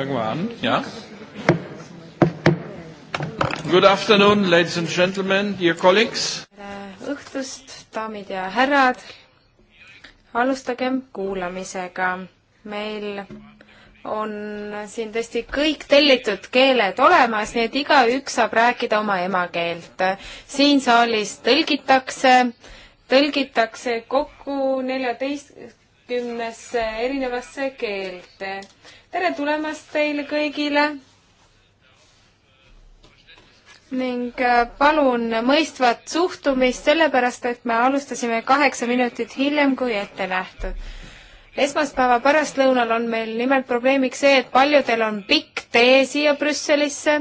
Fangen wir an, ja? Good afternoon, ladies and gentlemen, dear colleagues. tere õhtust, daamid ja härrad. alustagem kuulamisega. meil on siin tõesti kõik tellitud keeled olemas, nii et igaüks saab rääkida oma emakeelt. siin saalis tõlgitakse, tõlgitakse kokku neljateistkümnesse erinevasse keelde tere tulemast teile kõigile ning äh, palun mõistvat suhtumist, sellepärast et me alustasime kaheksa minutit hiljem kui ette nähtud. esmaspäeva pärastlõunal on meil nimelt probleemiks see, et paljudel on pikk tee siia Brüsselisse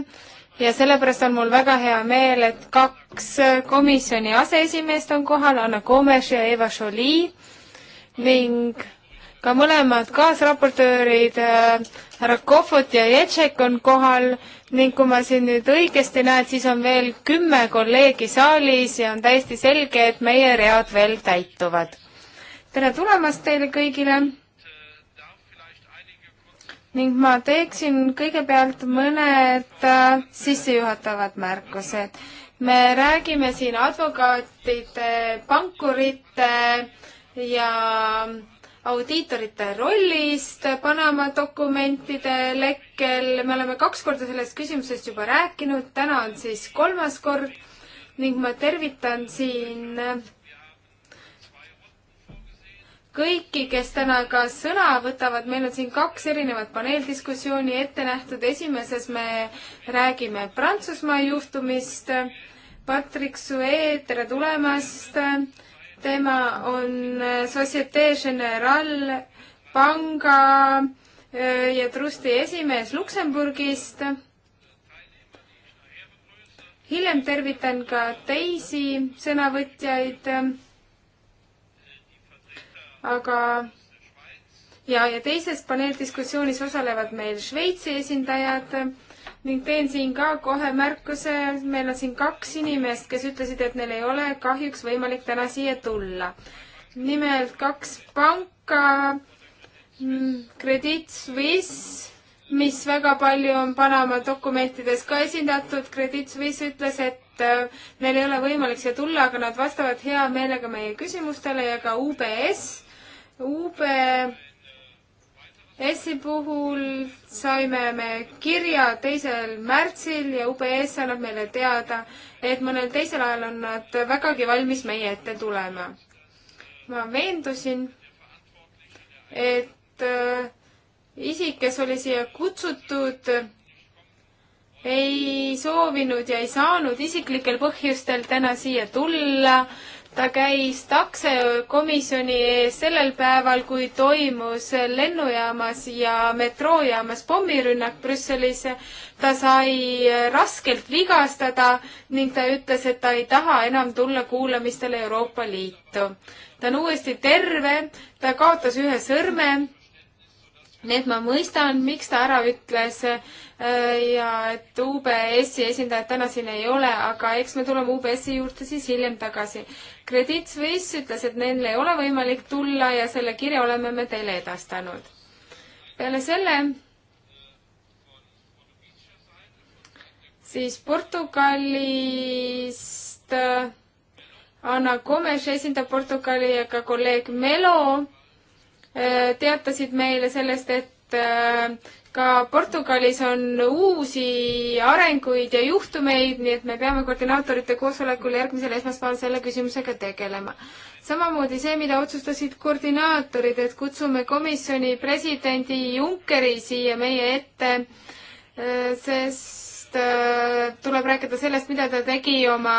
ja sellepärast on mul väga hea meel, et kaks äh, komisjoni aseesimeest on kohal, Anna Komes ja Eva Jolie ning ka mõlemad kaasraportöörid äh,, härra Kohvut ja Jetšek on kohal ning kui ma siin nüüd õigesti näen, siis on veel kümme kolleegi saalis ja on täiesti selge, et meie read veel täituvad. tere tulemast teile kõigile! ning ma teeksin kõigepealt mõned äh, sissejuhatavad märkused. me räägime siin advokaatide, pankurite ja äh, audiitorite rollist Panama dokumentide lekkel, me oleme kaks korda sellest küsimusest juba rääkinud, täna on siis kolmas kord ning ma tervitan siin kõiki, kes täna ka sõna võtavad, meil on siin kaks erinevat paneeldiskussiooni ette nähtud, esimeses me räägime Prantsusmaa juhtumist, Patrick Sue, tere tulemast! tema on äh, Societe Generale panga äh, ja trusti esimees Luksemburgist. hiljem tervitan ka teisi sõnavõtjaid. aga ja, ja teises paneeldiskussioonis osalevad meil Šveitsi esindajad ning teen siin ka kohe märkuse, meil on siin kaks inimest, kes ütlesid, et neil ei ole kahjuks võimalik täna siia tulla. nimelt kaks panka, mm, Credit Suisse, mis väga palju on Panama dokumentides ka esindatud, Credit Suisse ütles, et äh, neil ei ole võimalik siia tulla, aga nad vastavad hea meelega meie küsimustele ja ka UBS, UBS ESi puhul saime me kirja teisel märtsil ja UBS annab meile teada, et mõnel teisel ajal on nad vägagi valmis meie ette tulema. ma veendusin, et äh, isik, kes oli siia kutsutud, ei soovinud ja ei saanud isiklikel põhjustel täna siia tulla ta käis taksekomisjoni ees sellel päeval, kui toimus lennujaamas ja metroojaamas pommirünnak Brüsselis. ta sai raskelt vigastada ning ta ütles, et ta ei taha enam tulla kuulamistele Euroopa Liitu. ta on uuesti terve, ta kaotas ühe sõrme nii et ma mõistan, miks ta ära ütles, Äh, ja et UBS-i esindajad täna siin ei ole, aga eks me tuleme UBS-i juurde siis hiljem tagasi. Credit Suisse ütles, et neil ei ole võimalik tulla ja selle kirja oleme me teile edastanud. peale selle siis Portugalist äh, Anna Gomes esindab Portugali ja ka kolleeg Melo äh, teatasid meile sellest, et ka Portugalis on uusi arenguid ja juhtumeid, nii et me peame koordinaatorite koosolekul järgmisel esmaspäeval selle küsimusega tegelema. samamoodi see, mida otsustasid koordinaatorid, et kutsume komisjoni presidendi Junckeri siia meie ette, äh, sest äh, tuleb rääkida sellest, mida ta tegi oma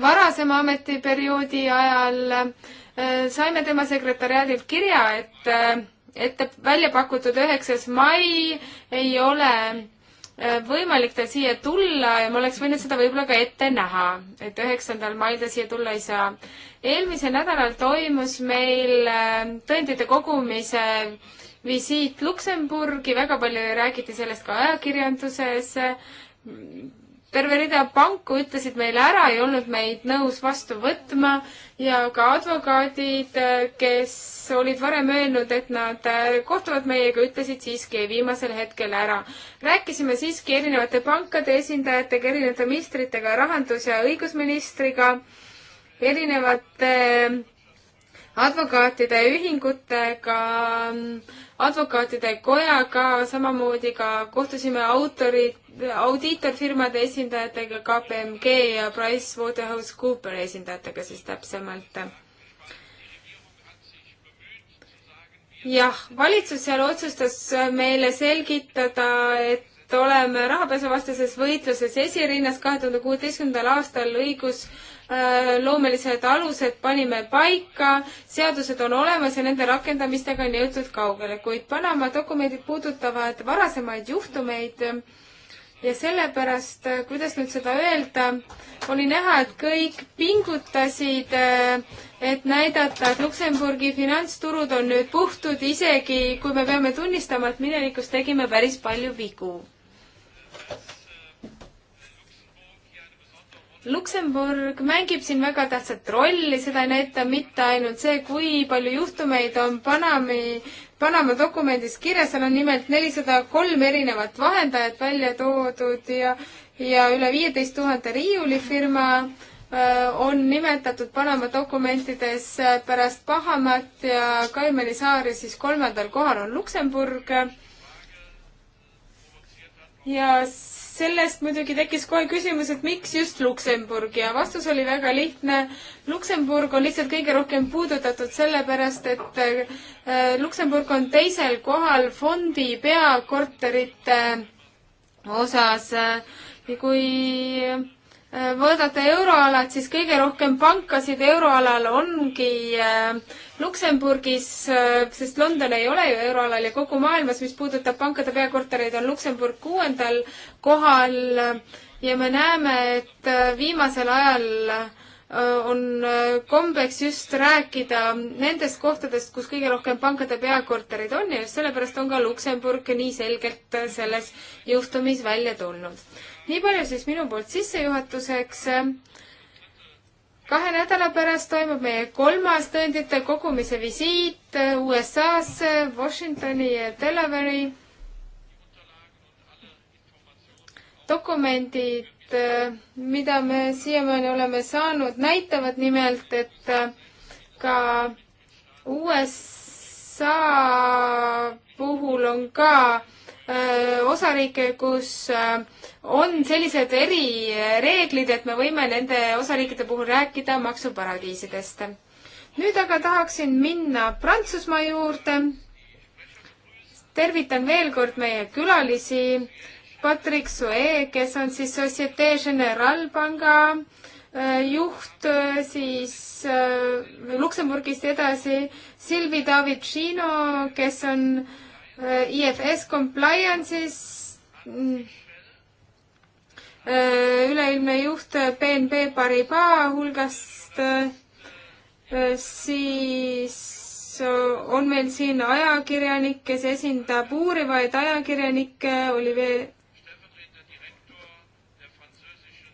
varasema ametiperioodi ajal. Äh, saime tema sekretäriaadilt kirja, et ette välja pakutud üheksas mai ei ole äh, võimalik tal siia tulla ja ma oleks võinud seda võib-olla ka ette näha, et üheksandal mail ta siia tulla ei saa. eelmisel nädalal toimus meil äh, tõendite kogumise visiit Luksemburgi, väga palju räägiti sellest ka ajakirjanduses terve rida panku ütlesid meile ära, ei olnud meid nõus vastu võtma ja ka advokaadid, kes olid varem öelnud, et nad äh, kohtuvad meiega, ütlesid siiski viimasel hetkel ära. rääkisime siiski erinevate pankade esindajatega, erinevate ministritega, rahandus- ja õigusministriga, erinevate advokaatide ühingutega äh, advokaatide kojaga, samamoodi ka kohtusime autori, audiitorfirmade esindajatega, KPMG ja PricewaterhouseCoopers esindajatega siis täpsemalt. jah, valitsus seal otsustas meile selgitada, et oleme rahapesuvastases võitluses esirinnas kahe tuhande kuueteistkümnendal aastal õigus Äh, loomelised alused panime paika, seadused on olemas ja nende rakendamistega on jõutud kaugele, kuid Panama dokumendid puudutavad varasemaid juhtumeid ja sellepärast, äh, kuidas nüüd seda öelda, oli näha, et kõik pingutasid, äh, et näidata, et Luksemburgi finantsturud on nüüd puhtud, isegi kui me peame tunnistama, et minevikus tegime päris palju vigu Luksemburg mängib siin väga tähtsat rolli, seda ei näita mitte ainult see, kui palju juhtumeid on Panami, Panama dokumendis kirjas, seal on nimelt nelisada kolm erinevat vahendajat välja toodud ja, ja üle viieteist tuhande riiulifirma äh, on nimetatud Panama dokumentides pärast Bahamat ja Kaimani saari, siis kolmandal kohal on Luksemburg. ja sellest muidugi tekkis kohe küsimus, et miks just Luksemburg ja vastus oli väga lihtne. Luksemburg on lihtsalt kõige rohkem puudutatud sellepärast, et äh, Luksemburg on teisel kohal fondi peakorterite osas ja kui vaadata euroalat, siis kõige rohkem pankasid euroalal ongi äh, Luksemburgis, äh, sest London ei ole ju euroalal ja kogu maailmas, mis puudutab pankade peakortereid, on Luksemburg kuuendal kohal ja me näeme, et äh, viimasel ajal on kombeks just rääkida nendest kohtadest, kus kõige rohkem pankade peakorterid on ja just sellepärast on ka Luksemburg nii selgelt selles juhtumis välja tulnud nii palju siis minu poolt sissejuhatuseks. kahe nädala pärast toimub meie kolmas tõendite kogumise visiit USA-sse, Washingtoni ja Delaware'i. dokumendid, mida me siiamaani oleme saanud, näitavad nimelt, et ka USA puhul on ka Äh, osariike, kus äh, on sellised erireeglid, äh, et me võime nende osariikide puhul rääkida maksuparadiisidest. nüüd aga tahaksin minna Prantsusmaa juurde. tervitan veel kord meie külalisi. Patrick Sue, kes on siis Societe Generale panga juht siis Luksemburgist edasi, Silvi Davidžino, kes on äh, Äh, IFS compliance'is mm. äh, üleilmne juht äh, BNP Paribas hulgast, siis on meil siin ajakirjanik, kes esindab uurivaid ajakirjanikke, oli veel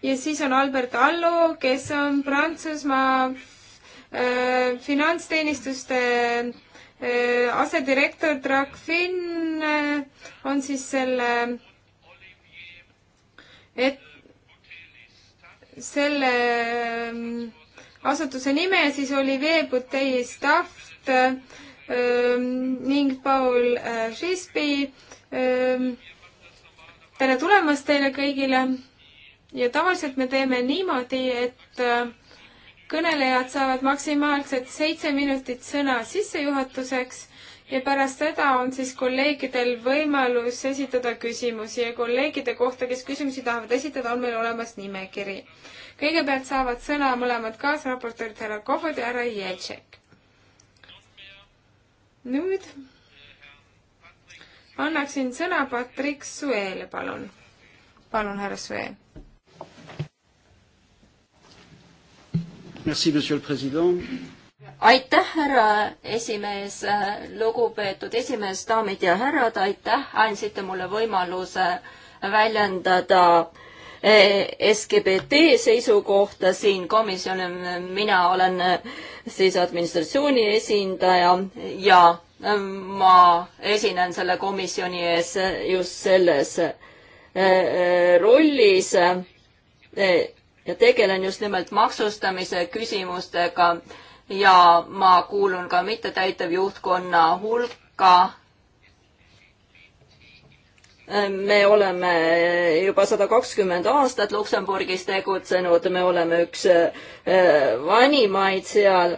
ja siis on Albert Allo, kes on Prantsusmaa finantsteenistuste Äh, asedirektor Drakfin äh, on siis selle, et selle ähm, asutuse nime siis oli Veebutei Staft ähm, ning Paul äh, Frisby. Ähm, tere tulemast teile kõigile ja tavaliselt me teeme niimoodi, et kõnelejad saavad maksimaalselt seitse minutit sõna sissejuhatuseks ja pärast seda on siis kolleegidel võimalus esitada küsimusi ja kolleegide kohta, kes küsimusi tahavad esitada, on meil olemas nimekiri. kõigepealt saavad sõna mõlemad kaasraportöörid härra Kohod ja härra Jeltšek. nüüd annaksin sõna Patrick Suele, palun. palun, härra Sue aitäh, härra esimees, lugupeetud esimees, daamid ja härrad, aitäh, andsite mulle võimaluse väljendada eh, SKBT seisukohta siin komisjonis. mina olen eh, siis administratsiooni esindaja ja eh, ma esinen selle komisjoni ees just selles rollis ja tegelen just nimelt maksustamise küsimustega ja ma kuulun ka mittetäitev juhtkonna hulka. me oleme juba sada kakskümmend aastat Luksemburgis tegutsenud, me oleme üks eh, vanimaid seal.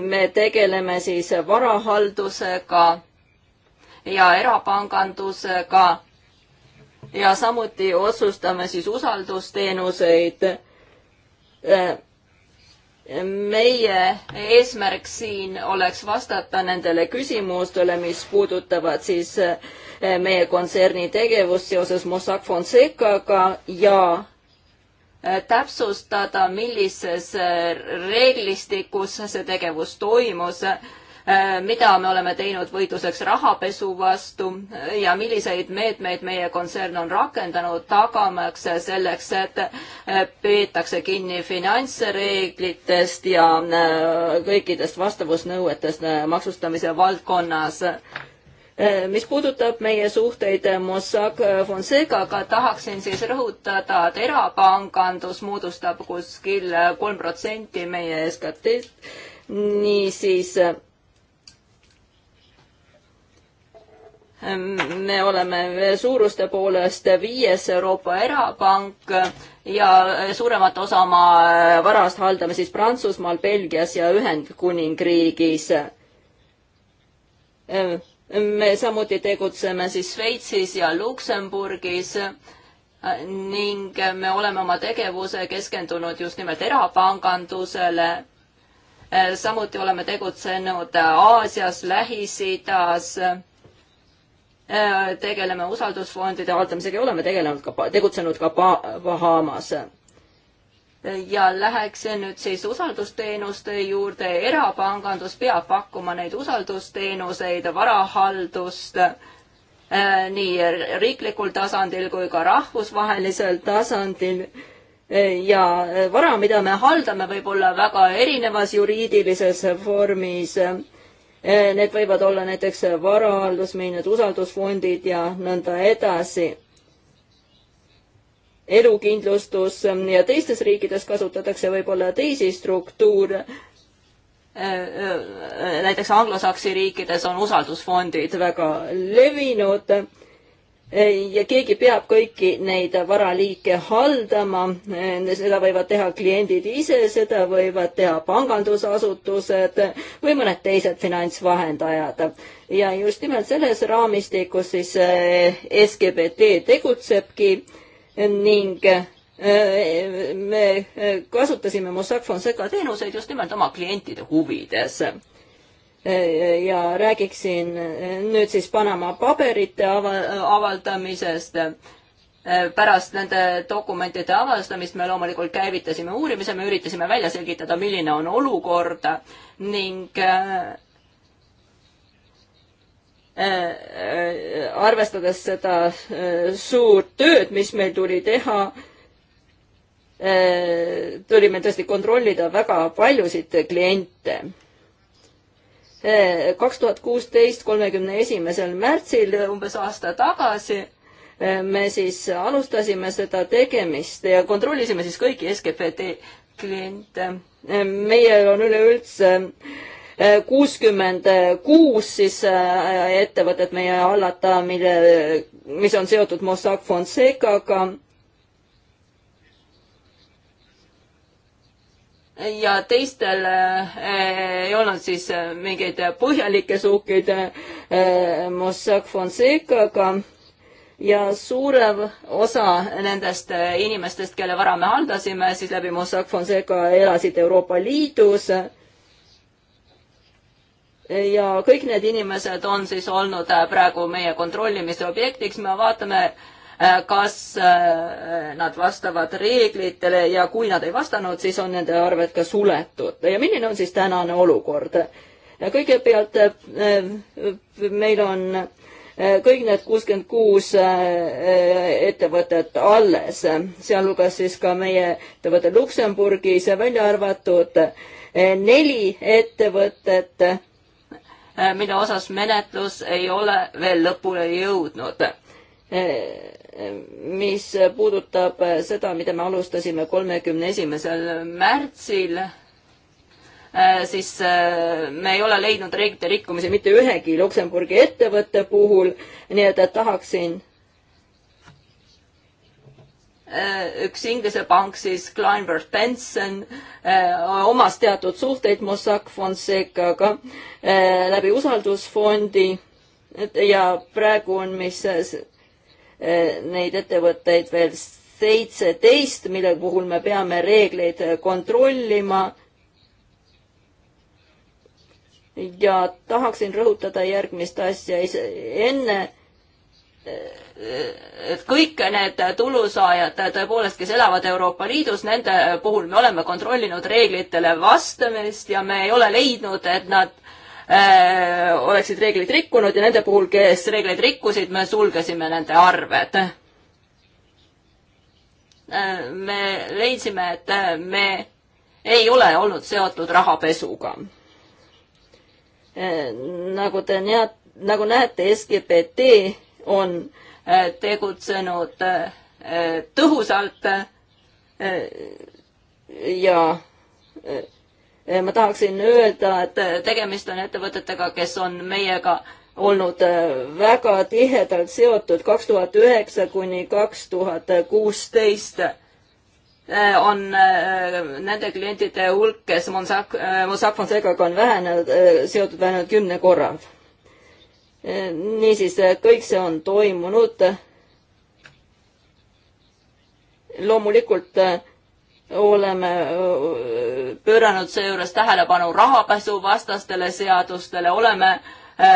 me tegeleme siis varahaldusega ja erapangandusega ja samuti otsustame siis usaldusteenuseid. Äh, meie eesmärk siin oleks vastata nendele küsimustele, mis puudutavad siis äh, meie kontserni tegevust seoses Mossack Fonsecaga ja äh, täpsustada, millises reeglistikus see tegevus toimus Äh, mida me oleme teinud võitluseks rahapesu vastu ja milliseid meetmeid meie kontsern on rakendanud, tagamaks selleks, et äh, peetakse kinni finantsreeglitest ja äh, kõikidest vastavusnõuetest maksustamise valdkonnas mis puudutab meie suhteid Mossack Fonsecaga, tahaksin siis rõhutada, et erapangandus moodustab kuskil kolm protsenti meie SKT-st. niisiis me oleme suuruste poolest viies Euroopa erapank ja suuremat osa oma varast haldame siis Prantsusmaal, Belgias ja Ühendkuningriigis. me samuti tegutseme siis Šveitsis ja Luksemburgis ning me oleme oma tegevuse keskendunud just nimelt erapangandusele. samuti oleme tegutsenud Aasias, Lähis-Idas Äh, tegeleme usaldusfondide haldamisega ja oleme tegelenud ka, tegutsenud ka Bahamas. ja läheksin nüüd siis usaldusteenuste juurde, erapangandus peab pakkuma neid usaldusteenuseid, varahaldust äh, nii riiklikul tasandil kui ka rahvusvahelisel tasandil ja vara, mida me haldame, võib olla väga erinevas juriidilises vormis Eh, need võivad olla näiteks varahaldusmehed, usaldusfondid ja nõnda edasi. elukindlustus mm, ja teistes riikides kasutatakse võib-olla teisi struktuure. Eh, eh, näiteks anglosaksi riikides on usaldusfondid väga levinud ja keegi peab kõiki neid varaliike haldama, seda võivad teha kliendid ise, seda võivad teha pangandusasutused või mõned teised finantsvahendajad. ja just nimelt selles raamistikus siis eh, SGBT tegutsebki ning eh, me eh, kasutasime Mossack Fonseca teenuseid just nimelt oma klientide huvides ja räägiksin nüüd siis Panama paberite avaldamisest. pärast nende dokumentide avastamist me loomulikult käivitasime uurimise, me üritasime välja selgitada, milline on olukord ning äh, arvestades seda äh, suurt tööd, mis meil tuli teha, äh, tuli meil tõesti kontrollida väga paljusid kliente kaks tuhat kuusteist, kolmekümne esimesel märtsil, umbes aasta tagasi, eh, me siis alustasime seda tegemist ja kontrollisime siis kõiki SKPD kliente. Eh, meil on üleüldse eh, kuuskümmend kuus siis ettevõtet meie hallata, mille, mis on seotud Mossack Fonsecaga ja teistel eh, ei olnud siis eh, mingeid põhjalikke suhkeid eh, Mossack Fonsecaga ja suurem osa nendest inimestest, kelle vara me haldasime, siis läbi Mossack Fonseca elasid Euroopa Liidus. ja kõik need inimesed on siis olnud praegu meie kontrollimise objektiks, me vaatame äh, Äh, kas äh, nad vastavad reeglitele ja kui nad ei vastanud, siis on nende arved ka suletud ja milline on siis tänane olukord? kõigepealt äh, meil on kõik need kuuskümmend kuus ettevõtet alles, sealhulgas siis ka meie ettevõte Luksemburgis, välja arvatud neli ettevõtet, mille osas menetlus ei ole veel lõpule jõudnud mis puudutab seda, mida me alustasime kolmekümne esimesel märtsil, äh, siis äh, me ei ole leidnud reeglite rikkumisi mitte ühegi Luksemburgi ettevõtte puhul, nii et tahaksin äh, üks Inglise pank siis Kleinberg Benson omas teatud suhteid Mossack Fonsecaga läbi usaldusfondi ja praegu on mis Eh, neid ettevõtteid veel seitseteist, mille puhul me peame reegleid eh, kontrollima. ja tahaksin rõhutada järgmist asja enne eh, et kõik need tulusaajad tõepoolest, kes elavad Euroopa Liidus, nende puhul me oleme kontrollinud reeglitele vastamist ja me ei ole leidnud, et nad Äh, oleksid reegleid rikkunud ja nende puhul, kes reegleid rikkusid, me sulgesime nende arved. Äh, me leidsime, et äh, me ei ole olnud seotud rahapesuga. nagu te näete, nagu näete, SGBT on tegutsenud tõhusalt ja Eh, ma tahaksin öelda, et eh, tegemist on ettevõtetega, kes on meiega olnud eh, väga tihedalt seotud kaks tuhat üheksa kuni kaks tuhat kuusteist on nende klientide hulk, kes Monsac, Mossack Fonsecaga on vähenenud, seotud vähemalt kümne korra. niisiis, kõik see on toimunud. loomulikult oleme pööranud seejuures tähelepanu rahapesuvastastele seadustele, oleme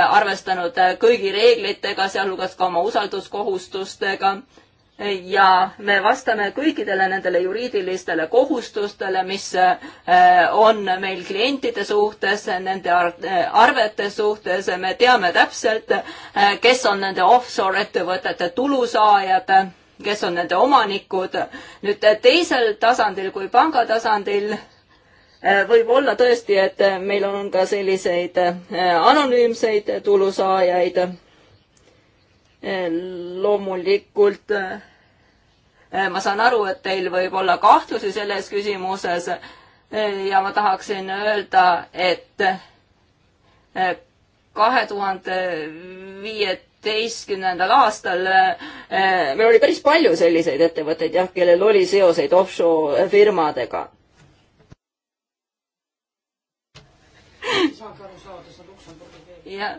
arvestanud kõigi reeglitega, sealhulgas ka oma usalduskohustustega ja me vastame kõikidele nendele juriidilistele kohustustele, mis on meil klientide suhtes, nende arvete suhtes, me teame täpselt, kes on nende offshore ettevõtete tulusaajad kes on nende omanikud. nüüd eh, teisel tasandil kui panga tasandil eh, võib olla tõesti, et eh, meil on ka selliseid anonüümseid tulusaajaid. loomulikult ma saan aru, et teil võib olla kahtlusi selles küsimuses ja ma tahaksin öelda, et kahe tuhande viie kaheteistkümnendal aastal eh, meil oli päris palju selliseid ettevõtteid jah, kellel oli seoseid offshore firmadega. ei saagi aru saada, see on Luksemburgi keel. jah,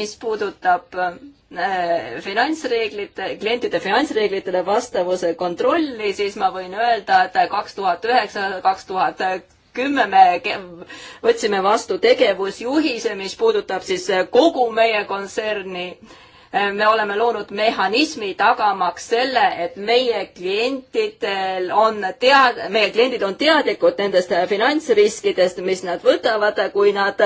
mis puudutab eh, finantsreeglite, klientide finantsreeglitele vastavuse kontrolli, siis ma võin öelda, et kaks tuhat üheksa, kaks tuhat kümme me võtsime vastu tegevusjuhise, mis puudutab siis äh, kogu meie kontserni. Äh, me oleme loonud mehhanismi tagamaks selle, et meie klientidel on tead-, meie kliendid on teadlikud nendest äh, finantsriskidest, mis nad võtavad, kui nad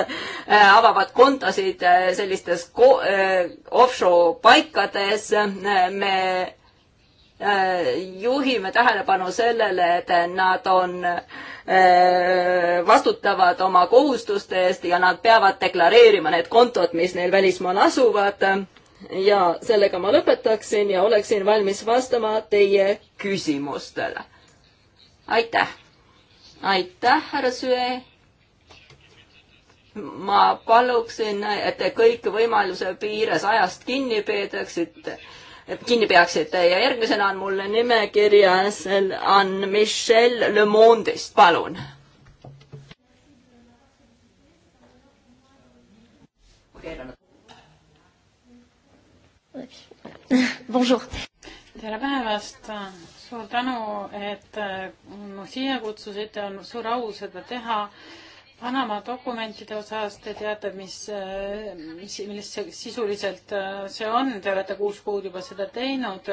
avavad kontosid sellistes ko-, offshore paikades. me Äh, juhime tähelepanu sellele, et nad on, äh, vastutavad oma kohustuste eest ja nad peavad deklareerima need kontod, mis neil välismaal asuvad. ja sellega ma lõpetaksin ja oleksin valmis vastama teie küsimustele. aitäh. aitäh, härra Süe ma paluksin, et te kõik võimaluse piires ajast kinni peetaksite kinni peaksite ja järgmisena on mul nimekirjas on Michelle Le Monde'ist, palun. Bonjour. tere päevast, suur tänu, et mu siia kutsusite, on suur au seda teha Panama dokumentide osas te teate, mis, mis, millest see sisuliselt äh, see on, te olete kuus kuud juba seda teinud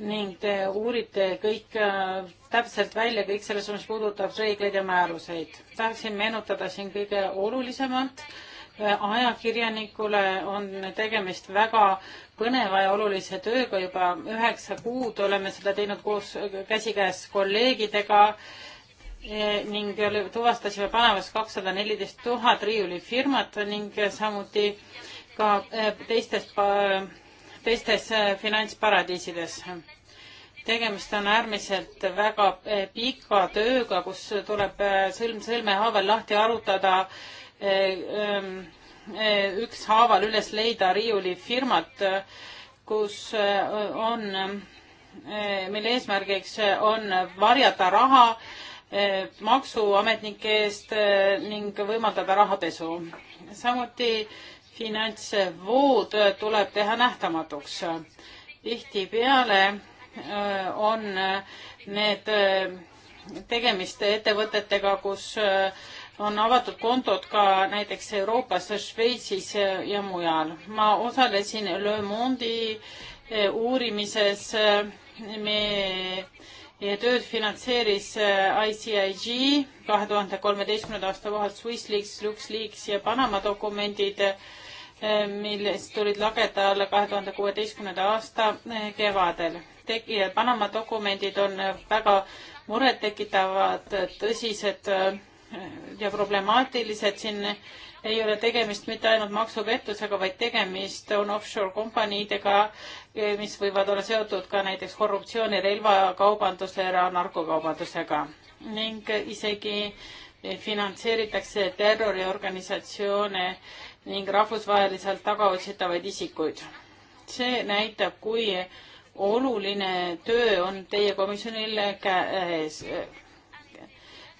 ning te uurite kõik äh, täpselt välja, kõik selles, mis puudutab reegleid ja määruseid. tahaksin meenutada siin kõige olulisemat. Äh, ajakirjanikule on tegemist väga põneva ja olulise tööga, juba üheksa kuud oleme seda teinud koos käsikäes kolleegidega Eh, ning tuvastasime Panamas kakssada neliteist tuhat riiulifirmat ning samuti ka eh, teistes, teistes eh, finantsparadiisides. tegemist on äärmiselt väga pika tööga, kus tuleb sõlm sõlmehaaval lahti arutada, ehm, ükshaaval üles leida riiulifirmat, kus on, mille eesmärgiks on varjata raha Eh, maksuametnike eest eh, ning võimaldada rahapesu. samuti finantsvood tuleb teha nähtamatuks. tihtipeale eh, on need tegemist ettevõtetega, kus on avatud kontod ka näiteks Euroopas, Šveitsis ja mujal. ma osalesin Le Monde'i uurimises, me tööd finantseeris äh, ICIG kahe tuhande kolmeteistkümnenda aasta vahel Swissleaks, LuxLeaks ja Panama dokumendid, äh, millest tulid lageda alla kahe tuhande kuueteistkümnenda aasta äh, kevadel. tegijad, Panama dokumendid on väga murettekitavad, tõsised ja problemaatilised, siin ei ole tegemist mitte ainult maksupettusega, vaid tegemist on offshore kompaniidega, mis võivad olla seotud ka näiteks korruptsiooni, relvakaubanduse ja narkokaubandusega ning isegi finantseeritakse terroriorganisatsioone ning rahvusvaheliselt tagaotsitavaid isikuid. see näitab, kui oluline töö on teie komisjonil käes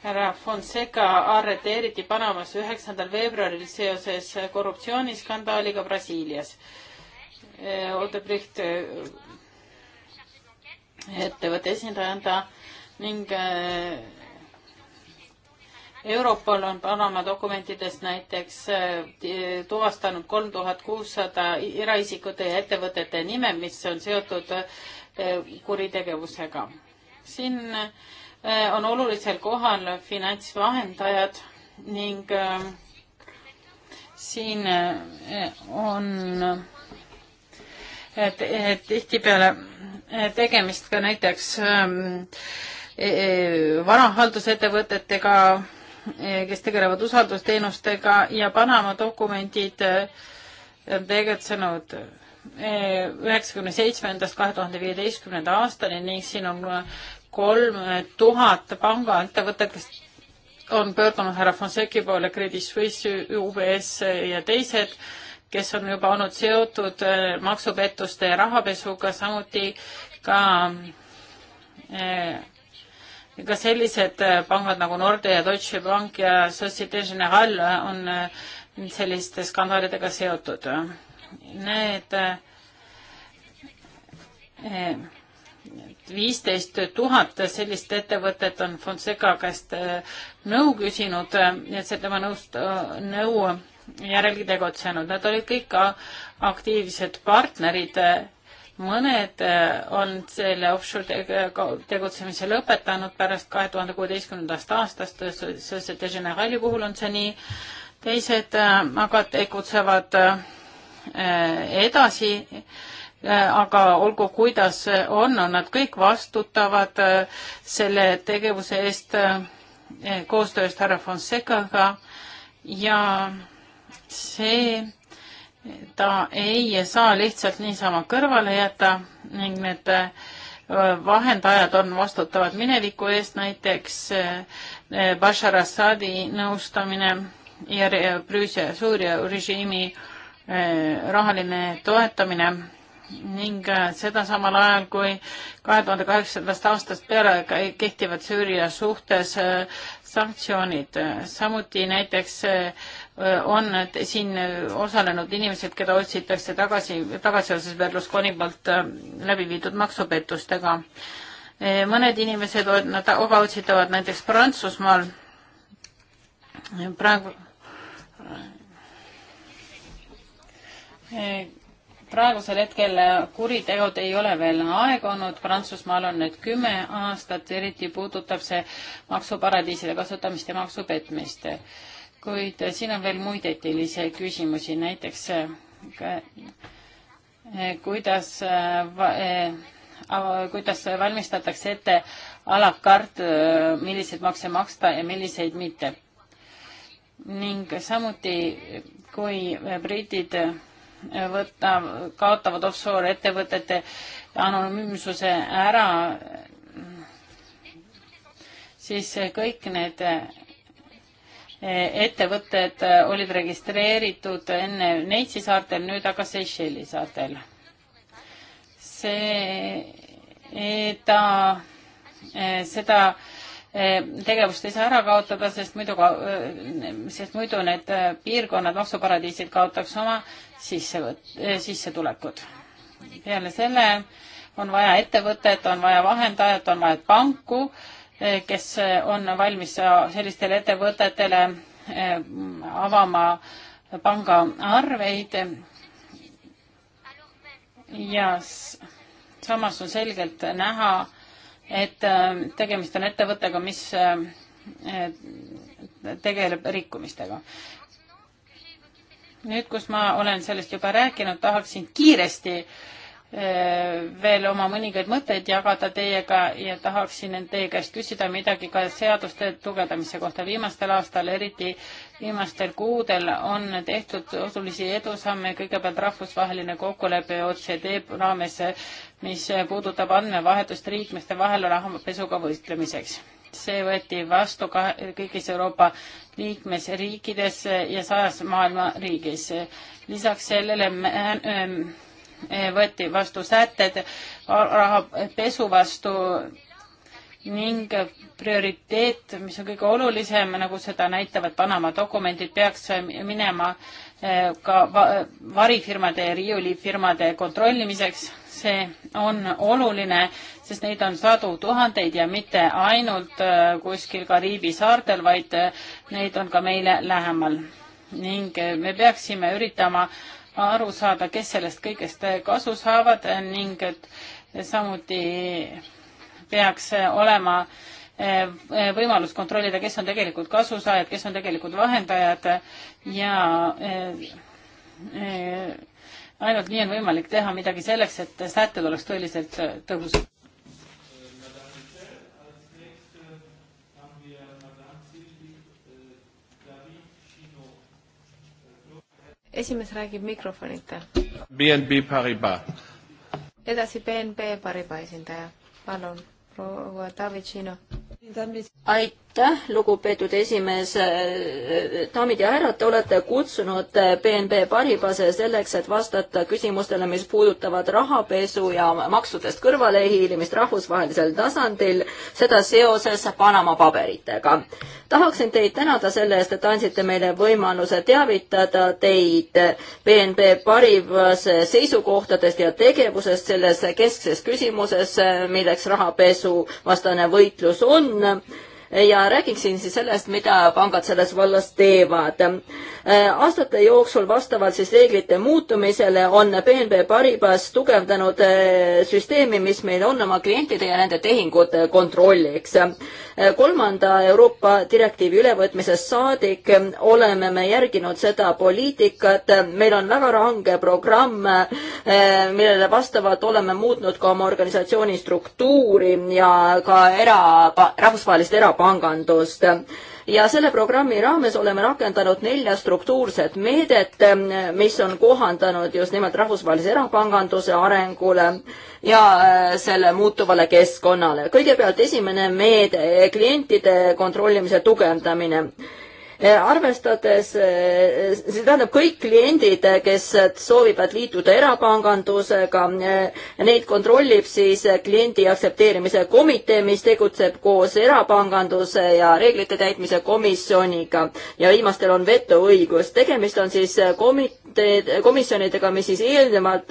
härra Fonseca arreteeriti Panamas üheksandal veebruaril seoses korruptsiooniskandaaliga Brasiilias. Eh, Odebrecht eh, ettevõtte esindajana ning eh, Europol on Panama dokumentides näiteks tuvastanud kolm tuhat kuussada eraisikute ja ettevõtete nime, mis on seotud kuritegevusega. siin äh, Äh, on olulisel kohal finantsvahendajad ning ähm, siin äh, on äh, tihtipeale tegemist ka näiteks ähm, e-, e-, varahaldusettevõtetega, e-, kes tegelevad usaldusteenustega ja Panama dokumendid tegutsenud üheksakümne seitsmendast kahe tuhande viieteistkümnenda aastani ning siin on kolm tuhat pangaettevõtet, kes on pöördunud härra Fonseki poole, Credit Suisse, UBS ja teised, kes on juba olnud seotud eh, maksupettuste ja rahapesuga, samuti ka eh, ka sellised eh, pangad nagu Nordea ja Deutsche Bank ja Societe Generale on selliste skandaalidega seotud. Need viisteist tuhat sellist ettevõtet on Fonseca käest äh, nõu küsinud, äh, nii et see tema nõust, äh, nõu järelgi tegutsenud. Nad olid kõik aktiivsed partnerid. mõned on selle offshore tegutsemise lõpetanud pärast kahe tuhande kuueteistkümnendast aastast, Societe Generali puhul on see nii. teised aga tegutsevad edasi Äh, aga olgu, kuidas on, on nad kõik vastutavad äh, selle tegevuse eest äh, koostööst härra Fonsecaga ja see ta ei saa lihtsalt niisama kõrvale jätta ning need vahendajad on vastutavad mineviku eest, näiteks Bashar Assadi nõustamine ja Brüüsia, Suuria režiimi rahaline toetamine ning äh, seda samal ajal, kui kahe tuhande kaheksandast aastast peale kehtivad Süüria suhtes äh, sanktsioonid. samuti näiteks äh, on siin osalenud inimesed, keda otsitakse tagasi, tagasi osas Berlusconi poolt läbi viidud maksupettustega. mõned inimesed otsitavad näiteks Prantsusmaal praegu praegusel hetkel äh, kuriteod ei ole veel aegunud, Prantsusmaal on need kümme aastat, eriti puudutab see maksuparadiiside kasutamist ja maksupetmist. kuid äh, siin on veel muid eetilisi küsimusi, näiteks äh, kuidas, kuidas valmistatakse ette a la carte, milliseid makse maksta ja milliseid mitte. ning samuti, kui britid võtta, kaotavad offshore ettevõtete anonüümsuse ära, siis kõik need eh, ettevõtted olid registreeritud enne Neitsi saartel, nüüd aga Seychelles'i saartel. see, ta, eh, seda eh, tegevust ei saa ära kaotada, sest muidu, sest muidu need piirkonnad, maksuparadiisid kaotaks oma sisse, eh, sissetulekud. peale selle on vaja ettevõtet, on vaja vahendajat, on vaja panku, eh, kes eh, on valmis sellistele ettevõtetele avama pangaarveid ja samas on selgelt näha, et tegemist on ettevõttega, mis tegeleb rikkumistega nüüd, kus ma olen sellest juba rääkinud, tahaksin kiiresti eh, veel oma mõningaid mõtteid jagada teiega ja tahaksin teie käest küsida midagi ka seaduste tugevdamise kohta. viimastel aastal, eriti viimastel kuudel on tehtud olulisi edusamme, kõigepealt rahvusvaheline kokkulepe OCD raames, mis puudutab andmevahetust riikmeste vahel rahapesuga võistlemiseks see võeti vastu kõigis Euroopa liikmesriikides ja sajas maailma riigis. lisaks sellele ähm, äh, võeti vastu sätted rahapesu vastu ning prioriteet, mis on kõige olulisem, nagu seda näitavad Panama dokumendid, peaks minema Eh, ka varifirmade ja riiulifirmade kontrollimiseks. see on oluline, sest neid on sadu tuhandeid ja mitte ainult eh, kuskil Kariibi saartel, vaid eh, neid on ka meile lähemal. ning me peaksime üritama aru saada, kes sellest kõigest kasu saavad ning et samuti peaks olema äh, Eh, võimalust kontrollida, kes on tegelikult kasusaajad, kes on tegelikult vahendajad ja eh, eh, ainult nii on võimalik teha midagi selleks, et sätted oleks tõeliselt tõhusad. esimees räägib mikrofonita. BNB Paribas. edasi BNB Paribas esindaja, palun proua Tavitšino. aitäh! aitäh, lugupeetud esimees. daamid ja härrad, te olete kutsunud BNP Paribase selleks, et vastata küsimustele, mis puudutavad rahapesu ja maksudest kõrvalehiilimist rahvusvahelisel tasandil, seda seoses Panama paberitega. tahaksin teid tänada selle eest, et andsite meile võimaluse teavitada teid BNP Paribase seisukohtadest ja tegevusest selles keskses küsimuses, milleks rahapesu vastane võitlus on ja räägiksin siis sellest, mida pangad selles vallas teevad. Äh, aastate jooksul vastavalt siis reeglite muutumisele on BNP Paribas tugevdanud äh, süsteemi, mis meil on oma klientide ja nende tehingute kontrolliks. Äh, kolmanda Euroopa direktiivi ülevõtmisest saadik oleme me järginud seda poliitikat, meil on väga range programm, millele vastavalt oleme muutnud ka oma organisatsiooni struktuuri ja ka era, rahvusvahelist erapanka pangandust ja selle programmi raames oleme rakendanud nelja struktuurset meedet, mis on kohandanud just nimelt rahvusvahelise erapanganduse arengule ja äh, selle muutuvale keskkonnale. kõigepealt esimene meede, klientide kontrollimise tugevdamine Eh, arvestades, eh, see tähendab kõik kliendid, eh, kes soovivad liituda erapangandusega, neid kontrollib siis kliendi aktsepteerimise komitee, mis tegutseb koos erapanganduse ja reeglite täitmise komisjoniga ja viimastel on vetoõigus. tegemist on siis komiteed, komisjonidega, mis siis eelnevalt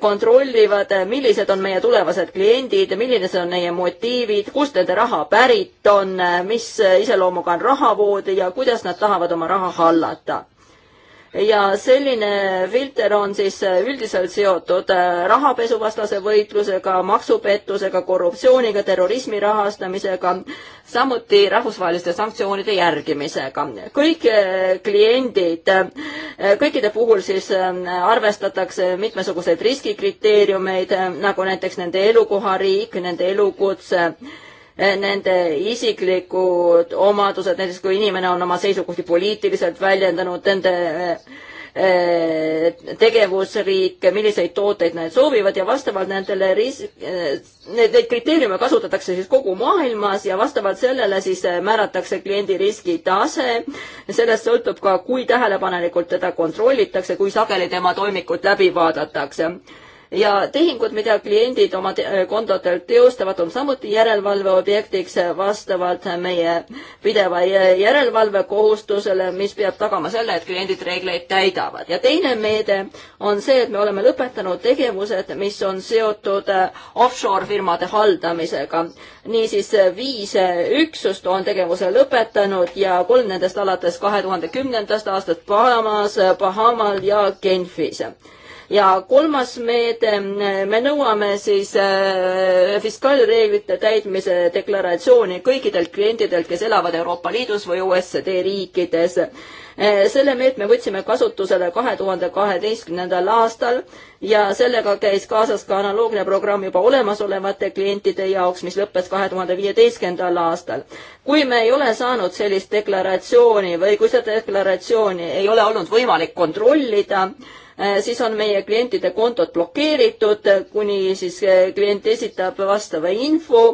kontrollivad, millised on meie tulevased kliendid, millised on meie motiivid, kust nende raha pärit on, mis iseloomuga on rahavood ja kuidas nad tahavad oma raha hallata ja selline filter on siis üldiselt seotud äh, rahapesuvastase võitlusega, maksupettusega, korruptsiooniga, terrorismi rahastamisega, samuti rahvusvaheliste sanktsioonide järgimisega. kõik äh, kliendid, äh, kõikide puhul siis arvestatakse mitmesuguseid riskikriteeriumeid, nagu näiteks nende elukohariik, nende elukutse Eh, nende isiklikud omadused, näiteks kui inimene on oma seisukohti poliitiliselt väljendanud, nende eh, eh, tegevusriik, milliseid tooteid nad soovivad ja vastavalt nendele ris-, neid kriteeriume kasutatakse siis kogu maailmas ja vastavalt sellele siis määratakse kliendi riskitase. sellest sõltub ka, kui tähelepanelikult teda kontrollitakse, kui sageli tema toimikut läbi vaadatakse ja tehingud, mida kliendid oma te kontodel teostavad, on samuti järelevalve objektiks vastavalt meie pideva järelevalve kohustusele, mis peab tagama selle, et kliendid reegleid täidavad. ja teine meede on see, et me oleme lõpetanud tegevused, mis on seotud äh, offshore firmade haldamisega. niisiis äh, viis äh, üksust on tegevuse lõpetanud ja kolm nendest alates kahe tuhande kümnendast aastast Bahamas, Bahamal ja Genfis ja kolmas meede, me nõuame siis äh, fiskaalreeglite täitmise deklaratsiooni kõikidelt klientidelt, kes elavad Euroopa Liidus või OSCD riikides äh, selle meetme võtsime kasutusele kahe tuhande kaheteistkümnendal aastal ja sellega käis kaasas ka analoogne programm juba olemasolevate klientide jaoks, mis lõppes kahe tuhande viieteistkümnendal aastal. kui me ei ole saanud sellist deklaratsiooni või kui seda deklaratsiooni ei ole olnud võimalik kontrollida, Äh, siis on meie klientide kontod blokeeritud, äh, kuni siis äh, klient esitab vastava info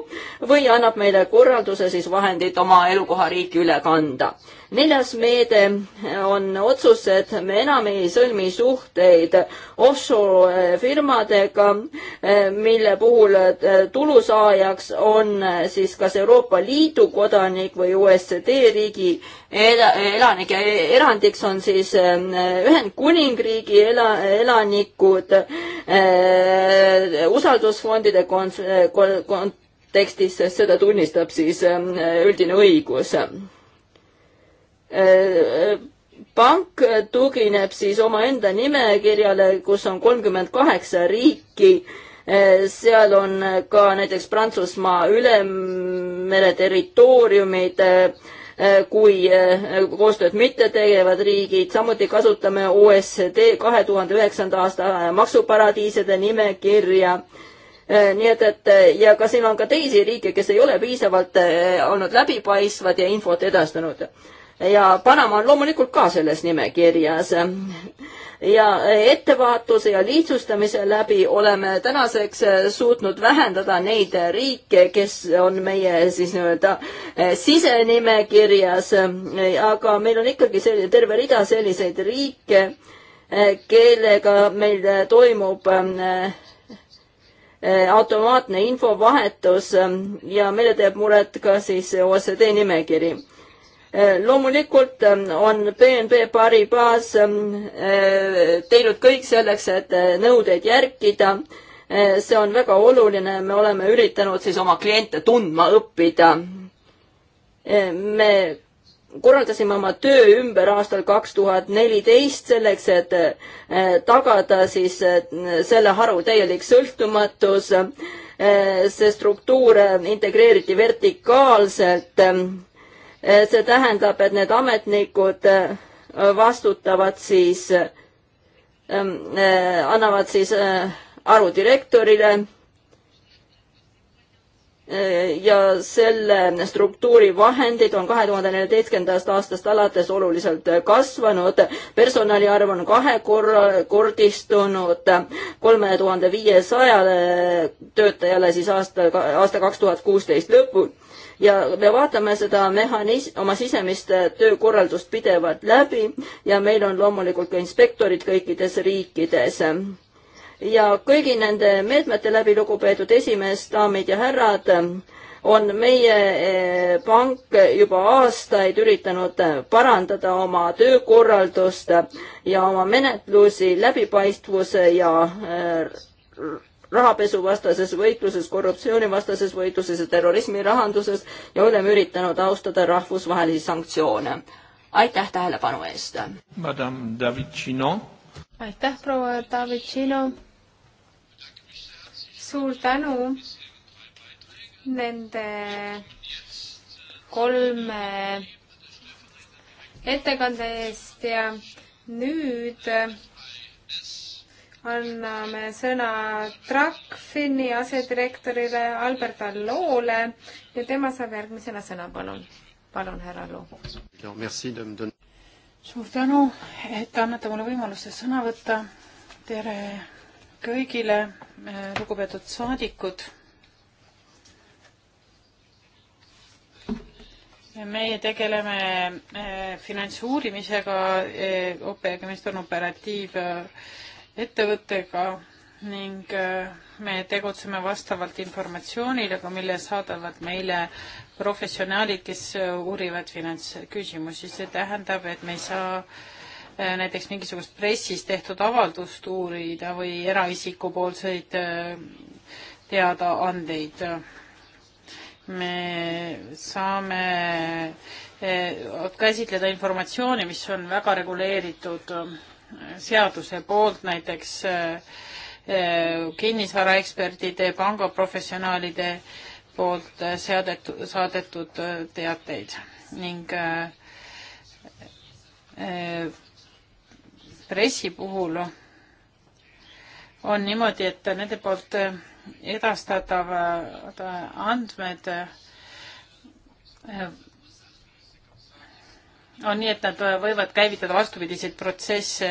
või annab meile korralduse siis vahendid oma elukohariiki üle kanda neljas meede on otsus, et me enam ei sõlmi suhteid offshore firmadega, mille puhul äh, tulusaajaks on äh, siis kas Euroopa Liidu kodanik või USD riigi elanik ja e-, erandiks on siis äh, Ühendkuningriigi ela, elanikud usaldusfondide kontekstis, sest seda tunnistab siis üldine õigus pank tugineb siis omaenda nimekirjale, kus on kolmkümmend kaheksa riiki. seal on ka näiteks Prantsusmaa ülemere territooriumid kui koostööd mitte tegevad riigid, samuti kasutame OSCD kahe tuhande üheksanda aasta maksuparadiiside nimekirja. nii et, et ja ka siin on ka teisi riike, kes ei ole piisavalt olnud läbipaistvad ja infot edastanud ja Panama on loomulikult ka selles nimekirjas ja ettevaatuse ja lihtsustamise läbi oleme tänaseks suutnud vähendada neid riike, kes on meie siis nii-öelda eh, sisenimekirjas, aga meil on ikkagi selline terve rida selliseid riike, eh, kellega meil toimub eh, automaatne infovahetus ja meile teeb muret ka siis OSCD nimekiri Eh, loomulikult eh, on BNP Paribas eh, teinud kõik selleks, et nõudeid järgida. see on väga oluline, me oleme üritanud siis oma kliente tundma õppida. me korraldasime oma töö ümber aastal kaks tuhat neliteist selleks, et tagada siis selle haru täielik sõltumatus. see struktuur integreeriti vertikaalselt Eh, see tähendab, et need ametnikud eh, vastutavad siis, ehm, eh, annavad siis aru direktorile ja selle struktuuri vahendid on kahe tuhande neljateistkümnendast aastast alates oluliselt kasvanud. personali arv on kahekordistunud kolme tuhande viiesajale töötajale siis aasta, aasta kaks tuhat kuusteist lõpul ja me vaatame seda mehhanis-, oma sisemist äh, töökorraldust pidevalt läbi ja meil on loomulikult ka inspektorid kõikides riikides ja kõigi nende meetmete läbi, lugupeetud esimees, daamid ja härrad, on meie äh, pank juba aastaid üritanud äh, parandada oma töökorraldust ja oma menetlusi läbipaistvuse ja rahapesuvastases võitluses, korruptsioonivastases võitluses ja terrorismirahanduses ja oleme üritanud austada rahvusvahelisi sanktsioone. aitäh tähelepanu eest! aitäh, proua Davicino! suur tänu nende kolme ettekande eest ja nüüd anname sõna TRACFIN-i asedirektorile Albert Alloole ja tema saab järgmisena sõna, palun. palun, härra Allo. suur tänu, et annate mulle võimaluse sõna võtta. tere kõigile, eh, lugupeetud saadikud. meie tegeleme eh, finantsuurimisega, eh, mis on operatiiv ettevõttega ning äh, me tegutseme vastavalt informatsioonile, mille saadavad meile professionaalid, kes äh, uurivad finantsküsimusi. see tähendab, et me ei saa äh, näiteks mingisugust pressis tehtud avaldust uurida või eraisiku poolseid teadaandeid. me saame käsitleda informatsiooni, mis on väga reguleeritud seaduse poolt, näiteks äh, äh, kinnisvaraekspertide, pangaprofessionaalide poolt seadetud, saadetud äh, teateid ning pressi puhul on niimoodi, et nende poolt edastatavad andmed on nii, et nad võivad käivitada vastupidiseid protsesse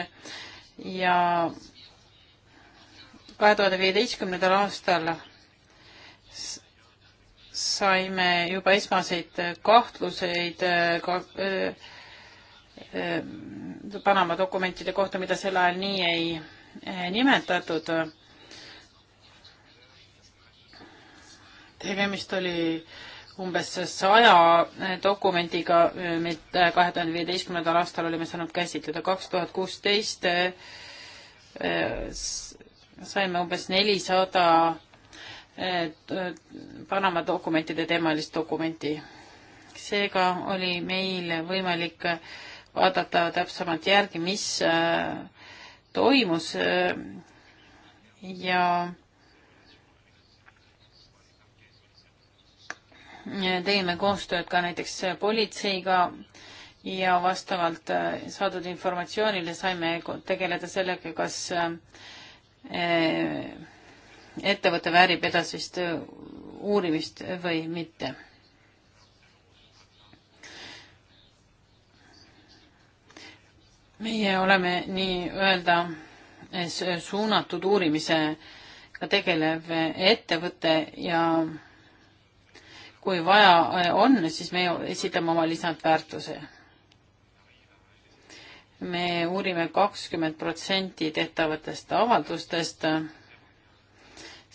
ja kahe tuhande viieteistkümnendal aastal saime juba esmaseid kahtluseid äh, ka, öö, äh, öö, äh, Panama dokumentide kohta, mida sel ajal nii ei nimetatud. tegemist oli äh, umbes saja dokumendiga, mida kahe tuhande viieteistkümnendal aastal olime saanud käsitleda. kaks tuhat kuusteist eh, saime umbes nelisada eh, Panama dokumentide teemalist dokumenti. seega oli meil võimalik vaadata täpsemalt järgi, mis eh, toimus ja tegime koostööd ka näiteks politseiga ja vastavalt äh, saadud informatsioonile saime tegeleda sellega, kas äh, ettevõte väärib edasist äh, uurimist või mitte. meie oleme nii-öelda suunatud uurimisega tegelev ettevõte ja kui vaja äh, on, siis me esitame oma lisandväärtuse. me uurime kakskümmend protsenti tehtavatest avaldustest.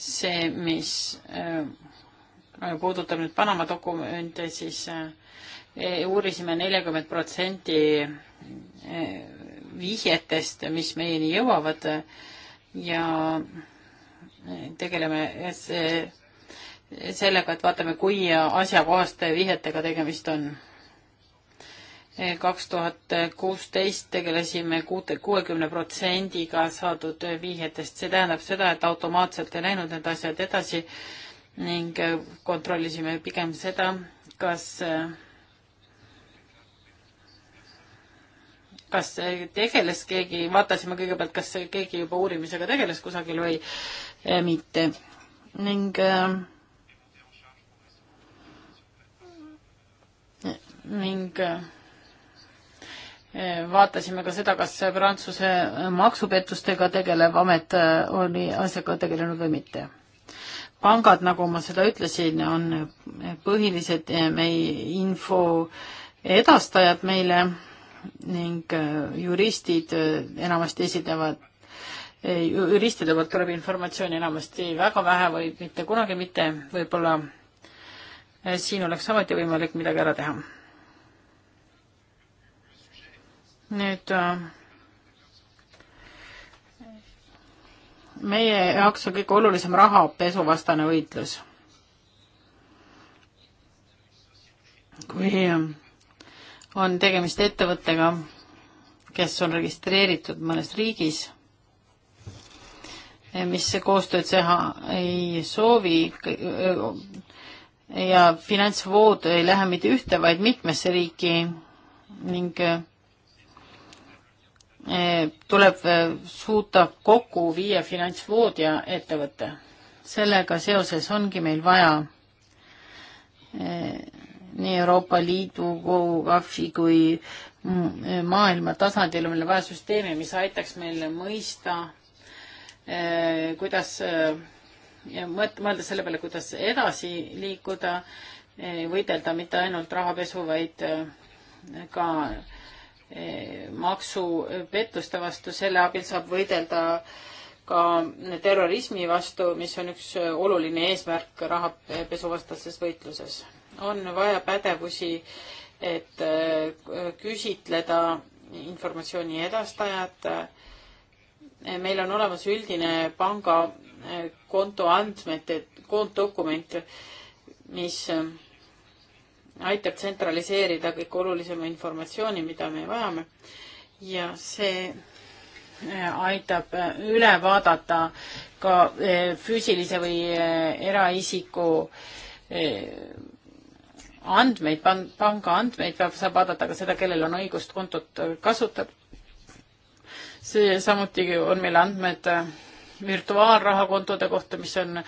see, mis äh, puudutab nüüd Panama dokumente, siis äh, e, uurisime neljakümmet protsenti vihjetest, mis meieni jõuavad ja tegeleme see sellega, et vaatame, kui asjakohaste vihjetega tegemist on. kaks tuhat kuusteist tegelesime kuute, kuuekümne protsendiga saadud vihjetest, see tähendab seda, et automaatselt ei läinud need asjad edasi ning kontrollisime pigem seda, kas kas tegeles keegi, vaatasime kõigepealt, kas keegi juba uurimisega tegeles kusagil või mitte. ning äh, ning äh, vaatasime ka seda, kas Prantsuse maksupettustega tegelev amet äh, oli asjaga tegelenud või mitte. pangad, nagu ma seda ütlesin, on põhilised äh, meie info edastajad meile ning juristid enamasti esindavad juristide poolt tuleb informatsiooni enamasti väga vähe või mitte kunagi mitte, võib-olla siin oleks samuti võimalik midagi ära teha nüüd äh, meie jaoks on kõige olulisem rahapesuvastane võitlus. kui äh, on tegemist ettevõttega, kes on registreeritud mõnes riigis, eh, mis koostööd teha ei soovi eh, ja finantsvood ei lähe mitte ühte, vaid mitmesse riiki ning eh, Eh, tuleb eh, suuta kokku viia finantsvood ja ettevõte. sellega seoses ongi meil vaja eh, nii Euroopa Liidu, KOV-i kui mm, maailma tasandil on meil vaja süsteemi, mis aitaks meil mõista, kuidas ja mõelda selle peale, kuidas edasi liikuda, võidelda mitte ainult rahapesu, vaid ka äh, maksupettuste vastu, selle abil saab võidelda ka terrorismi vastu, mis on üks oluline eesmärk rahapesuvastases võitluses. on vaja pädevusi, et äh, küsitleda informatsiooni edastajat. meil on olemas üldine pangakonto äh, andmete koonddokument, mis äh, aitab tsentraliseerida kõige olulisema informatsiooni, mida me vajame ja see äh, aitab äh, üle vaadata ka äh, füüsilise või eraisiku andmeid, panga andmeid peab, saab vaadata ka seda, kellel on õigust kontot kasutada. see samuti on meil andmed virtuaalrahakontode kohta, mis on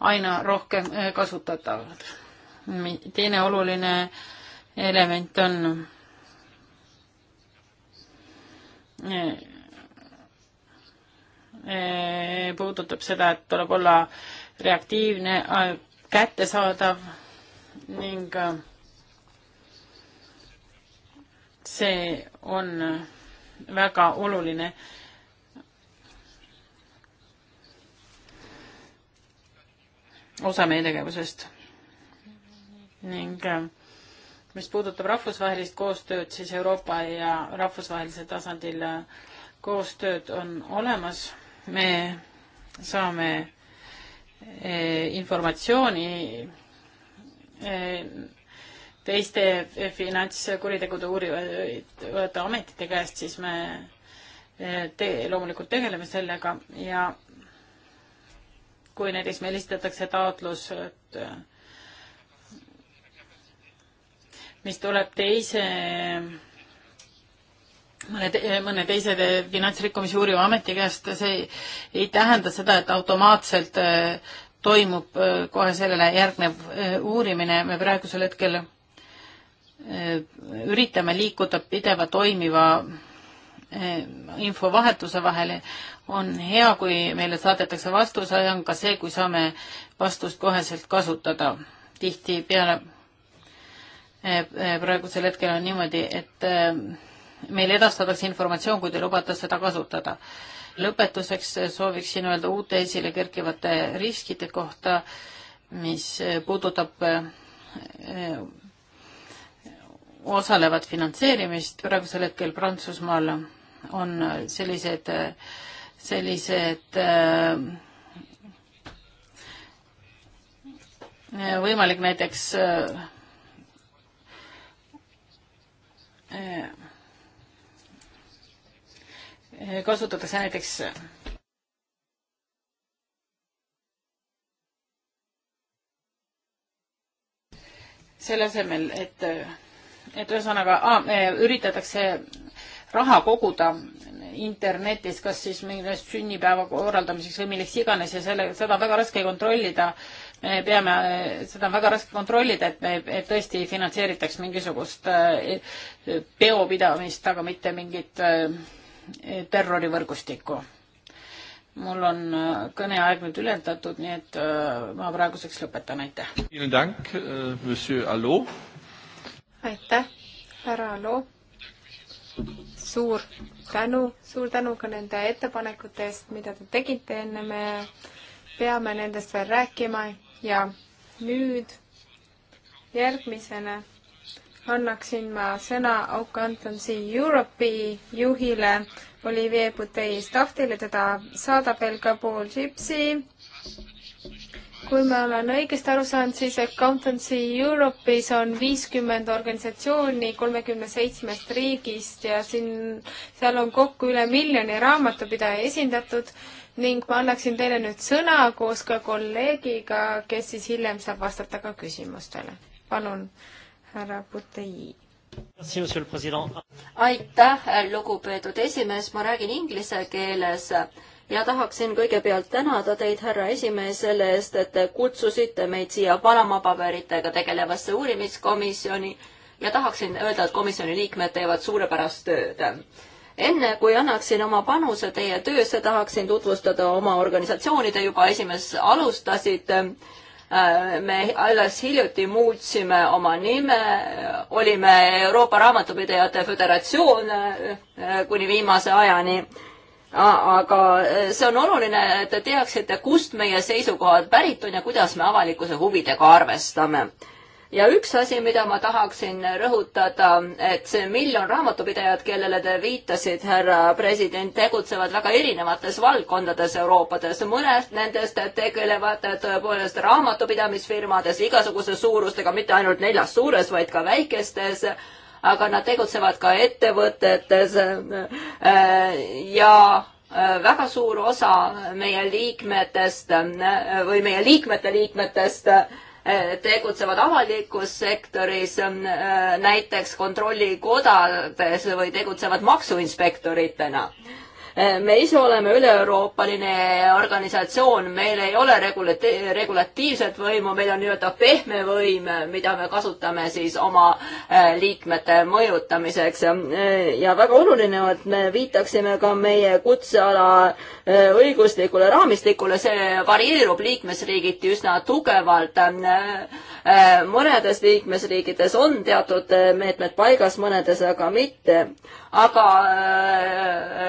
aina rohkem kasutatavad teine oluline element on e, e, puudutab seda, et tuleb olla reaktiivne, kättesaadav ning e, see on väga oluline. osa meie tegevusest ning äh, mis puudutab rahvusvahelist koostööd, siis Euroopa ja rahvusvahelisel tasandil äh, koostööd on olemas. me saame äh, informatsiooni teiste finantskuritegude uurivate ametite käest, siis me te, loomulikult tegeleme sellega ja kui näiteks me helistatakse taotlus, et mis tuleb teise mõne te,, mõne teise te, finantsrikkumisi uuriva ameti käest, see ei, ei tähenda seda, et automaatselt äh, toimub äh, kohe sellele järgnev äh, uurimine, me praegusel hetkel äh, üritame liikuda pideva toimiva äh, infovahetuse vahele. on hea, kui meile saadetakse vastus, aga on ka see, kui saame vastust koheselt kasutada. tihtipeale Eh, eh, praegusel hetkel on niimoodi, et eh, meile edastatakse informatsioon, kui te lubate seda kasutada. lõpetuseks sooviksin öelda uute esile kerkivate riskide kohta, mis puudutab osalevat finantseerimist, praegusel hetkel Prantsusmaal on sellised, sellised võimalik näiteks Äh, kasutatakse näiteks selle asemel, et, et ühesõnaga ah, üritatakse raha koguda internetis, kas siis mingi sünnipäeva korraldamiseks või milleks iganes ja selle, seda on väga raske kontrollida äh, me peame, seda on väga raske kontrollida, et me et tõesti finantseeritaks mingisugust äh, peopidamist, aga mitte mingit äh, terrorivõrgustikku. mul on äh, kõneaeg nüüd ületatud, nii et ma praeguseks lõpetan, aitäh. aitäh, härra Allo. suur tänu, suur tänu ka nende ettepanekute eest, mida te tegite enne, me peame nendest veel rääkima ja nüüd järgmisena annaksin ma sõna Okantansi Europe'i juhile Olivier Buteis Tahtile, teda saadab veel ka pool Gypsy. kui ma olen õigesti aru saanud, siis Accountancy Europe'is on viiskümmend organisatsiooni kolmekümne seitsmest riigist ja siin, seal on kokku üle miljoni raamatupidaja esindatud ning ma annaksin teile nüüd sõna koos ka kolleegiga, kes siis hiljem saab vastata ka küsimustele. palun, härra Butei. aitäh, lugupeetud esimees, ma räägin inglise keeles ja tahaksin kõigepealt tänada teid, härra esimees, selle eest, et te kutsusite meid siia Panama paberitega tegelevasse uurimiskomisjoni ja tahaksin öelda, et komisjoni liikmed teevad suurepärast tööd enne kui annaksin oma panuse teie töösse, tahaksin tutvustada oma organisatsiooni, te juba esimees alustasite. Äh, me alles hiljuti muutsime oma nime, olime Euroopa Raamatupidajate Föderatsioon äh, kuni viimase ajani aga äh, see on oluline, et te teaksite, kust meie seisukohad pärit on ja kuidas me avalikkuse huvidega arvestame ja üks asi, mida ma tahaksin rõhutada, et see miljon raamatupidajat, kellele te viitasid, härra president, tegutsevad väga erinevates valdkondades Euroopades. mõned nendest tegelevad tõepoolest raamatupidamisfirmades igasuguse suurustega, mitte ainult neljas suures, vaid ka väikestes aga nad tegutsevad ka ettevõtetes äh, ja äh, väga suur osa meie liikmetest äh, või meie liikmete liikmetest tegutsevad avalikus sektoris, ähm, näiteks kontrollikodades või tegutsevad maksuinspektoritena Eh, me ise oleme üle-euroopaline organisatsioon, meil ei ole regulati-, regulatiivset võimu, meil on nii-öelda pehme võim, mida me kasutame siis oma eh, liikmete mõjutamiseks. Eh, ja väga oluline on, et me viitaksime ka meie kutseala õiguslikule raamistikule, see varieerub liikmesriigiti üsna tugevalt. mõnedes liikmesriikides on teatud meetmed paigas, mõnedes aga mitte aga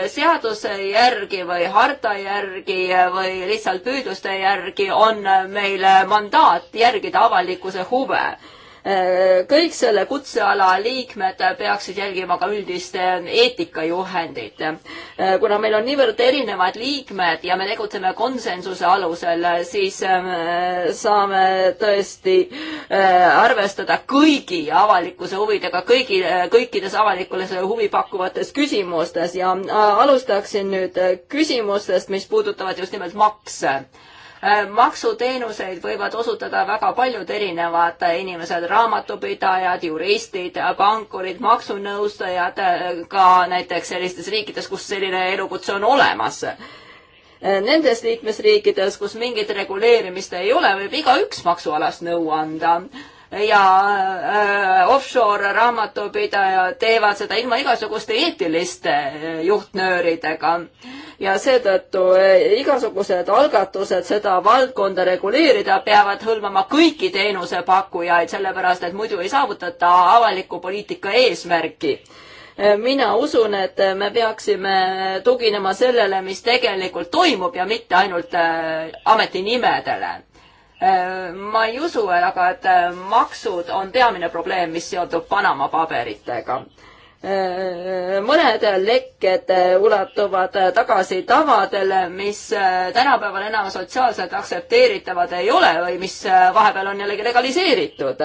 äh, seaduse järgi või harta järgi või lihtsalt püüdluste järgi on meil mandaat järgida avalikkuse huve kõik selle kutseala liikmed peaksid jälgima ka üldist äh, eetikajuhendit. Äh, kuna meil on niivõrd erinevad liikmed ja me tegutseme konsensuse alusel, äh, siis saame tõesti arvestada kõigi avalikkuse huvidega, kõigi, kõikides avalikule huvi pakkuvates küsimustes ja alustaksin nüüd küsimustest, mis puudutavad just nimelt makse Äh, maksuteenuseid võivad osutada väga paljud erinevad inimesed, raamatupidajad, juristid, pankurid, maksunõustajad, äh, ka näiteks sellistes riikides, kus selline elukutse on olemas äh, nendes liikmesriikides, kus mingit reguleerimist ei ole, võib igaüks maksualast nõu anda ja äh, offshore raamatupidajad teevad seda ilma igasuguste eetiliste äh, juhtnööridega. ja seetõttu äh, igasugused algatused seda valdkonda reguleerida peavad hõlmama kõiki teenusepakkujaid, sellepärast et muidu ei saavutata avaliku poliitika eesmärki mina usun, et me peaksime tuginema sellele, mis tegelikult toimub ja mitte ainult ametinimedele Äh, ma ei usu, aga et äh, maksud on peamine probleem, mis seondub Panama paberitega. Äh, mõned lekked ulatuvad tagasi tavadele, mis tänapäeval enam sotsiaalselt aktsepteeritavad ei ole või mis vahepeal on jällegi legaliseeritud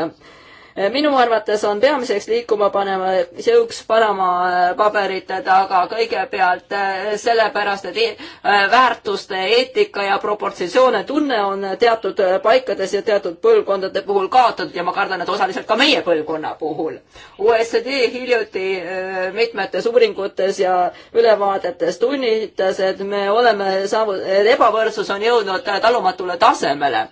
minu arvates on peamiseks liikuma panema jõuks parema äh, paberite taga kõigepealt äh, sellepärast, et äh, väärtuste, eetika ja proportsioone tunne on teatud paikades ja teatud põlvkondade puhul kaotatud ja ma kardan, et osaliselt ka meie põlvkonna puhul. OECD hiljuti mitmetes uuringutes ja ülevaadetes tunnitas, et me oleme saavu-, ebavõrdsus on jõudnud talumatule tasemele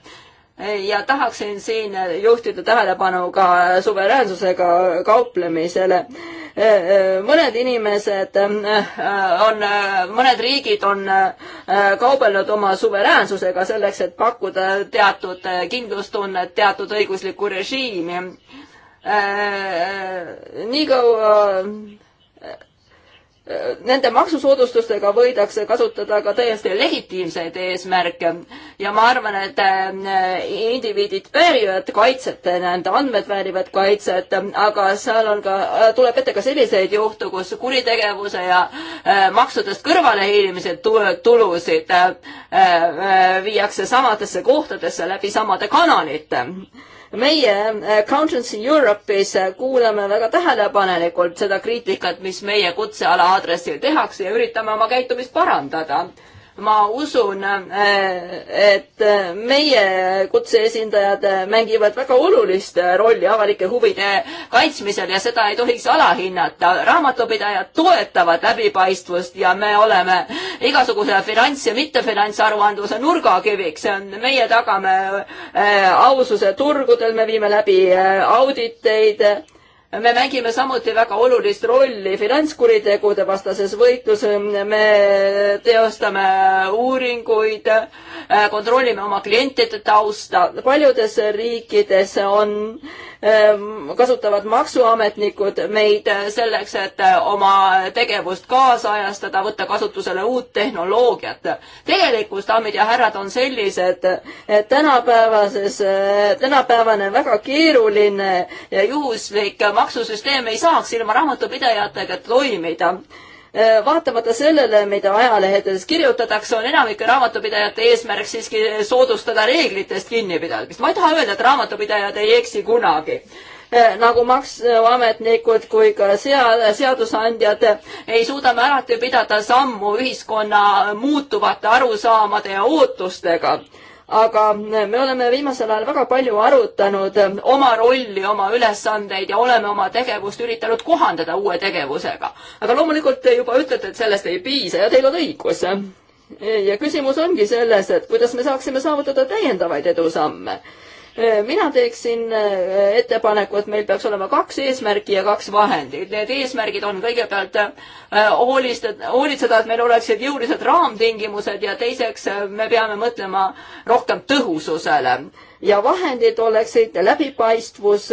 ja tahaksin siin juhtida tähelepanu ka suveräänsusega kauplemisele. E, e, mõned inimesed e, on, mõned riigid on kaubelnud oma suveräänsusega selleks, et pakkuda teatud kindlustunnet, teatud õiguslikku režiimi. niikaua nende maksusoodustustega võidakse kasutada ka täiesti legitiimseid eesmärke ja ma arvan, et äh, indiviidid väärivad kaitset, nende andmed väärivad kaitset, aga seal on ka, tuleb ette ka selliseid juhtu, kus kuritegevuse ja äh, maksudest kõrvalehiilimise tulusid äh, viiakse samadesse kohtadesse läbi samade kanalite meie eh, Conscience Europe'is eh, kuulame väga tähelepanelikult seda kriitikat, mis meie kutseala aadressil tehakse ja üritame oma käitumist parandada ma usun, äh, et meie kutseesindajad mängivad väga olulist rolli avalike huvide kaitsmisel ja seda ei tohiks alahinnata. raamatupidajad toetavad läbipaistvust ja me oleme igasuguse finants- ja mittefinantsaruandluse nurgakiviks. meie tagame äh, aususe turgudel, me viime läbi äh, auditeid me mängime samuti väga olulist rolli finantskuritegude vastases võitluses, me teostame uuringuid, kontrollime oma klientide tausta, paljudes riikides on Ehm, kasutavad maksuametnikud meid äh, selleks, et äh, oma tegevust kaasajastada, võtta kasutusele uut tehnoloogiat. tegelikkus, daamid ja härrad, on sellised, et tänapäevases, äh, tänapäevane väga keeruline ja juhuslik maksusüsteem ei saaks ilma raamatupidajatega toimida Äh, vaatamata sellele, mida ajalehedes kirjutatakse, on enamike raamatupidajate eesmärk siiski soodustada reeglitest kinnipidamist. ma ei taha öelda, et raamatupidajad ei eksi kunagi äh, nagu maksuametnikud kui ka sea-, seadusandjad äh, ei suuda me alati pidada sammu ühiskonna muutuvate arusaamade ja ootustega aga me oleme viimasel ajal väga palju arutanud eh, oma rolli, oma ülesandeid ja oleme oma tegevust üritanud kohandada uue tegevusega. aga loomulikult te juba ütlete, et sellest ei piisa ja teil on õigus. ja küsimus ongi selles, et kuidas me saaksime saavutada täiendavaid edusamme Äh, mina teeksin äh, ettepaneku, et meil peaks olema kaks eesmärki ja kaks vahendit. Need eesmärgid on kõigepealt äh, hoolitseda, hoolitseda, et meil oleksid jõulised raamtingimused ja teiseks me peame mõtlema rohkem tõhususele. ja vahendid oleksid läbipaistvus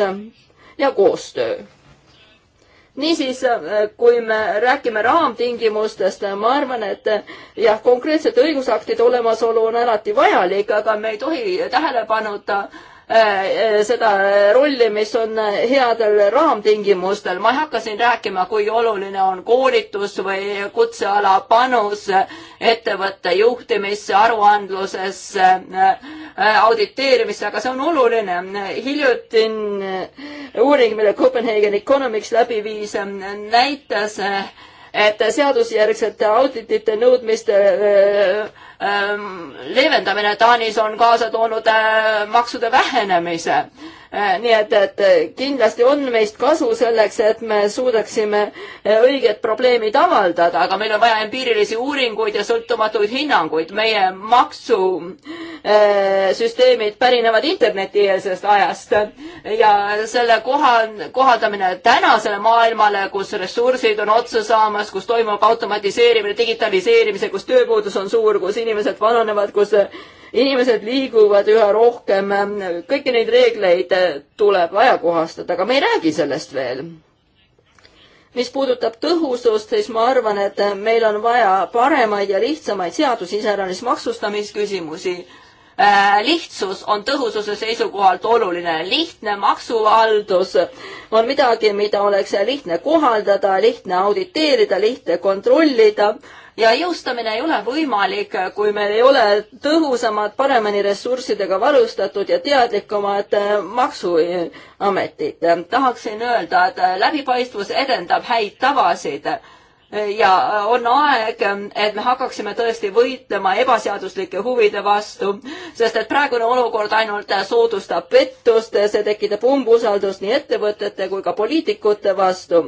ja koostöö niisiis, kui me räägime raamtingimustest, ma arvan, et jah, konkreetsete õigusaktide olemasolu on alati vajalik, aga me ei tohi tähelepanuta äh, Äh, äh, seda rolli, mis on headel raamtingimustel. ma ei hakka siin rääkima, kui oluline on koolitus või kutseala panus ettevõtte juhtimisse, aruandlusesse, äh, auditeerimisse, aga see on oluline. hiljutine uuring, mille Copenhagen Economics läbi viis, näitas, et seadusjärgsete auditite nõudmiste leevendamine Taanis on kaasa toonud maksude vähenemise Äh, nii et, et äh, kindlasti on meist kasu selleks, et me suudaksime äh, õiged probleemid avaldada, aga meil on vaja empiirilisi uuringuid ja sõltumatuid hinnanguid. meie maksusüsteemid pärinevad internetieelsest ajast ja selle koha, kohaldamine tänasele maailmale, kus ressursid on otsa saamas, kus toimub automatiseerimine, digitaliseerimise, kus tööpuudus on suur, kus inimesed vananevad, kus inimesed liiguvad üha rohkem, kõiki neid reegleid tuleb ajakohastada, aga me ei räägi sellest veel. mis puudutab tõhusust, siis ma arvan, et meil on vaja paremaid ja lihtsamaid seadusi, iseäranis maksustamisküsimusi. Äh, lihtsus on tõhususe seisukohalt oluline, lihtne maksuhaldus on midagi, mida oleks lihtne kohaldada, lihtne auditeerida, lihtne kontrollida ja jõustamine ei ole võimalik, kui meil ei ole tõhusamad, paremini ressurssidega varustatud ja teadlikumad äh, maksuametid. tahaksin öelda, et äh, läbipaistvus edendab häid tavasid ja äh, on aeg, et me hakkaksime tõesti võitlema ebaseaduslike huvide vastu, sest et praegune olukord ainult soodustab pettust, see tekitab umbusaldust nii ettevõtete kui ka poliitikute vastu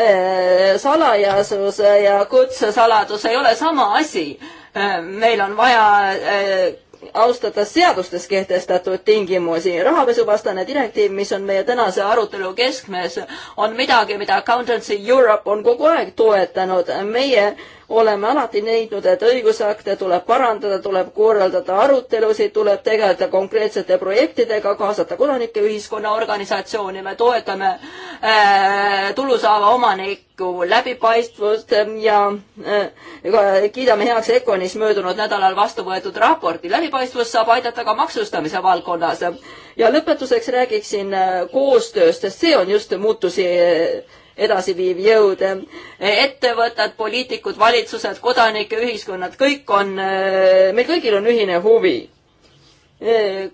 Äh, salajasus ja kutsesaladus ei ole sama asi. Äh, meil on vaja äh, austada seadustes kehtestatud tingimusi. rahapesuvastane direktiiv, mis on meie tänase arutelu keskmes, on midagi, mida Accountancy Europe on kogu aeg toetanud. meie äh, oleme alati leidnud, et õigusakte tuleb parandada, tuleb korraldada arutelusid, tuleb tegeleda konkreetsete projektidega, kaasata kodanike ühiskonna organisatsiooni, me toetame äh, tulu saava omaniku läbipaistvust ja äh, kiidame heaks Econis möödunud nädalal vastu võetud raporti. läbipaistvus saab aidata ka maksustamise valdkonnas. ja lõpetuseks räägiksin äh, koostööst, sest see on just muutusi edasiviiv jõud. ettevõtted, poliitikud, valitsused, kodanike ühiskonnad, kõik on, meil kõigil on ühine huvi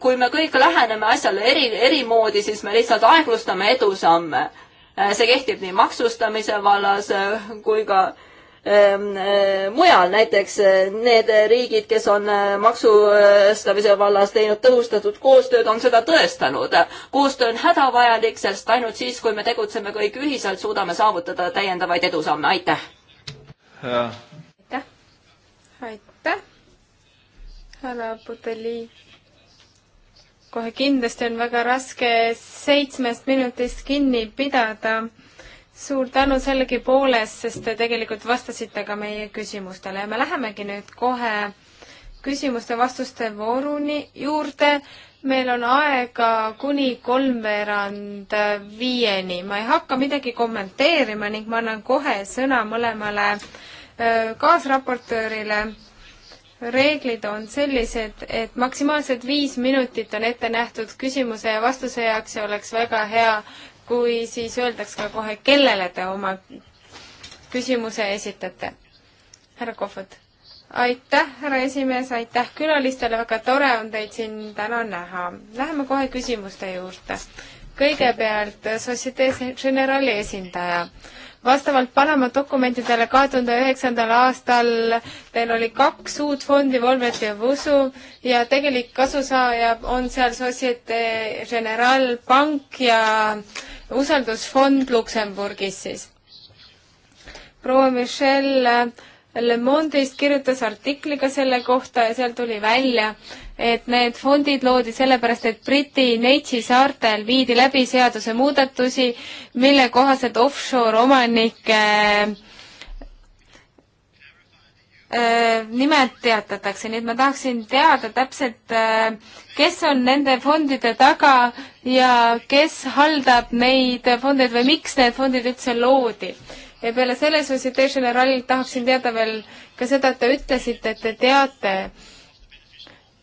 kui me kõik läheneme asjale eri, eri moodi, siis me lihtsalt aeglustame edusamme. see kehtib nii maksustamise vallas kui ka Ehm, ehm, mujal, näiteks eh, need riigid, kes on eh, maksustamise eh, vallas teinud tõhustatud koostööd, on seda tõestanud. koostöö on hädavajalik, sest ainult siis, kui me tegutseme kõik ühiselt, suudame saavutada täiendavaid edusamme, aitäh! aitäh! aitäh, härra Puteli! kohe kindlasti on väga raske seitsmest minutist kinni pidada suur tänu sellegipoolest, sest te tegelikult vastasite ka meie küsimustele ja me lähemegi nüüd kohe küsimuste-vastuste vooruni juurde. meil on aega kuni kolmveerand viieni. ma ei hakka midagi kommenteerima ning ma annan kohe sõna mõlemale kaasraportöörile reeglid on sellised, et maksimaalselt viis minutit on ette nähtud küsimuse ja vastuse jaoks ja oleks väga hea, kui siis öeldaks ka kohe, kellele te oma küsimuse esitate. härra Kohvat. aitäh, härra esimees, aitäh külalistele, väga tore on teid siin täna näha. Läheme kohe küsimuste juurde. kõigepealt Societe Generali esindaja vastavalt Panama dokumentidele kahe tuhande üheksandal aastal teil oli kaks uut fondi, Volvet ja Vusu, ja tegelik kasusaaja on seal Societe Generale Pank ja usaldusfond Luksemburgis siis. proua Michelle Le Monde'ist kirjutas artikli ka selle kohta ja seal tuli välja, et need fondid loodi sellepärast, et Briti Neitsi saartel viidi läbi seadusemuudatusi, mille kohaselt offshore omanike äh, nimed teatatakse, nii et ma tahaksin teada täpselt äh,, kes on nende fondide taga ja kes haldab neid fondeid või miks need fondid üldse loodi ja peale selle Societe Generalilt tahaksin teada veel ka seda, et te ütlesite, et te teate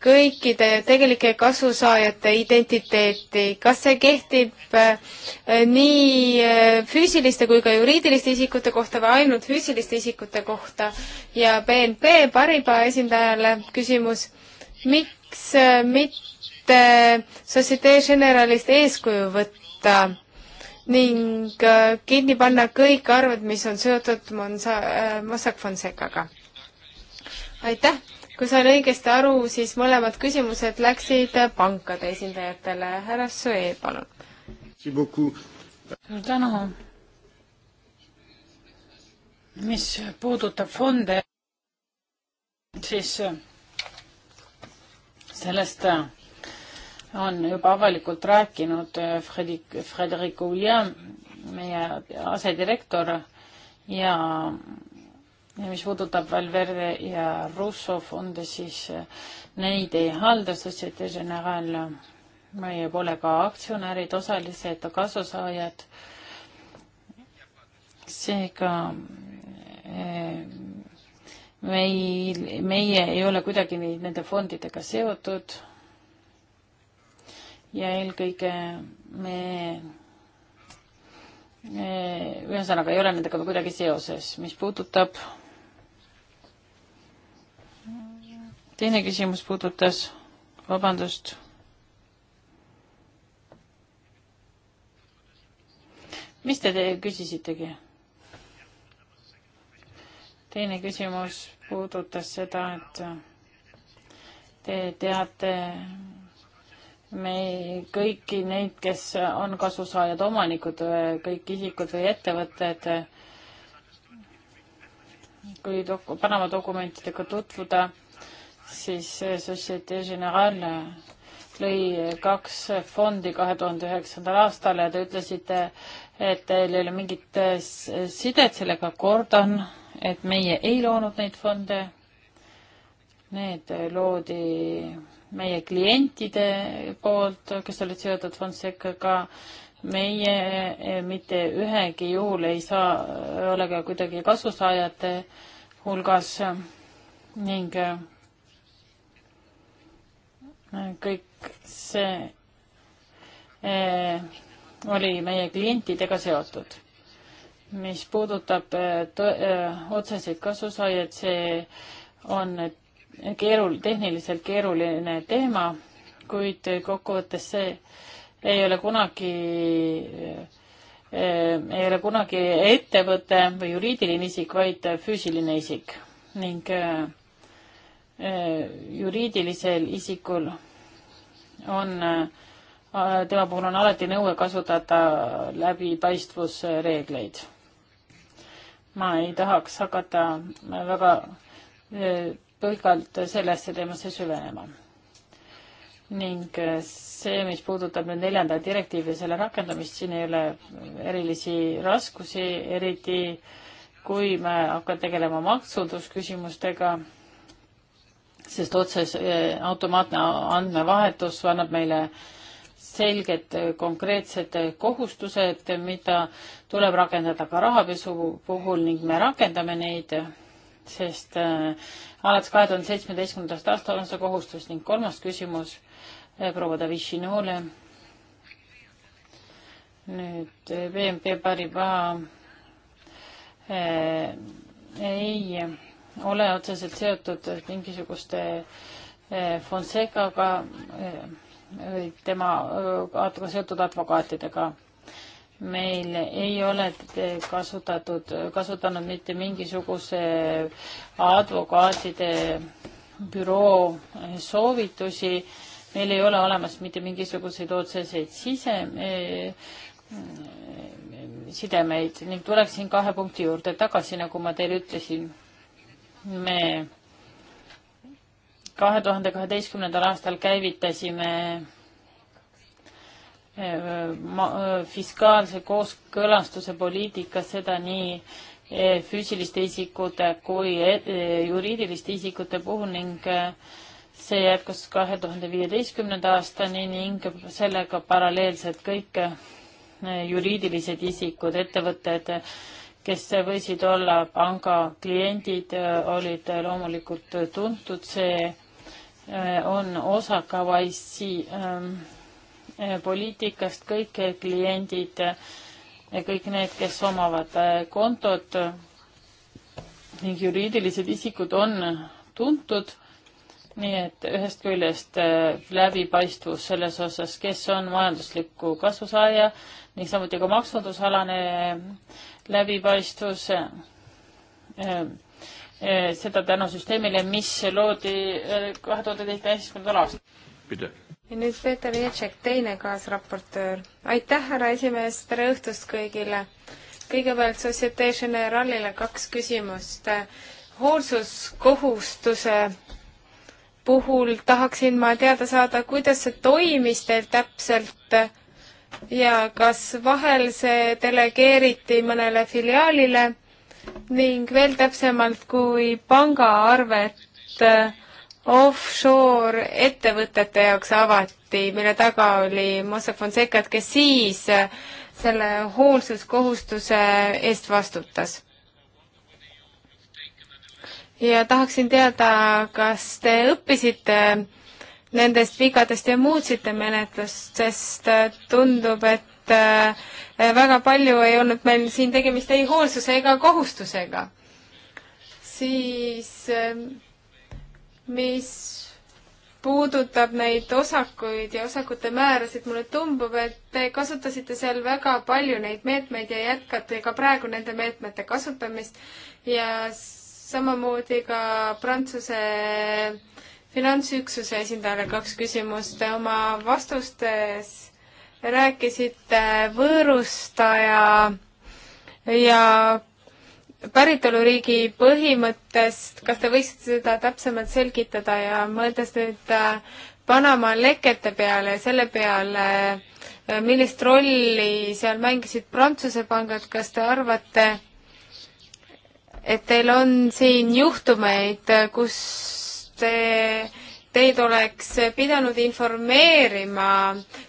kõikide tegelike kasusaajate identiteeti, kas see kehtib äh, nii äh, füüsiliste kui ka juriidiliste isikute kohta või ainult füüsiliste isikute kohta ja BNP Paribas esindajale küsimus, miks äh, mitte Societe Generalist eeskuju võtta? ning äh, kinni panna kõik arved, mis on seotud Monsa-, äh, Mossack Fonsecaga. aitäh! kui sain õigesti aru, siis mõlemad küsimused läksid pankade esindajatele. härra Sõe, palun. suur tänu. mis puudutab fonde, siis sellest äh, on juba avalikult rääkinud eh, Frederico William, meie asedirektor ja, ja mis puudutab Valverde ja Russo fonde, siis eh, neid ei halda Societe Generale, meie pole ka aktsionärid, osalised, kasusaajad. seega eh, meil, meie ei ole kuidagi nende fondidega seotud ja eelkõige me, me ühesõnaga ei ole nendega kuidagi seoses, mis puudutab teine küsimus puudutas, vabandust, mis te, te küsisitegi? teine küsimus puudutas seda, et te teate me kõiki neid, kes on kasusaajad, omanikud, kõik isikud või ettevõtted, kui doku-, Panama dokumentidega tutvuda, siis Societe Generale lõi kaks fondi kahe tuhande üheksandal aastal ja te ütlesite, et teil ei ole mingit sidet sellega, kordan, et meie ei loonud neid fonde. Need loodi meie klientide poolt, kes olid seotud Fonsecaga, meie eh, mitte ühegi juhul ei saa, eh, ole ka kuidagi kasusaajate hulgas ning eh, kõik see oli meie klientidega seotud. mis puudutab otseseid kasusaajaid, see on keerul-, tehniliselt keeruline teema, kuid kokkuvõttes see ei ole kunagi eh, ei ole kunagi ettevõte või juriidiline isik, vaid füüsiline isik ning eh, juriidilisel isikul on, eh, tema puhul on alati nõue kasutada läbipaistvusreegleid. ma ei tahaks hakata väga pikalt sellesse teemasse süvenema. ning äh, see, mis puudutab nüüd neljanda direktiivi ja selle rakendamist, siin ei ole erilisi raskusi, eriti kui me hakkame tegelema maksundusküsimustega, sest otses äh, automaatne andmevahetus annab meile selged äh, konkreetsed kohustused, mida tuleb rakendada ka rahapesu puhul ning me rakendame neid sest äh, alates kahe tuhande seitsmeteistkümnendast aastal on see kohustus ning kolmas küsimus äh, proua Davishinole. nüüd äh, BNP Paribas ei ole otseselt seotud mingisuguste Fonsecaga või tema seotud advokaatidega meil ei ole kasutatud, kasutanud mitte mingisuguse advokaatide büroo soovitusi, meil ei ole olemas mitte mingisuguseid otseseid sise e, sidemeid ning tuleksin kahe punkti juurde tagasi, nagu ma teile ütlesin. me kahe tuhande kaheteistkümnendal aastal käivitasime fiskaalse kooskõlastuse poliitika, seda nii e, füüsiliste isikute kui e, e, juriidiliste isikute puhul ning see jätkus kahe tuhande viieteistkümnenda aastani ning sellega paralleelselt kõik juriidilised isikud, ettevõtted, kes võisid olla panga kliendid, olid loomulikult tuntud, see on osa KYC Eh, poliitikast kõik kliendid, eh, kõik need, kes omavad eh, kontot ning juriidilised isikud on tuntud, nii et ühest küljest läbipaistvus selles osas, kes on majandusliku kasu saaja ning samuti ka maksundusalane läbipaistvus seda tänu süsteemile, mis loodi kahe tuhande teistkümnendal aastal ja nüüd Peeter Ječek, teine kaasraportöör. aitäh, härra esimees, tere õhtust kõigile! kõigepealt Societe Generalile kaks küsimust. hoolsuskohustuse puhul tahaksin ma teada saada, kuidas see toimis teil täpselt ja kas vahel see delegeeriti mõnele filiaalile ning veel täpsemalt, kui pangaarvet offshore ettevõtete jaoks avati, mille taga oli Mossack Fonseca, kes siis äh, selle hoolsuskohustuse eest vastutas ja tahaksin teada, kas te õppisite nendest vigadest ja muutsite menetlust, sest äh, tundub, et äh, väga palju ei olnud meil siin tegemist ei hoolsuse ega kohustusega. siis mis puudutab neid osakuid ja osakute määrasid, mulle tundub, et te kasutasite seal väga palju neid meetmeid ja jätkate ka praegu nende meetmete kasutamist ja samamoodi ka Prantsuse finantsüksuse esindajale kaks küsimust. Te oma vastustes rääkisite võõrustaja ja päritoluriigi põhimõttest, kas te võiksite seda täpsemalt selgitada ja mõeldes nüüd äh, Panama lekete peale ja selle peale, äh, millist rolli seal mängisid Prantsuse pangad, kas te arvate, et teil on siin juhtumeid, äh, kus te, teid oleks pidanud informeerima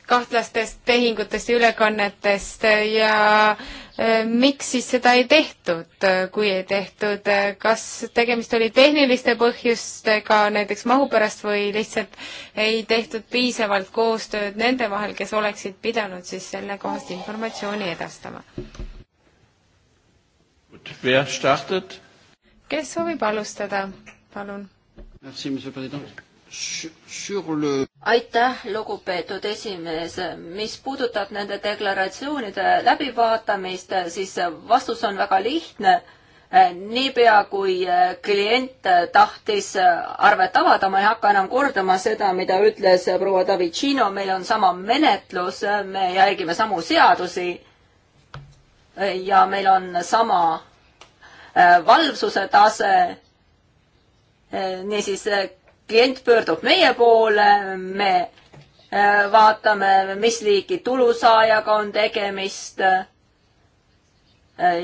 kahtlastest tehingutest ja ülekannetest ja äh, Äh, miks siis seda ei tehtud, äh, kui ei tehtud, äh, kas tegemist oli tehniliste põhjustega, näiteks mahu pärast, või lihtsalt ei tehtud piisavalt koostööd nende vahel, kes oleksid pidanud siis sellekohast informatsiooni edastama? kes soovib alustada, palun? Merci, monsieur president aitäh, lugupeetud esimees. mis puudutab nende deklaratsioonide läbivaatamist, siis vastus on väga lihtne. niipea kui klient tahtis arvet avada, ma ei hakka enam kordama seda, mida ütles proua Davicino, meil on sama menetlus, me järgime samu seadusi. ja meil on sama äh, valvsuse tase. niisiis klient pöördub meie poole, me äh, vaatame, mis liiki tulusaajaga on tegemist. Äh,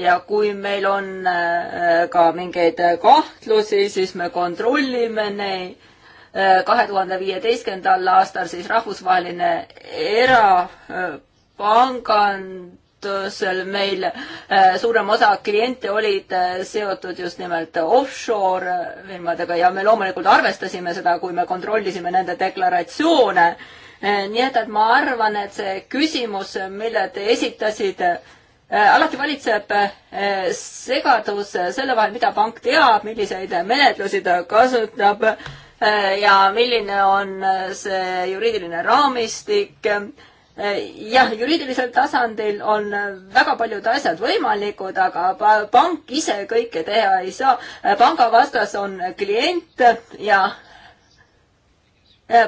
ja kui meil on äh, ka mingeid kahtlusi, siis me kontrollime neid. kahe tuhande viieteistkümnendal aastal siis rahvusvaheline erapangand ettevõtlusel meil äh, suurem osa kliente olid äh, seotud just nimelt offshore firmadega ja me loomulikult arvestasime seda, kui me kontrollisime nende deklaratsioone. Äh, nii et, et ma arvan, et see küsimus, mille te esitasite, alati valitseb segadus selle vahel, mida pank teab, milliseid menetlusi ta kasutab ja milline on see juriidiline raamistik Äh, jah, juriidilisel tasandil on väga paljud asjad võimalikud, aga pank ise kõike teha ei saa. Äh, panga vastas on klient ja äh,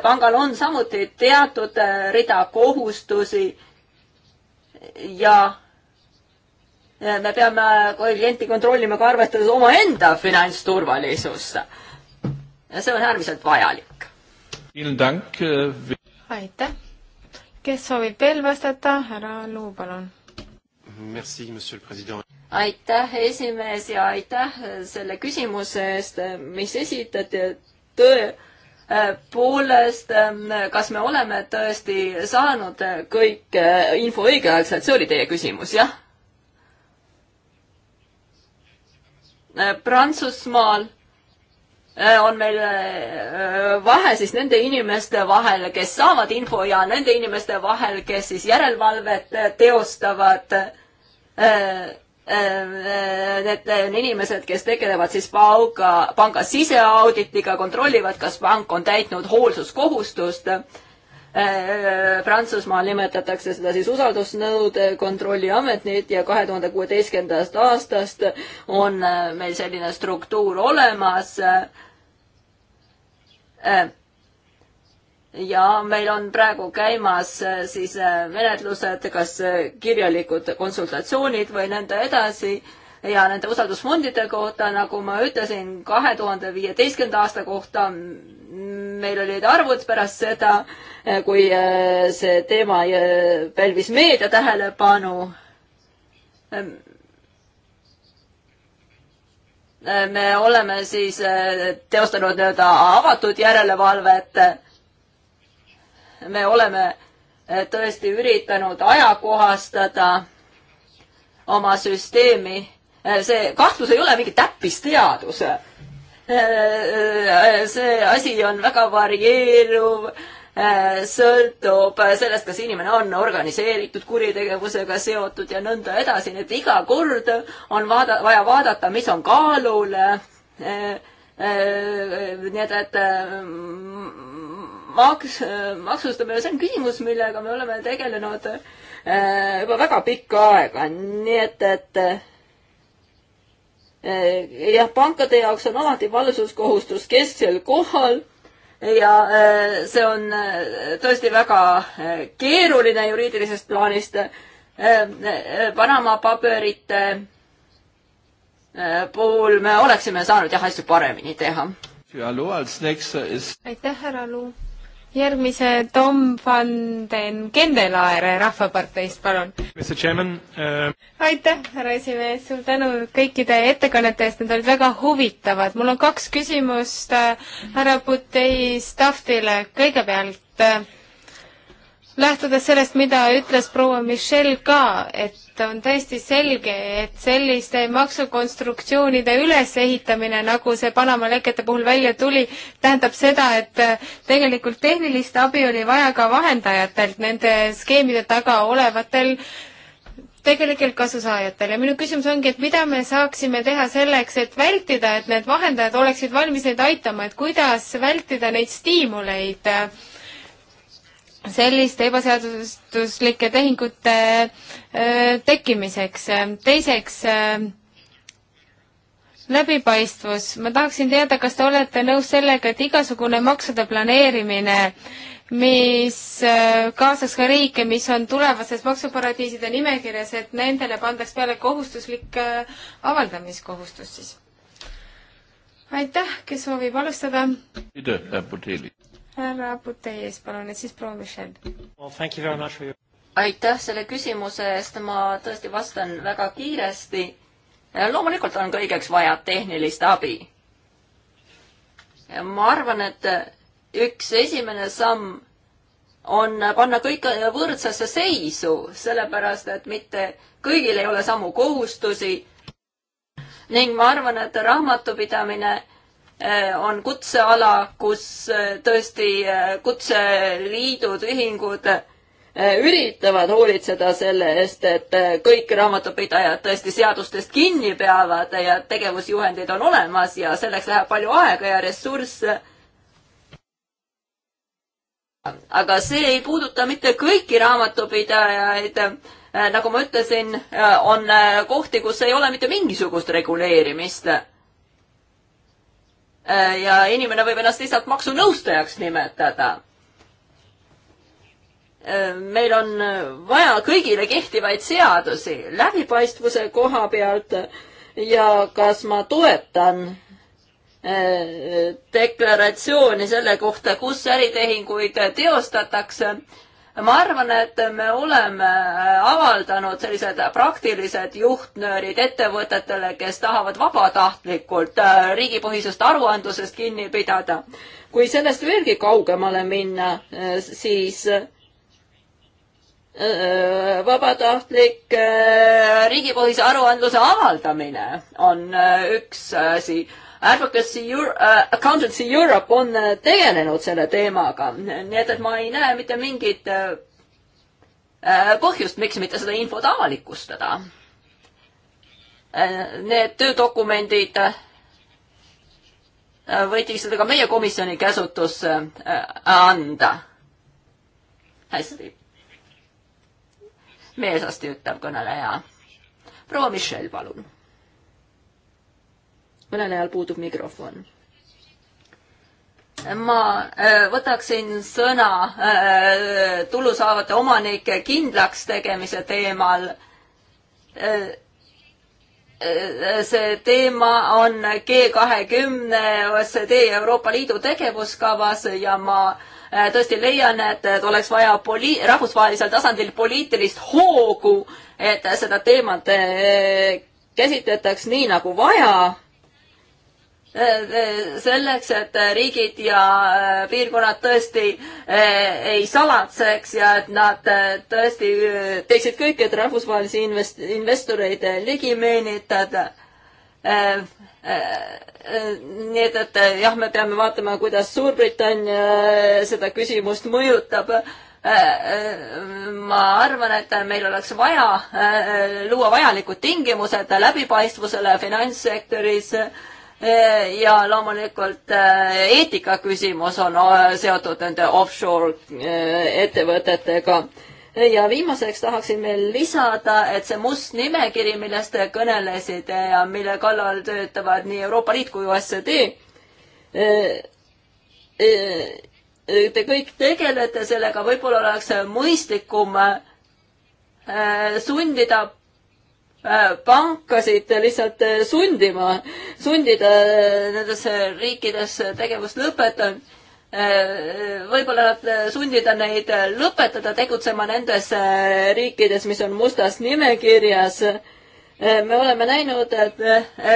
pangal on samuti teatud rida kohustusi ja me peame klienti kontrollima ka arvestades omaenda finantsturvalisust. see on äärmiselt vajalik. aitäh kes soovib veel vastata, härra Luu, palun. aitäh, esimees ja aitäh selle küsimuse eest, mis esitati. tõepoolest, äh, ähm, kas me oleme tõesti saanud kõik äh, info õigeaegselt, see oli teie küsimus, jah? Äh, Prantsusmaal Äh, on meil äh, vahe siis nende inimeste vahel, kes saavad info ja nende inimeste vahel, kes siis järelevalvet äh, teostavad. Need inimesed, kes tegelevad siis panga, panga siseauditiga, kontrollivad, kas pank on täitnud hoolsuskohustust. Prantsusmaal nimetatakse seda siis usaldusnõude kontrolliametit ja kahe tuhande kuueteistkümnendast aastast on meil selline struktuur olemas Äh, ja meil on praegu käimas äh, siis äh, menetlused, kas kirjalikud konsultatsioonid või nõnda edasi ja nende usaldusfondide kohta, nagu ma ütlesin, kahe tuhande viieteistkümnenda aasta kohta meil olid arvud pärast seda, kui see teema pälvis meedia tähelepanu me oleme siis eh, teostanud nii-öelda avatud järelevalvet. me oleme eh, tõesti üritanud ajakohastada oma süsteemi. Eh, see kahtlus ei ole mingi täppisteadus. see asi on väga varieeruv Äh, sõltub sellest, kas inimene on organiseeritud kuritegevusega seotud ja nõnda edasi, nii et iga kord on vaada, vaja vaadata, mis on kaalul. Äh, äh, nii et, et maks, maksustamine, see on küsimus, millega me oleme tegelenud juba väga pikka aega, nii et, et jah, pankade jaoks on alati valvsuskohustus kesksel kohal ja äh, see on äh, tõesti väga äh, keeruline juriidilisest plaanist. Panama paberite puhul me oleksime saanud jah, asju paremini teha. aitäh, härra Luu järgmise Tom van den Kendelaere Rahvaparteist, palun. Uh... aitäh, härra esimees, suur tänu kõikide ettekannete eest, need olid väga huvitavad. mul on kaks küsimust äh, härra Butei staffile. kõigepealt äh, lähtudes sellest, mida ütles proua Michelle ka, et on täiesti selge, et selliste maksukonstruktsioonide ülesehitamine, nagu see Panama lekete puhul välja tuli, tähendab seda, et tegelikult tehnilist abi oli vaja ka vahendajatelt, nende skeemide taga olevatel tegelikult kasusaajatel ja minu küsimus ongi, et mida me saaksime teha selleks, et vältida, et need vahendajad oleksid valmis neid aitama, et kuidas vältida neid stiimuleid äh, selliste ebaseaduslike tehingute tekkimiseks. teiseks, läbipaistvus. ma tahaksin teada, kas te olete nõus sellega, et igasugune maksude planeerimine, mis kaasaks ka riike, mis on tulevases maksuparadiiside nimekirjas, et nendele pandaks peale kohustuslik avaldamiskohustus siis? aitäh, kes soovib alustada? härra Puteis, palun, et siis proua Michel well,. aitäh selle küsimuse eest, ma tõesti vastan väga kiiresti. loomulikult on kõigeks vaja tehnilist abi. ma arvan, et üks esimene samm on panna kõik võrdsesse seisu, sellepärast et mitte kõigil ei ole samu kohustusi. ning ma arvan, et raamatupidamine Äh, on kutseala, kus äh, tõesti äh, kutseliidud, ühingud üritavad hoolitseda selle eest, et kõik raamatupidajad tõesti seadustest kinni peavad ja tegevusjuhendid on olemas ja selleks läheb palju aega ja ressursse. aga see ei puuduta mitte kõiki raamatupidajaid nagu ma ütlesin, on kohti, kus ei ole mitte mingisugust reguleerimist Äh, ja inimene võib ennast lihtsalt maksunõustajaks nimetada. Äh, meil on vaja kõigile kehtivaid seadusi läbipaistvuse koha pealt ja kas ma toetan äh, deklaratsiooni selle kohta, kus äritehinguid teostatakse ma arvan, et me oleme äh, avaldanud sellised praktilised juhtnöörid ettevõtetele, kes tahavad vabatahtlikult äh, riigipõhisest aruandlusest kinni pidada. kui sellest veelgi kaugemale minna, äh, siis vabatahtlik riigipõhise aruandluse avaldamine on üks asi Advocacy Euro-, äh, Accountancy Europe on äh, tegelenud selle teemaga, nii et, et ma ei näe mitte mingit äh, põhjust, miks mitte seda infot avalikustada. Need töödokumendid võiks seda ka meie komisjoni käsutusse anda. hästi. meelsasti ütleb kõneleja. proua Michel, palun kõnelejal puudub mikrofon. ma äh, võtaksin sõna äh, tulu saavate omanike kindlaks tegemise teemal äh, see teema on G kahekümne OSCD Euroopa Liidu tegevuskavas ja ma tõesti leian, et, et oleks vaja poli-, rahvusvahelisel tasandil poliitilist hoogu, et seda teemat käsitletaks nii, nagu vaja. Äh, äh, selleks, et äh, riigid ja piirkonnad tõesti ei salatseks ja et nad tõesti teeksid kõik, et rahvusvahelisi invest-, investoreid ligi meelitada. nii et, et jah, me peame vaatama, kuidas Suurbritannia seda küsimust mõjutab ma arvan, et meil oleks vaja luua vajalikud tingimused läbipaistvusele finantssektoris äh, Äh, ja loomulikult äh, eetika küsimus on äh, seotud nende offshore ettevõtetega. ja viimaseks tahaksin veel lisada, et see must nimekiri, millest te kõnelesite ja mille kallal töötavad nii Euroopa Liit kui OSCD, te kõik tegelete sellega, võib-olla oleks mõistlikum sundida Äh, pankasid lihtsalt äh, sundima, sundida äh, nendes riikides tegevust lõpetama. võib-olla sundida neid lõpetada tegutsema nendes riikides, mis on mustas nimekirjas me oleme näinud, et,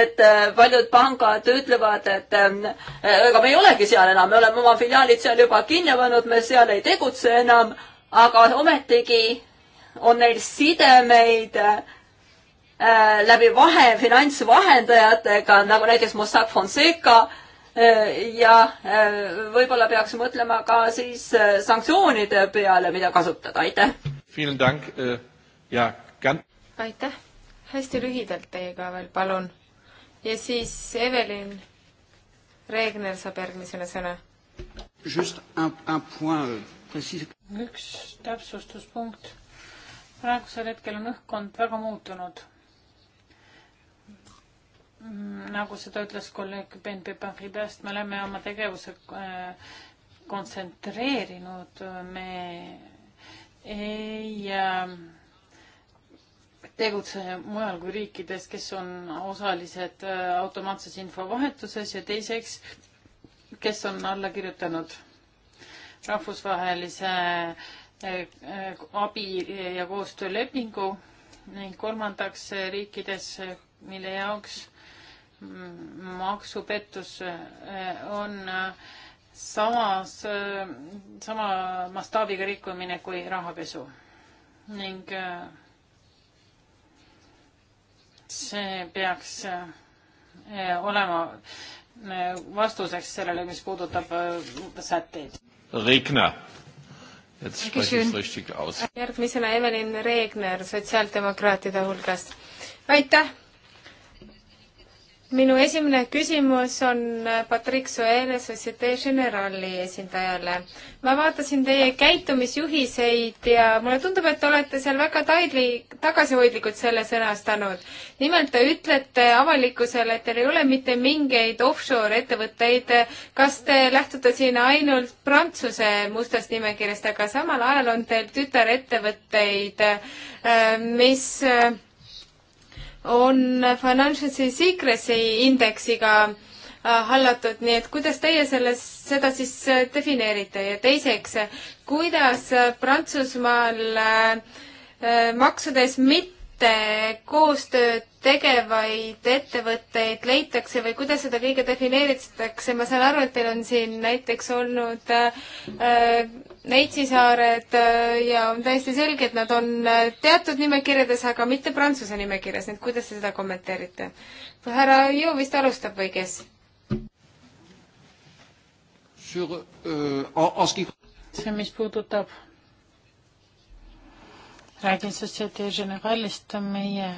et paljud pangad ütlevad, et ega me ei olegi seal enam, me oleme oma filiaalid seal juba kinni pannud, me seal ei tegutse enam, aga ometigi on neil sidemeid äh, Äh, läbi vahe finantsvahendajatega, nagu näiteks Mossack Fonseca äh, ja äh, võib-olla peaks mõtlema ka siis sanktsioonide peale, mida kasutada, aitäh! aitäh! hästi lühidalt teiega veel, palun. ja siis Evelin Regner saab järgmisena sõna. üks täpsustuspunkt. praegusel hetkel on õhkkond väga muutunud Mm, nagu seda ütles kolleeg BNP Paribast, me oleme oma tegevuse äh, kontsentreerinud, me ei äh, tegutse mujal kui riikides, kes on osalised äh, automaatses infovahetuses ja teiseks, kes on alla kirjutanud rahvusvahelise abi ja koostöölepingu ning kolmandaks riikides, mille jaoks maksupettus eh, on eh, samas, eh, sama mastaabiga rikkumine kui rahapesu ning see peaks olema vastuseks sellele, mis puudutab sätteid. Regner. järgmisena Evelyn Regner sotsiaaldemokraatide hulgast. aitäh minu esimene küsimus on äh, Patrick Soele Societe Generali esindajale. ma vaatasin teie käitumisjuhiseid ja mulle tundub, et te olete seal väga taidli, tagasihoidlikult selle sõnastanud. nimelt te ütlete avalikkusele, et teil ei ole mitte mingeid offshore ettevõtteid. kas te lähtute siin ainult Prantsuse mustast nimekirjast, aga samal ajal on teil tütarettevõtteid, äh, mis äh, on Financial Secrecy indeksiga äh, hallatud, nii et kuidas teie selles, seda siis äh, defineerite ja teiseks, äh, kuidas Prantsusmaal maksudes mitte koostööd tegevaid ettevõtteid leitakse või kuidas seda kõige defineeritakse, ma saan aru, et teil on siin näiteks olnud äh, Neitsisaared äh, ja on täiesti selge, et nad on äh, teatud nimekirjades, aga mitte Prantsuse nimekirjas, nii et kuidas te seda kommenteerite? härra Jõu vist alustab või kes? Äh, see, mis puudutab, räägin Societe Generalist, meie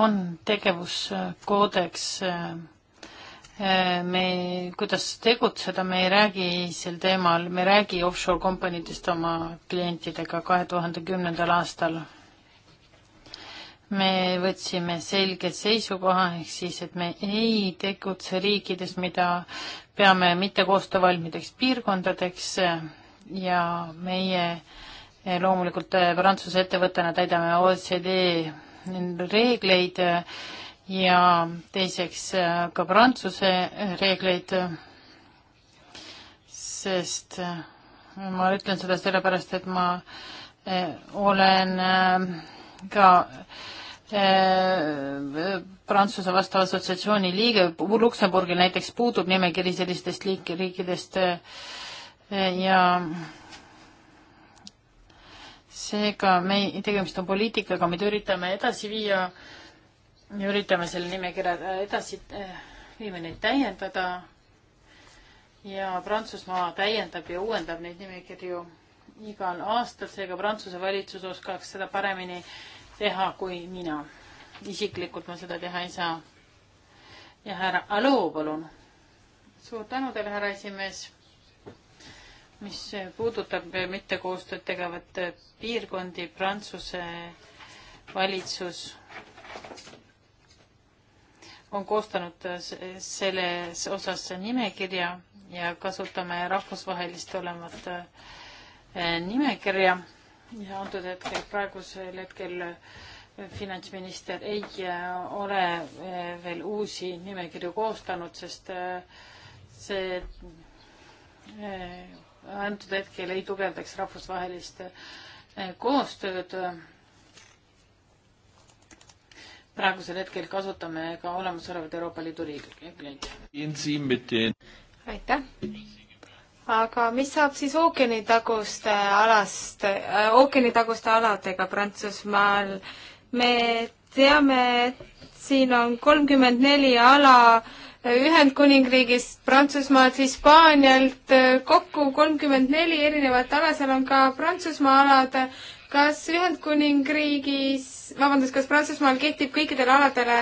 on tegevuskoodeks äh, Eh, me, kuidas tegutseda, me ei räägi sel teemal, me ei räägi offshore kompanidest oma klientidega kahe tuhande kümnendal aastal. me võtsime selge seisukoha, ehk siis, et me ei tegutse riikides, mida peame mittekoostöövalmideks piirkondadeks eh, ja meie eh, loomulikult Prantsuse ettevõttena täidame OECD reegleid ja teiseks äh, ka Prantsuse äh, reegleid, sest äh, ma ütlen seda sellepärast, et ma olen ka Prantsuse vastava assotsiatsiooni liige, Luksemburgil näiteks puudub nimekiri sellistest liik-, riikidest ja seega me, tegemist on poliitikaga, mida üritame edasi viia üritame selle nimekirja edasi, eh, viime neid täiendada ja Prantsusmaa täiendab ja uuendab neid nimekirju igal aastal, seega Prantsuse valitsus oskaks seda paremini teha kui mina. isiklikult ma seda teha ei saa. ja härra Alo, palun. suur tänu teile, härra esimees. mis puudutab mittekoostööd tegevat piirkondi, Prantsuse valitsus on koostanud selles osas nimekirja ja kasutame rahvusvahelist olevat äh, nimekirja ja antud hetkel, praegusel hetkel äh, finantsminister ei äh, ole veel uusi nimekirju koostanud, sest see antud hetkel ei tugevdaks rahvusvahelist koostööd praegusel hetkel kasutame ka olemasolevaid Euroopa Liidu liikmeid. aitäh! aga mis saab siis ookeanitaguste alast äh,, ookeanitaguste aladega Prantsusmaal? me teame, et siin on kolmkümmend neli ala Ühendkuningriigist, Prantsusmaalt, Hispaanialt, äh, kokku kolmkümmend neli erinevat ala, seal on ka Prantsusmaa alad, kas Ühendkuningriigis, vabandust, kas Prantsusmaal kehtib kõikidele aladele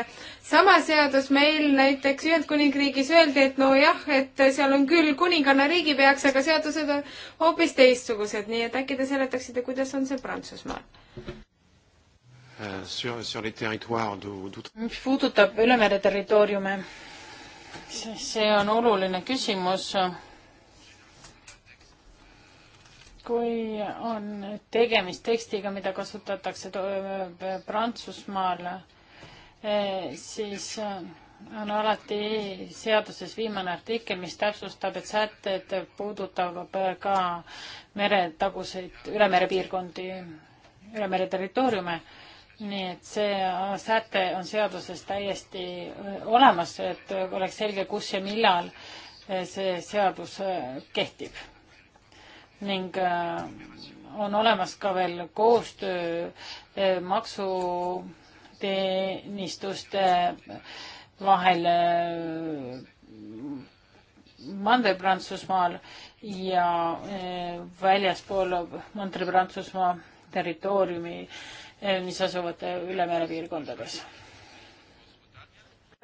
sama seadus, meil näiteks Ühendkuningriigis öeldi, et nojah, et seal on küll kuninganna riigipeaks, aga seadused on hoopis teistsugused, nii et äkki te seletaksite, kuidas on see Prantsusmaal? Euh, mis puudutab ülemere territooriume, siis see on oluline küsimus kui on tegemist tekstiga, mida kasutatakse äh, Prantsusmaal, äh, siis äh, on alati seaduses viimane artikkel, mis täpsustab, et sätted puudutavad ka meretaguseid ülemerepiirkondi, ülemere territooriume. nii et see säte on seaduses täiesti olemas, et oleks selge, kus ja millal see seadus kehtib ning äh, on olemas ka veel koostöö äh, maksuteenistuste vahel äh, Mandri-Prantsusmaal ja väljaspool Mandri-Prantsusmaa territooriumi, mis asuvad üle mere piirkondades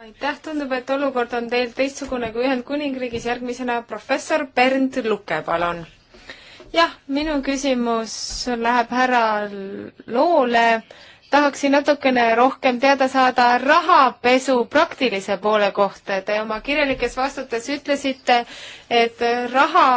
aitäh, tundub, et olukord on teil teistsugune kui Ühendkuningriigis, järgmisena professor Bernd Luke, palun jah, minu küsimus läheb härra Loole. tahaksin natukene rohkem teada saada rahapesu praktilise poole kohta. Te oma kirjalikes vastutes ütlesite, et raha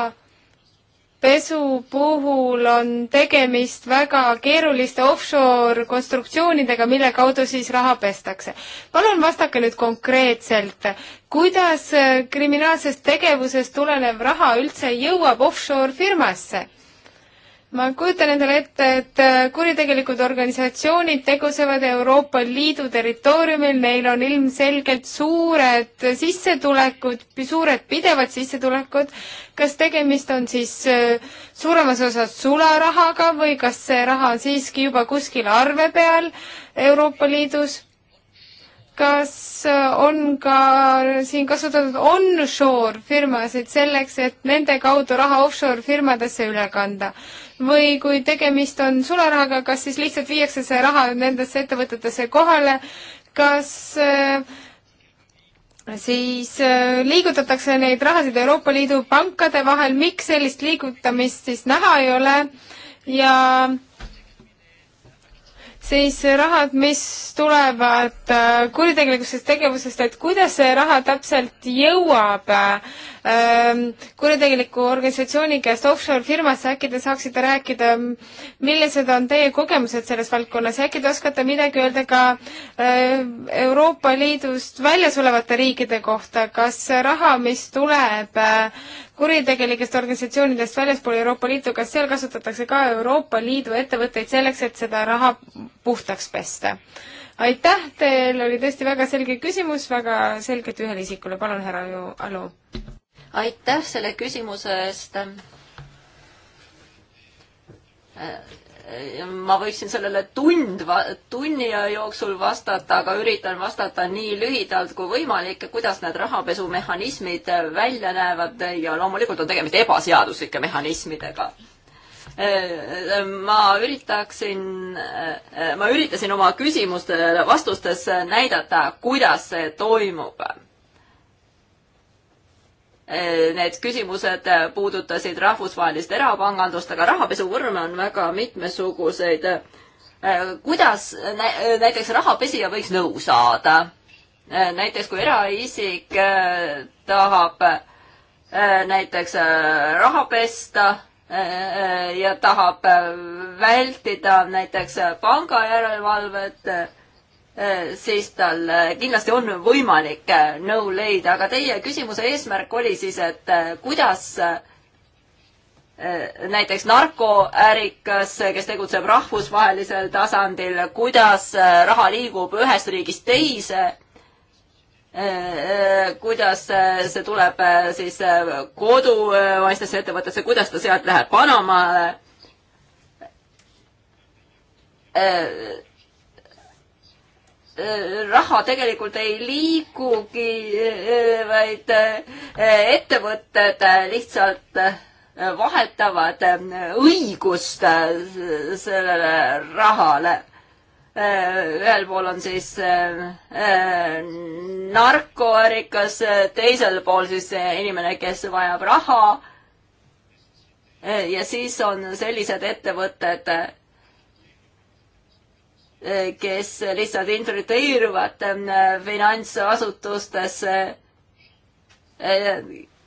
pesu puhul on tegemist väga keeruliste offshore konstruktsioonidega, mille kaudu siis raha pestakse. palun vastake nüüd konkreetselt, kuidas kriminaalsest tegevusest tulenev raha üldse jõuab offshore firmasse? ma kujutan endale ette, et äh, kuritegelikud organisatsioonid tegutsevad Euroopa Liidu territooriumil, neil on ilmselgelt suured sissetulekud, suured pidevad sissetulekud. kas tegemist on siis äh, suuremas osas sularahaga või kas see raha on siiski juba kuskil arve peal Euroopa Liidus? kas äh, on ka siin kasutatud onshore firmasid selleks, et nende kaudu raha offshore firmadesse üle kanda? või kui tegemist on sularahaga, kas siis lihtsalt viiakse see raha nendesse ettevõtetesse kohale, kas äh, siis äh, liigutatakse neid rahasid Euroopa Liidu pankade vahel, miks sellist liigutamist siis näha ei ole ja siis rahad, mis tulevad äh, kuritegelikust tegevusest, et kuidas see raha täpselt jõuab äh, Ehm, kuritegeliku organisatsiooni käest offshore-firmasse, äkki te saaksite rääkida, millised on teie kogemused selles valdkonnas ja äkki te oskate midagi öelda ka ehm, Euroopa Liidust väljas olevate riikide kohta, kas raha, mis tuleb ehm, kuritegelikest organisatsioonidest väljaspool Euroopa Liitu, kas seal kasutatakse ka Euroopa Liidu ettevõtteid selleks, et seda raha puhtaks pesta? aitäh, teil oli tõesti väga selge küsimus, väga selgelt ühele isikule, palun, härra Alu aitäh selle küsimuse eest. Äh, ma võiksin sellele tund, tunni jooksul vastata, aga üritan vastata nii lühidalt kui võimalik, kuidas need rahapesumehhanismid välja näevad ja loomulikult on tegemist ebaseaduslike mehhanismidega äh, ma üritaksin, äh, ma üritasin oma küsimustele vastustes näidata, kuidas see toimub Äh, need küsimused äh, puudutasid rahvusvahelist erapangandust, aga rahapesuvorme on väga mitmesuguseid. Äh, kuidas näiteks rahapesija võiks nõu saada? näiteks kui eraisik tahab näiteks raha pesta ja tahab vältida näiteks pangajärelevalvet Äh, siis tal äh, kindlasti on võimalik äh, nõu leida, aga teie küsimuse eesmärk oli siis, et kuidas näiteks narkoärikas, kes tegutseb rahvusvahelisel tasandil, kuidas raha liigub ühest riigist teise, kuidas see tuleb siis kodumaistesse ettevõttesse, kuidas ta sealt läheb Panamale Äh, raha tegelikult ei liigugi, äh, vaid äh, ettevõtted lihtsalt vahetavad õigust sellele rahale. ühel pool on siis narkoärikas, teisel pool siis inimene, kes vajab raha. ja siis on sellised ettevõtted kes lihtsalt infiltreeruvad ähm, finantsasutustesse, äh,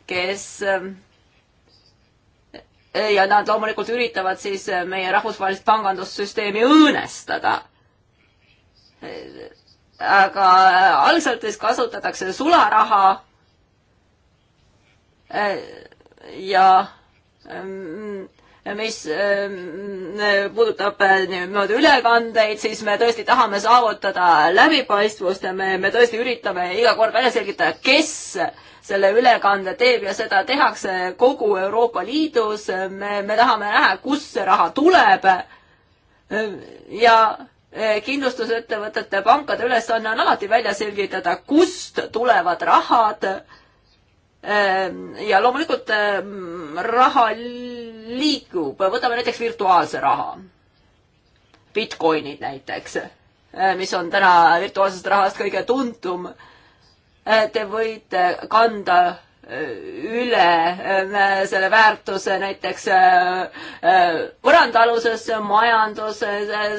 kes ähm, äh, ja nad loomulikult üritavad siis äh, meie rahvusvahelist pangandussüsteemi õõnestada. aga algselt siis kasutatakse sularaha ja mm, mis äh, puudutab äh, niimoodi ülekandeid, siis me tõesti tahame saavutada läbipaistvust ja me, me tõesti üritame iga kord välja selgitada, kes selle ülekande teeb ja seda tehakse kogu Euroopa Liidus. me, me tahame näha, kust see raha tuleb. ja äh, kindlustusettevõtete, pankade ülesanne on alati välja selgitada, kust tulevad rahad Ehm, ja loomulikult ehm, raha liigub, võtame näiteks virtuaalse raha. Bitcoinid näiteks, ehm, mis on täna virtuaalsest rahast kõige tuntum. Te võite kanda üle selle väärtuse näiteks põrandaalusesse majandusse,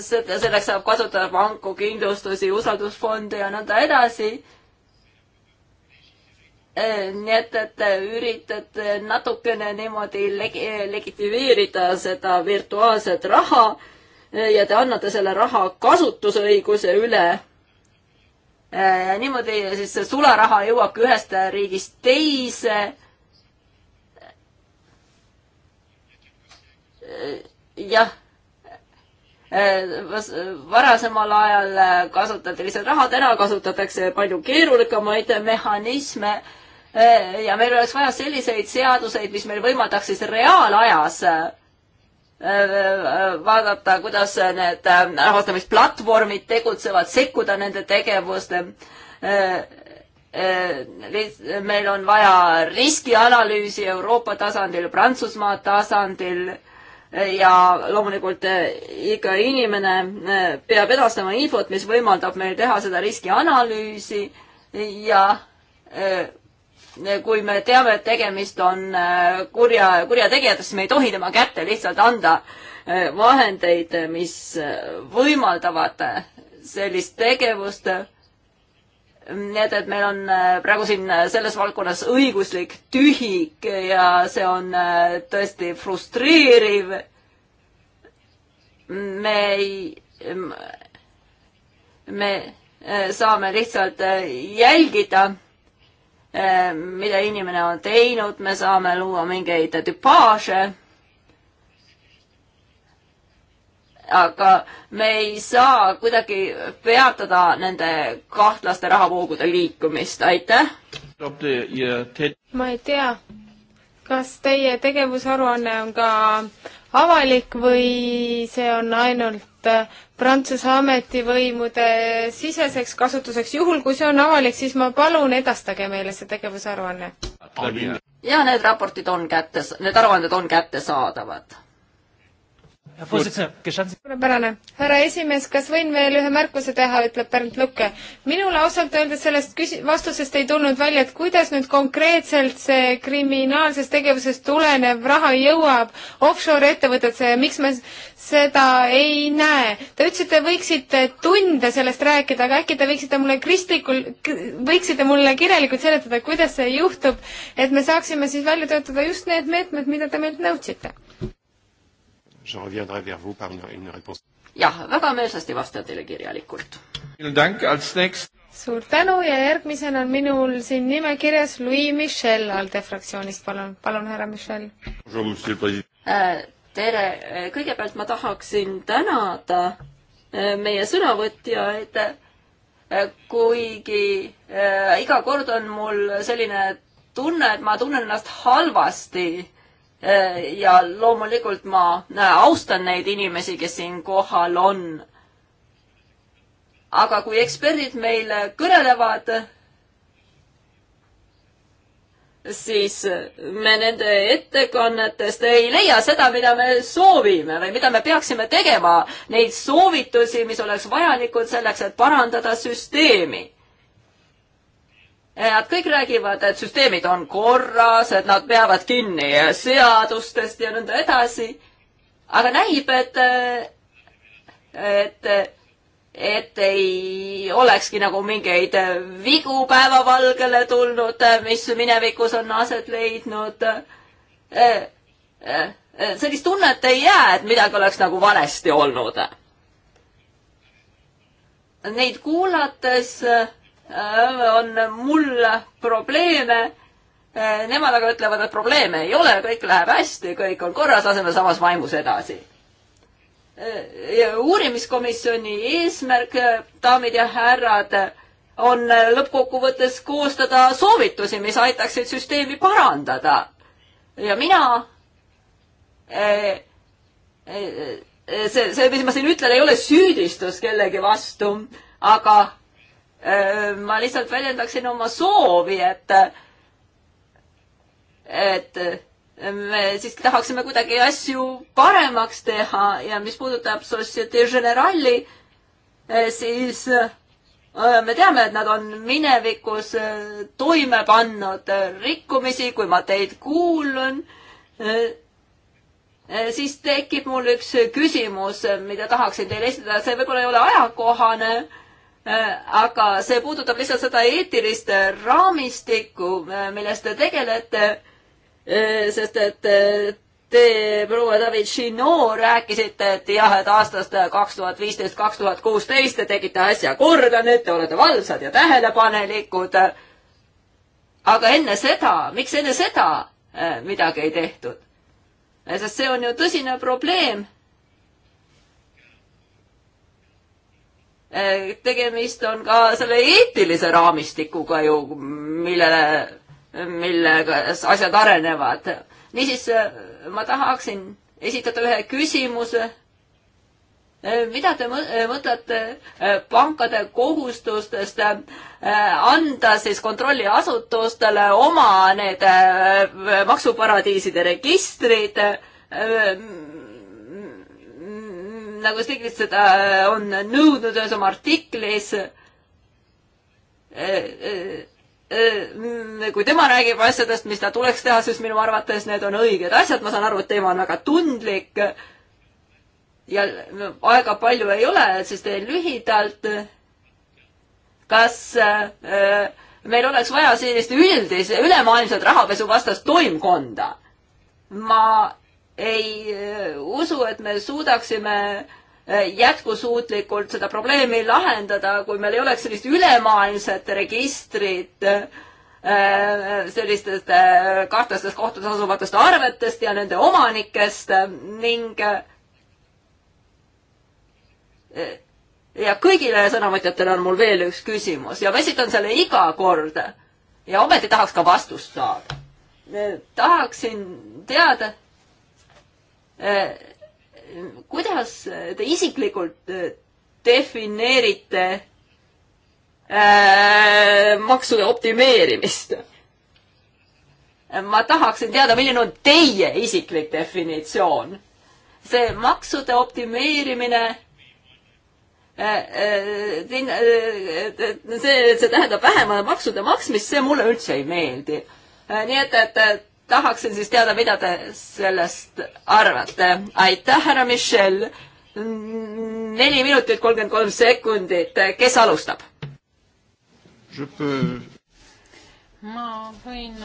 selleks saab kasutada panku, kindlustusi, usaldusfonde ja nõnda edasi Äh, nii et, et äh, üritate äh, natukene niimoodi leg legitimeerida seda virtuaalset raha ja te annate selle raha kasutusõiguse üle. niimoodi siis see sularaha jõuab ühest riigist teise. jah varasemal ajal kasutati lihtsalt raha, täna kasutatakse palju keerukamaid mehhanisme Äh, ja meil oleks vaja selliseid seaduseid, mis meil võimaldaks siis reaalajas äh, äh, vaadata, kuidas need rahastamisplatvormid tegutsevad, sekkuda nende tegevuste. meil on vaja riskianalüüsi Euroopa tasandil, Prantsusmaa tasandil ja loomulikult iga inimene peab edastama infot, mis võimaldab meil teha seda riskianalüüsi ja kui me teame, et tegemist on äh, kurja, kurjategijatest, siis me ei tohi tema kätte lihtsalt anda äh, vahendeid, mis äh, võimaldavad sellist tegevust. nii et, et meil on praegu siin selles valdkonnas õiguslik tühik ja see on tõesti frustreeriv. me ei, me saame lihtsalt jälgida Äh, mida inimene on teinud, me saame luua mingeid tüpaaže. aga me ei saa kuidagi peatada nende kahtlaste rahavoogude liikumist, aitäh. ma ei tea, kas teie tegevusaruanne on ka avalik või see on ainult Äh, Prantsuse ametivõimude siseseks kasutuseks, juhul kui see on avalik, siis ma palun, edastage meile see tegevusaruanne. ja need raportid on kättes, need aruanded on kättesaadavad suurepärane. härra esimees, kas võin veel ühe märkuse teha, ütleb Bernt Lukke. minule ausalt öeldes sellest küsi-, vastusest ei tulnud välja, et kuidas nüüd konkreetselt see kriminaalsest tegevusest tulenev raha jõuab offshore ettevõtetesse ja miks me seda ei näe. Te ütlesite, võiksite tunde sellest rääkida, aga äkki te võiksite mulle kristlikul, võiksite mulle kirjalikult seletada, kuidas see juhtub, et me saaksime siis välja töötada just need meetmed, mida te meilt nõudsite? jah, väga meelsasti vastan teile kirjalikult. suur tänu ja järgmisena on minul siin nimekirjas Louis Michel ALDE fraktsioonist, palun, palun, härra Michel. Äh, tere, äh, kõigepealt ma tahaksin tänada äh, meie sõnavõtjaid, kuigi iga kord on mul selline tunne, et ma tunnen ennast halvasti Äh, ja loomulikult ma äh, austan neid inimesi, kes siin kohal on. aga kui eksperdid meile kõnelevad, siis me nende ettekannetest ei leia seda, mida me soovime või mida me peaksime tegema, neid soovitusi, mis oleks vajalikud selleks, et parandada süsteemi Nad kõik räägivad, et süsteemid on korras, et nad peavad kinni seadustest ja nõnda edasi. aga näib, et, et, et ei olekski nagu mingeid vigu päevavalgele tulnud, mis minevikus on aset leidnud. E, e, sellist tunnet ei jää, et midagi oleks nagu valesti olnud. Neid kuulates Äh, on mul probleeme. Äh, nemad aga ütlevad, et probleeme ei ole, kõik läheb hästi, kõik on korras, laseme samas vaimus edasi. Äh, uurimiskomisjoni eesmärk, daamid ja härrad, on lõppkokkuvõttes koostada soovitusi, mis aitaksid süsteemi parandada. ja mina see, see, mis ma siin ütlen, ei ole süüdistus kellegi vastu, aga ma lihtsalt väljendaksin oma soovi, et, et me siiski tahaksime kuidagi asju paremaks teha ja mis puudutab Societe Generali, siis me teame, et nad on minevikus toime pannud rikkumisi, kui ma teid kuulan, siis tekib mul üks küsimus, mida tahaksin teile esitada, see võib-olla ei ole ajakohane Äh, aga see puudutab lihtsalt seda eetilist raamistikku, äh, milles te tegelete, äh, sest et te, proua David Chino, rääkisite, et jah, et aastast kaks tuhat viisteist, kaks tuhat kuusteist te tegite asja korda, nüüd te olete valvsad ja tähelepanelikud. aga enne seda, miks enne seda midagi ei tehtud? sest see on ju tõsine probleem Eh, tegemist on ka selle eetilise raamistikuga ju, millele, millega asjad arenevad. niisiis eh, ma tahaksin esitada ühe küsimuse eh, mida te mõtlete pankade kohustustest anda siis kontrolliasutustele oma need maksuparadiiside registrid, nagu Stiglitz seda on nõudnud ühes oma artiklis. Äh, äh, äh, kui tema räägib asjadest, mis ta tuleks teha, siis minu arvates need on õiged asjad, ma saan aru, et teema on väga tundlik. ja aega palju ei ole, siis teen lühidalt. kas meil oleks vaja sellist üldise, ülemaailmset rahapesuvastast toimkonda? ma ei eh, usu, et me suudaksime eh, jätkusuutlikult seda probleemi lahendada, kui meil ei oleks sellist ülemaailmset registrit eh, sellistest kahtlastes kohtades asuvatest arvetest ja nende omanikest ning ja kõigile sõnavõtjatele on mul veel üks küsimus ja ma esitan selle iga kord ja ometi tahaks ka vastust saada. tahaksin teada kuidas te isiklikult äh, defineerite äh, maksude optimeerimist? ma tahaksin teada, milline on teie isiklik definitsioon? see maksude optimeerimine äh, see, see tähendab vähemale maksude maksmist, see mulle üldse ei meeldi. nii et, et tahaksin siis teada, mida te sellest arvate. aitäh, härra Michel. neli minutit kolmkümmend kolm sekundit, kes alustab? ma võin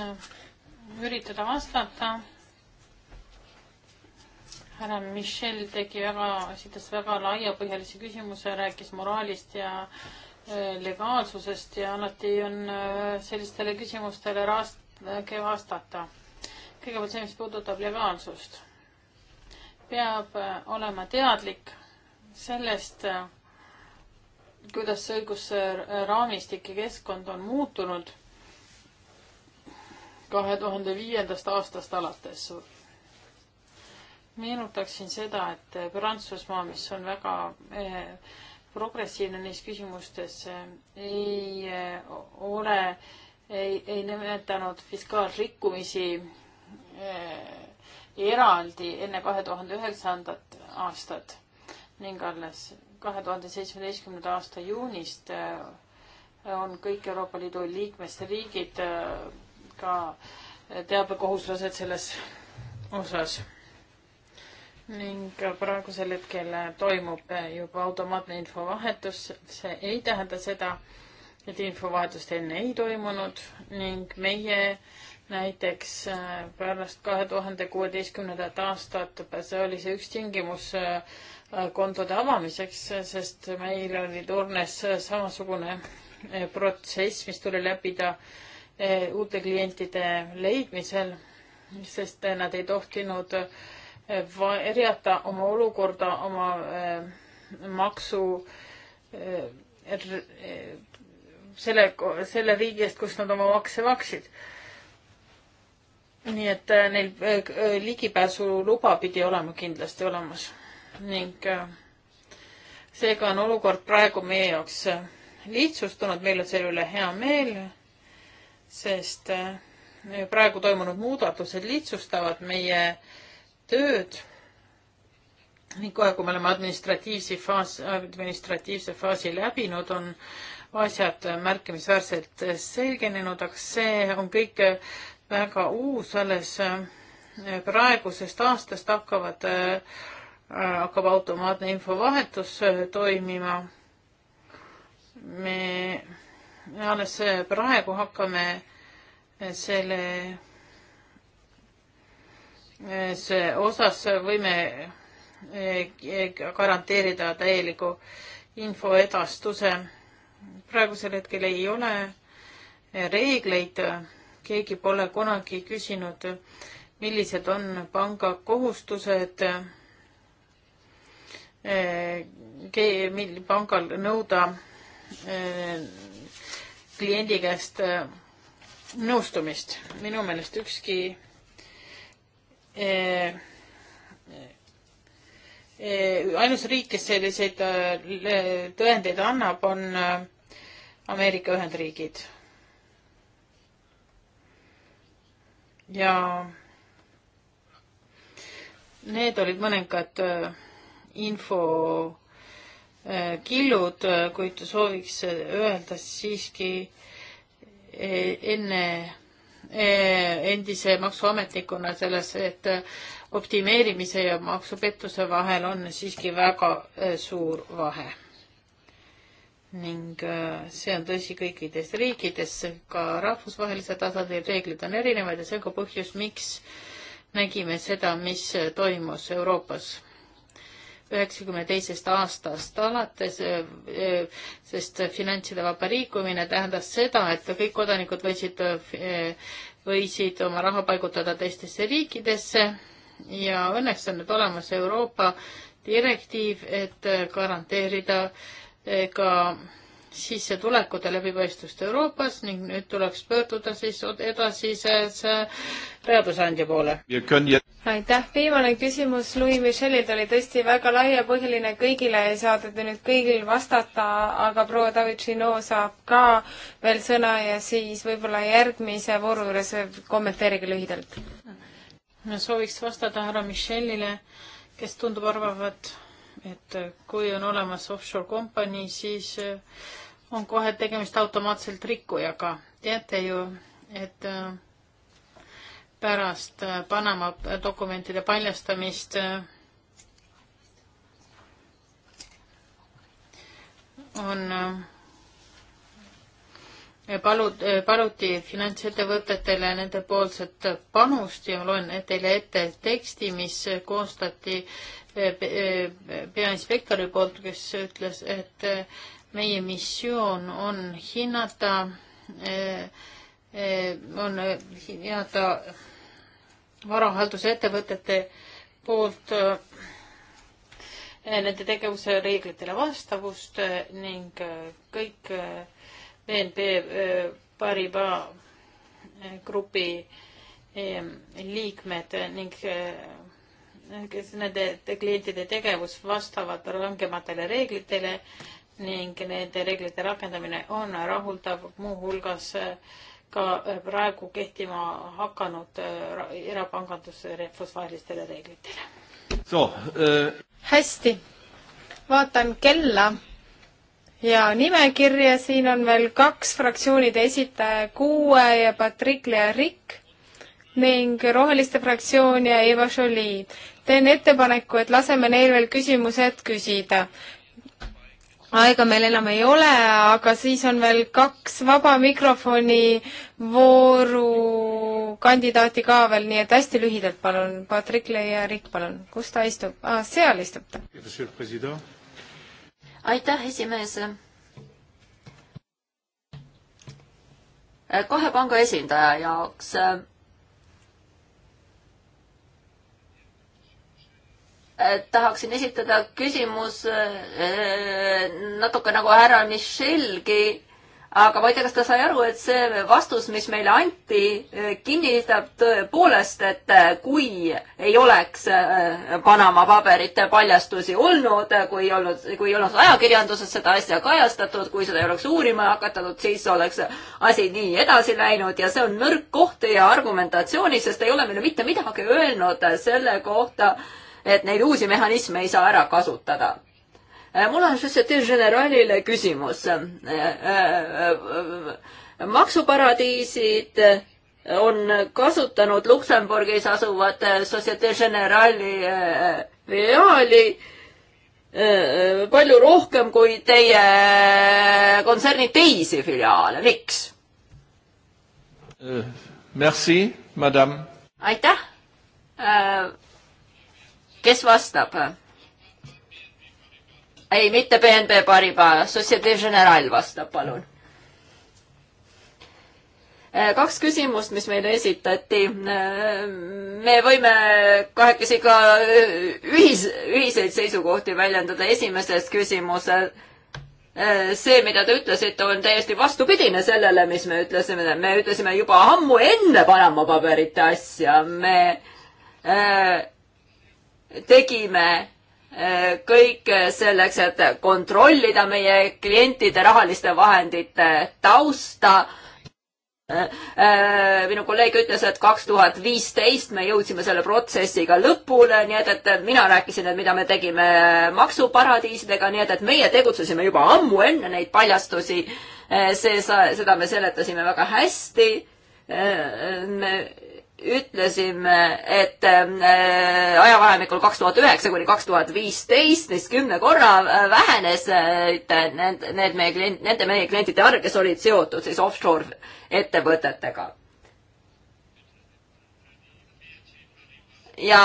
üritada vastata. härra Michel tegi väga, esitas väga laiapõhjalise küsimuse, rääkis moraalist ja äh, legaalsusest ja alati on äh, sellistele küsimustele raske vastata kõigepealt see, mis puudutab legaalsust. peab äh, olema teadlik sellest, äh, kuidas see õigusraamistik ja keskkond on muutunud kahe tuhande viiendast aastast alates. meenutaksin seda, et äh, Prantsusmaa, mis on väga progressiivne neis küsimustes, ei ole, ei, ei nimetanud fiskaalrikkumisi Eh, eraldi enne kahe tuhande üheksandat aastat ning alles kahe tuhande seitsmeteistkümnenda aasta juunist eh, on kõik Euroopa Liidu liikmesriigid eh, ka teabekohuslased selles osas. ning praegusel hetkel toimub juba automaatne infovahetus, see ei tähenda seda, et infovahetust enne ei toimunud ning meie äh, näiteks äh, pärast kahe tuhande kuueteistkümnendat aastat, see oli see üks tingimus äh, äh, kontode avamiseks, sest meil oli Tornes samasugune protsess, mis tuli läbida uute klientide leidmisel, sest nad ei tohtinud varjata oma olukorda, oma maksu selle, selle riigi eest, kus nad oma makse maksid nii et äh, neil äh, ligipääsuluba pidi olema kindlasti olemas ning äh, seega on olukord praegu meie jaoks lihtsustunud, meil on selle üle hea meel, sest praegu toimunud muudatused lihtsustavad meie tööd ning kohe, kui me oleme administratiivse faas, administratiivse faasi läbinud, on asjad märkimisväärselt selgenenud, aga see on kõik väga uus, alles äh, praegusest aastast hakkavad, äh, hakkab automaatne infovahetus äh, toimima. me alles praegu hakkame selle, see osas võime garanteerida täieliku infoedastuse. praegusel hetkel ei ole reegleid keegi pole kunagi küsinud, millised on panga kohustused eh, pangal nõuda eh, kliendi käest eh, nõustumist. minu meelest ükski ainus riik, kes selliseid tõendeid annab, on Ameerika Ühendriigid ja need olid mõningad äh, infokillud, äh, äh, kuid sooviks öelda siiski enne endise maksuametnikuna selles, et optimeerimise ja maksupettuse vahel on siiski väga suur vahe ning äh, see on tõsi kõikides riikides, ka rahvusvahelisel tasandil reeglid on erinevad ja see on ka põhjus, miks nägime seda, mis toimus Euroopas üheksakümne teisest aastast alates, äh, äh, sest finantside vaba liikumine tähendas seda, et kõik kodanikud võisid, võisid oma raha paigutada teistesse riikidesse ja õnneks on nüüd olemas Euroopa direktiiv, et garanteerida äh, ka sissetulekute läbipaistvust Euroopas ning nüüd tuleks pöörduda siis edasises äh, teadusandja poole. aitäh, viimane küsimus Louis Michelilt oli tõesti väga laiapõhjaline, kõigile ei saadud nüüd kõigil vastata, aga proua Davitšino saab ka veel sõna ja siis võib-olla järgmise vooru juures kommenteerige lühidalt. ma sooviks vastata härra Michelile, kes tundub arvavat et kui on olemas offshore kompanii, siis eh, on kohe tegemist automaatselt rikkujaga. teate ju, et eh, pärast eh, Panama dokumentide paljastamist on palud, paluti finantsettevõtetele nendepoolset panust ja ma loen teile ette teksti, mis koostati eh, eh, peainspektori poolt, kes ütles, et eh, meie missioon on hinnata, on hinnata varahaldusettevõtete poolt nende tegevuse reeglitele vastavust ning kõik BNP Paribas grupi liikmed ning kes nende klientide tegevus vastavad rangematele reeglitele ning nende reeglite rakendamine on rahuldav muuhulgas ka praegu kehtima hakanud erapanganduse rahvusvahelistele reeglitele. Äh... hästi, vaatan kella ja nimekirja, siin on veel kaks fraktsioonide esitaja, Kuue ja Patrick Learik ning Roheliste fraktsioon ja Eva Jolie. teen ettepaneku, et laseme neil veel küsimused küsida aega meil enam ei ole, aga siis on veel kaks vaba mikrofoni vooru kandidaati ka veel, nii et hästi lühidalt palun, Patrick Leia Rikk, palun, kus ta istub ah,? seal istub ta aitäh, esimees. kahe panga esindaja jaoks tahaksin esitada küsimus eh, natuke nagu härra Michelgi aga ma ei tea, kas ta sai aru, et see vastus, mis meile anti, eh, kinnitab tõepoolest, et eh, kui ei oleks eh, Panama paberite paljastusi olnud, kui ei olnud, kui ei olnud ajakirjanduses seda asja kajastatud, kui seda ei oleks uurima hakatud, siis oleks asi nii edasi läinud ja see on nõrk koht teie argumentatsioonis, sest ei ole meile mitte midagi öelnud selle kohta, et neid uusi mehhanisme ei saa ära kasutada Äh, mul on Societe Generalile küsimus. Äh, äh, maksuparadiisid on kasutanud Luksemburgis asuvat Societe Generali filiaali palju rohkem kui teie kontserni teisi filiaale, miks? Merci, madame. aitäh. kes vastab? ei, mitte BNP Paribas, Societe Generale vastab, palun. Äh, kaks küsimust, mis meile esitati. Äh, me võime kahekesi ka äh, ühis, ühiseid seisukohti väljendada esimeses küsimuses see, mida te ütlesite, on täiesti vastupidine sellele, mis me ütlesime. me ütlesime juba ammu enne Panama paberite asja, me äh, tegime kõik selleks, et kontrollida meie klientide rahaliste vahendite tausta minu kolleeg ütles, et kaks tuhat viisteist me jõudsime selle protsessiga lõpule, nii et, et mina rääkisin, et mida me tegime maksuparadiisidega, nii et, et meie tegutsesime juba ammu enne neid paljastusi. see, seda me seletasime väga hästi. me ütlesime, et äh, ajavahemikul kaks tuhat üheksa kuni kaks tuhat viisteist neist kümne korra äh, vähenes äh, need, need meie klient, nende meie klientide arv, kes olid seotud siis offshore ettevõtetega. ja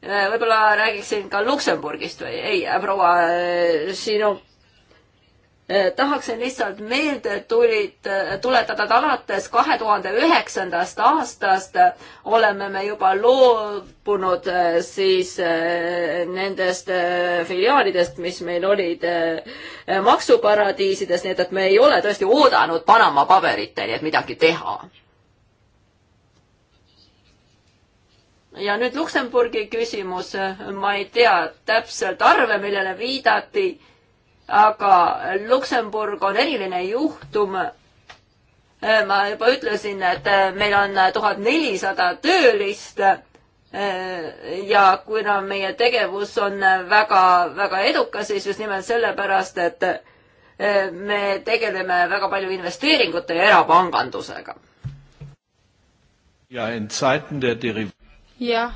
võib-olla räägiksin ka Luksemburgist või ei, proua sinu Äh, tahaksin lihtsalt meelde tulid, äh, tuletada, et alates kahe tuhande üheksandast aastast oleme me juba loobunud äh, siis nendest filiaalidest, mis meil olid maksuparadiisides, nii et, et me ei ole tõesti oodanud Panama paberiteni, et midagi teha. ja nüüd Luksemburgi küsimus, ma ei tea täpselt arve, millele viidati aga Luksemburg on eriline juhtum. Äh, ma juba ütlesin, et äh, meil on äh, tuhat nelisada töölist ja kuna meie tegevus on väga-väga edukas, siis just nimelt sellepärast, et me tegeleme väga palju investeeringute ja erapangandusega. jah,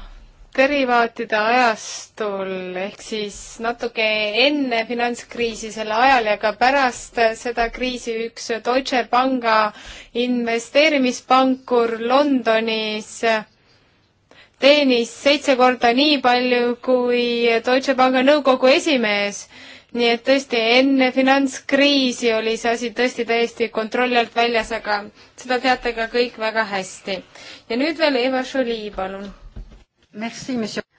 derivaatide ajastul ehk siis natuke enne finantskriisi selle ajal ja ka pärast seda kriisi üks Deutsche Panga investeerimispankur Londonis teenis seitse korda nii palju kui Deutsche Panga nõukogu esimees. nii et tõesti, enne finantskriisi oli see asi tõesti täiesti kontrolli alt väljas, aga seda teate ka kõik väga hästi. ja nüüd veel Eva Jolie, palun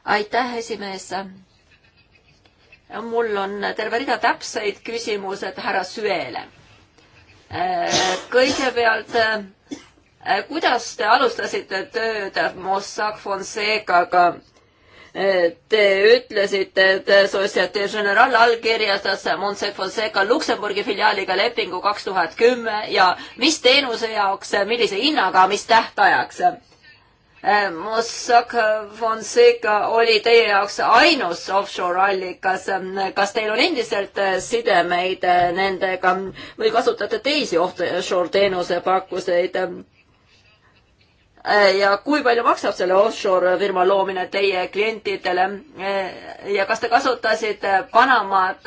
aitäh, esimees. mul on terve rida täpseid küsimused härra Süele. kõigepealt, kuidas te alustasite tööd Mossack Fonsecaga? Te ütlesite, et Societe Generale allkirjastas Monsec Fonseca Luksemburgi filiaaliga lepingu kaks tuhat kümme ja mis teenuse jaoks, millise hinnaga, mis tähtajaks? Mossack Fonseca oli teie jaoks ainus offshore allikas. kas teil on endiselt äh, sidemeid äh, nendega või kasutate teisi offshore teenusepakkuseid? Äh, ja kui palju maksab selle offshore firma loomine teie klientidele ja kas te kasutasite Panamat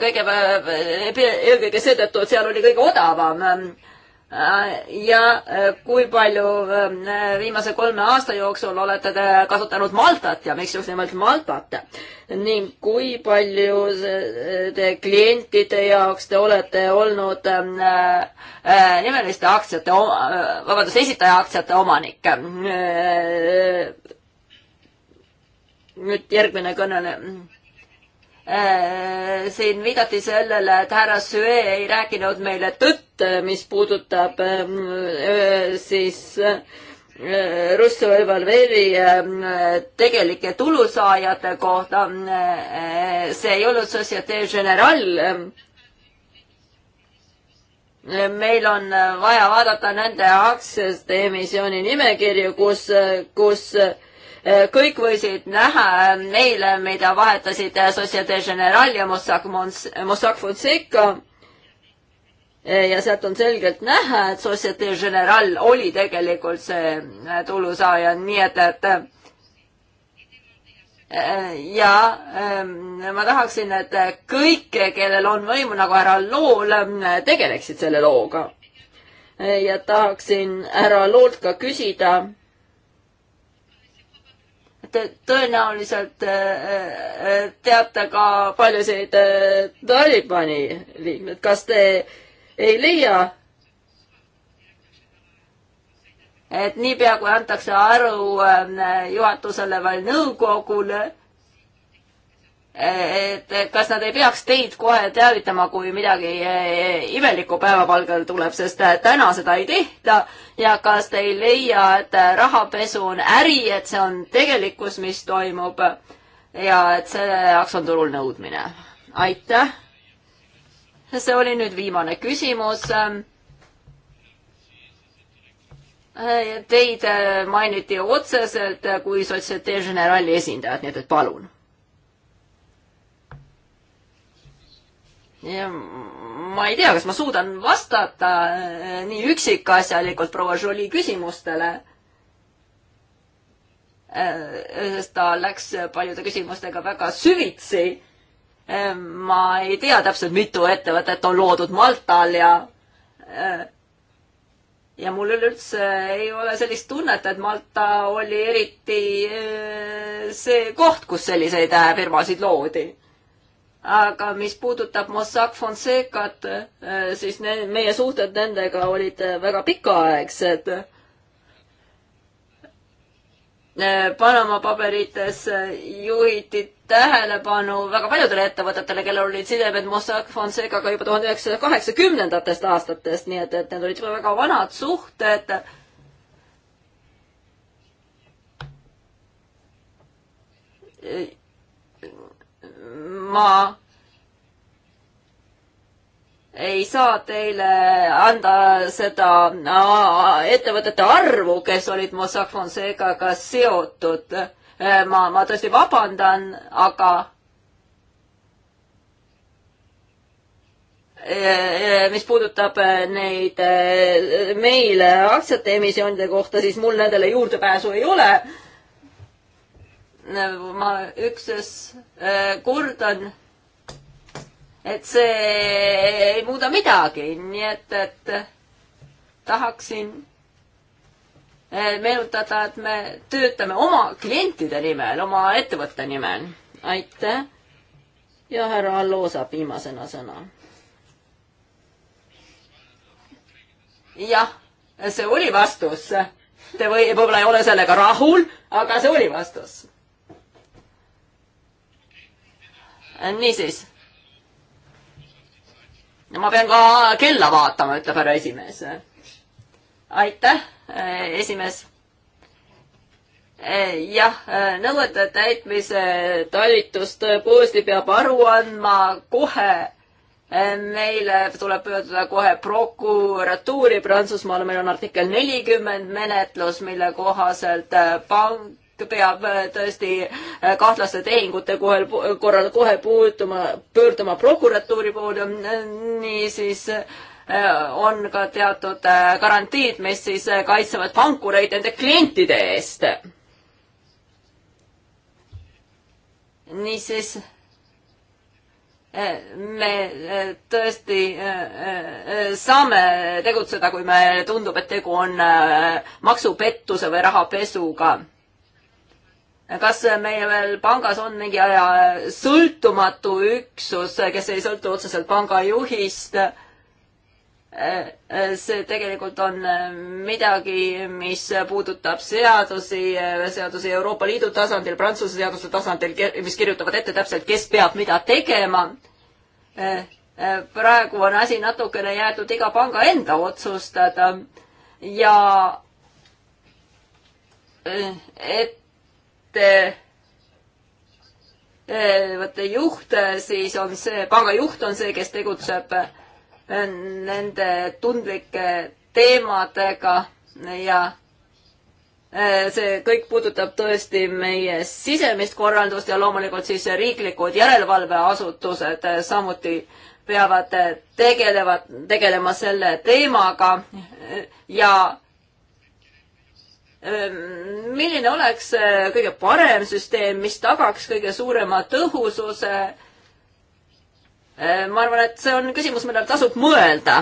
kõige, eelkõige seetõttu, et seal oli kõige odavam Äh, ja äh, kui palju äh, viimase kolme aasta jooksul olete te kasutanud Maltat ja miks just nimelt Maltat ning kui palju te klientide jaoks te olete olnud nimeliste aktsiate, vabandust, esitaja aktsiate omanik? nüüd järgmine kõneleja Äh, siin viidati sellele, et härra Süe ei rääkinud meile tõtt, äh, mis puudutab ähm, äh, siis Russo Evalveri ähm, tegelike tulusaajate kohta. see ei olnud Societe General. Ähm. meil on vaja vaadata nende aktsiate emissiooni nimekirju, kus, kus äh, kõik võisid näha meile, ähm, äh, mida vahetasid äh, Societe General ja Mossack Mons-, Mossack Fonseca. Äh, ja sealt on selgelt näha, et Societe General oli tegelikult see tulusaaja, nii et, et ja ähm, ma tahaksin, et kõik, kellel on võimu nagu härra Lool, ähm, tegeleksid selle looga. ja tahaksin härra Loolt ka küsida tõenäoliselt äh, äh, teate ka paljusid äh, Talibani liikmeid, kas te ei leia, et niipea kui antakse aru juhatusele või nõukogule, et kas nad ei peaks teid kohe teavitama, kui midagi e, imelikku päevavalgel tuleb, sest äh, täna seda ei tehta ja kas te ei leia, et äh, rahapesu on äri, et see on tegelikkus, mis toimub ja et selle jaoks on turul nõudmine. aitäh. see oli nüüd viimane küsimus. Teid äh, mainiti otseselt kui Societe Generali esindajat, nii et palun ma ei tea, kas ma suudan vastata äh, nii üksikasjalikult proua Jolie küsimustele. Äh, sest ta läks paljude küsimustega väga süvitsi. Äh, ma ei tea täpselt, mitu ettevõtet on loodud Maltal ja ja mul üleüldse ei ole sellist tunnet, et Malta oli eriti see koht, kus selliseid firmasid loodi aga mis puudutab Mossack Fonsecat, eh, siis ne, meie suhted nendega olid eh, väga pikaaegsed. Eh, Panama paberites juhiti tähelepanu väga paljudele ettevõtetele, kellel olid sidemed Mossack Fonsecaga juba tuhande üheksasaja kaheksakümnendatest aastatest, nii et, et need olid juba väga vanad suhted ma ei saa teile anda seda ettevõtete arvu, kes olid Mossack Fonsecaga seotud. E, ma, ma tõesti vabandan, aga e, e, mis puudutab neid meile aktsiate emissioonide kohta, siis mul nendele juurdepääsu ei ole Nagu ma üksnes äh, kordan, et see ei muuda midagi, nii et, et tahaksin äh, meenutada, et me töötame oma klientide nimel, oma ettevõtte nimel. aitäh. ja härra Allo saab viimasena sõna. jah, see oli vastus. Te või võib-olla ei ole sellega rahul, aga see oli vastus niisiis. ma pean ka kella vaatama, ütleb härra esimees. aitäh, eh, esimees eh, jah, eh, nõuete täitmise talitus tõepoolest peab aru andma kohe. meile tuleb pöörduda kohe prokuratuuri Prantsusmaal, meil on artikkel nelikümmend menetlus, mille kohaselt pank peab äh, tõesti äh, kahtlaste tehingute kohel, korral kohe puutuma, pöörduma prokuratuuri poole, niisiis äh, on ka teatud garantiid, mis siis kaitsevad pankureid nende klientide eest. niisiis me tõesti saame tegutseda, kui me tundub, et tegu on maksupettuse või rahapesuga kas meie veel pangas on mingi äh, sõltumatu üksus, kes ei sõltu otseselt panga juhist? Äh, äh, see tegelikult on midagi, mis puudutab seadusi, seadusi Euroopa Liidu tasandil, Prantsuse seaduste tasandil, mis kirjutavad ette täpselt, kes peab mida tegema. praegu on asi natukene jäetud iga panga enda otsustada ja et ettevõtte juht, siis on see, panga juht on see, kes tegutseb äh, nende tundlike teemadega ja äh, see kõik puudutab tõesti meie sisemist korraldust ja loomulikult siis riiklikud järelevalveasutused äh, samuti peavad tegelevad, tegelema selle teemaga ja Ehm, milline oleks äh, kõige parem süsteem, mis tagaks kõige suurema tõhususe? Ehm, ma arvan, et see on küsimus, millele tasub mõelda.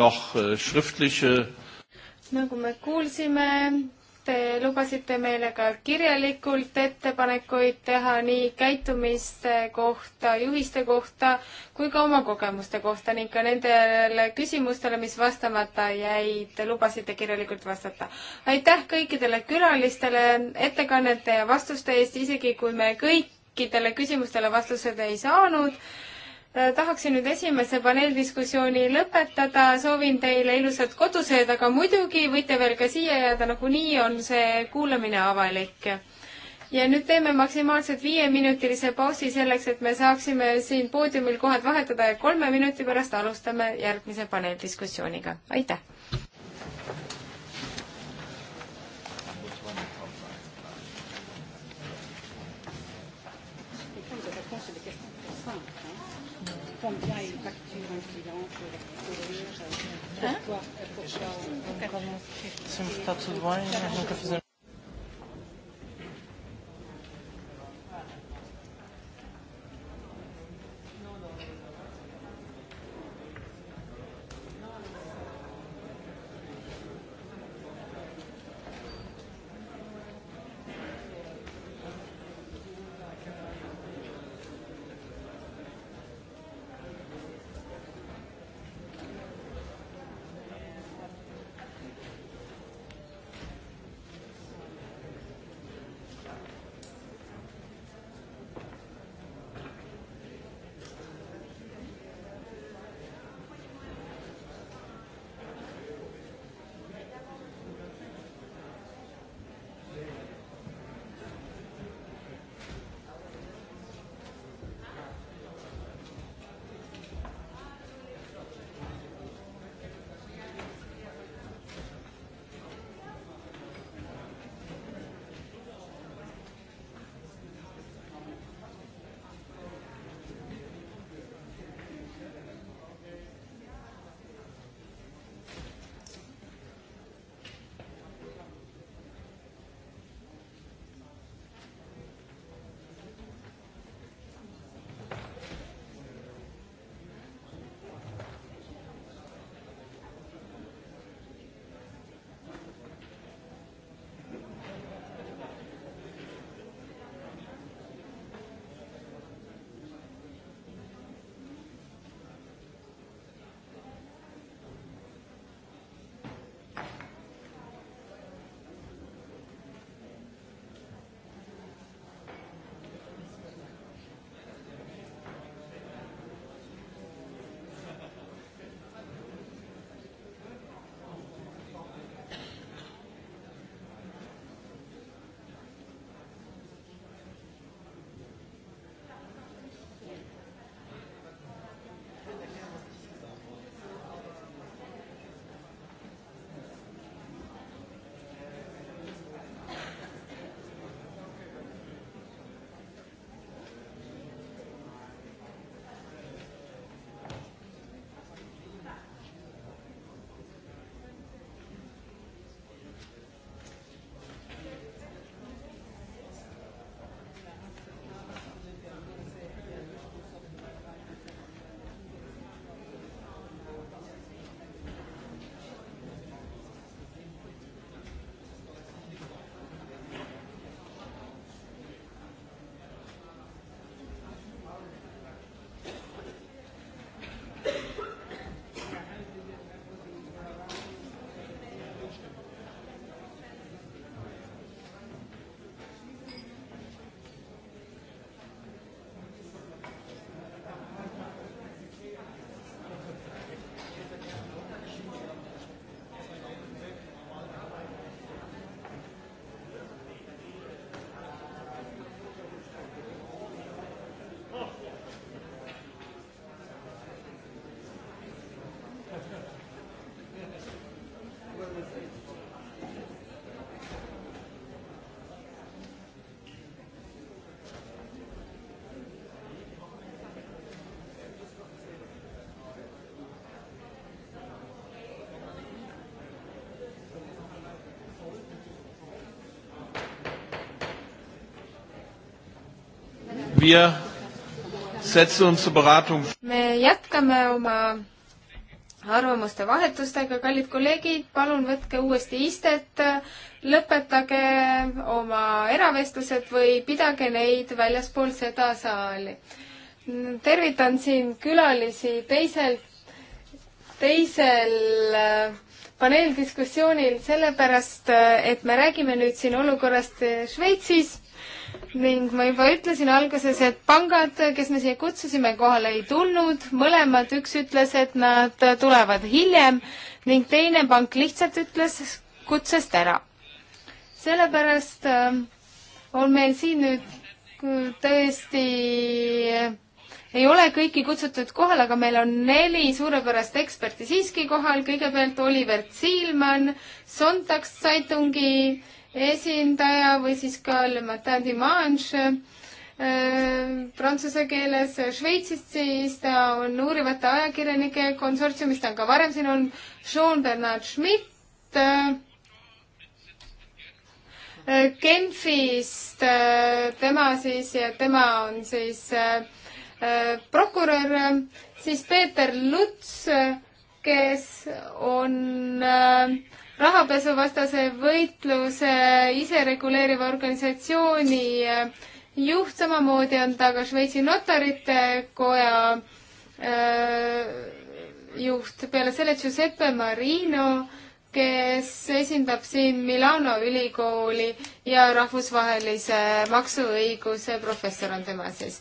noh, šriftliche. Äh, nagu me kuulsime, Te lubasite meile ka kirjalikult ettepanekuid teha nii käitumiste kohta, juhiste kohta kui ka oma kogemuste kohta ning ka nendele küsimustele, mis vastamata jäid, lubasite kirjalikult vastata. aitäh kõikidele külalistele ettekannete ja vastuste eest, isegi kui me kõikidele küsimustele vastused ei saanud Äh, tahaksin nüüd esimese paneeldiskussiooni lõpetada, soovin teile ilusat kodusööd, aga muidugi võite veel ka siia jääda, nagunii on see kuulamine avalik. ja nüüd teeme maksimaalselt viieminutilise pausi selleks, et me saaksime siin poodiumil kohad vahetada ja kolme minuti pärast alustame järgmise paneeldiskussiooniga, aitäh! combien une facture incidente Hein? Pourquoi, pourquoi on... Somos está tudo bem, nós nunca fizemos. me jätkame oma arvamuste vahetustega, kallid kolleegid, palun võtke uuesti istet, lõpetage oma eravestlused või pidage neid väljaspool seda saali. tervitan siin külalisi teisel, teisel äh, paneeldiskussioonil, sellepärast äh, et me räägime nüüd siin olukorrast Šveitsis ning ma juba ütlesin alguses, et pangad, kes me siia kutsusime, kohale ei tulnud, mõlemad, üks ütles, et nad tulevad hiljem ning teine pank lihtsalt ütles kutsest ära. sellepärast äh, on meil siin nüüd tõesti äh, ei ole kõiki kutsutud kohale, aga meil on neli suurepärast eksperti siiski kohal. kõigepealt Oliver Ziilmann, Sonntagszeitungi esindaja või siis ka Le Matin Dimanche äh, prantsuse keeles äh, Šveitsist, siis ta on uurivate ajakirjanike konsortsiumis, ta on ka varem siin olnud, Jean-Bernard Schmidt äh, Genfist, tema siis ja tema on siis prokurör, siis Peeter Luts, kes on äh, rahapesuvastase võitluse isereguleeriva organisatsiooni juht, samamoodi on ta ka Šveitsi notarite koja äh, juht, peale selle Giuseppe Marino, kes esindab siin Milano ülikooli ja rahvusvahelise maksuõiguse professor on tema siis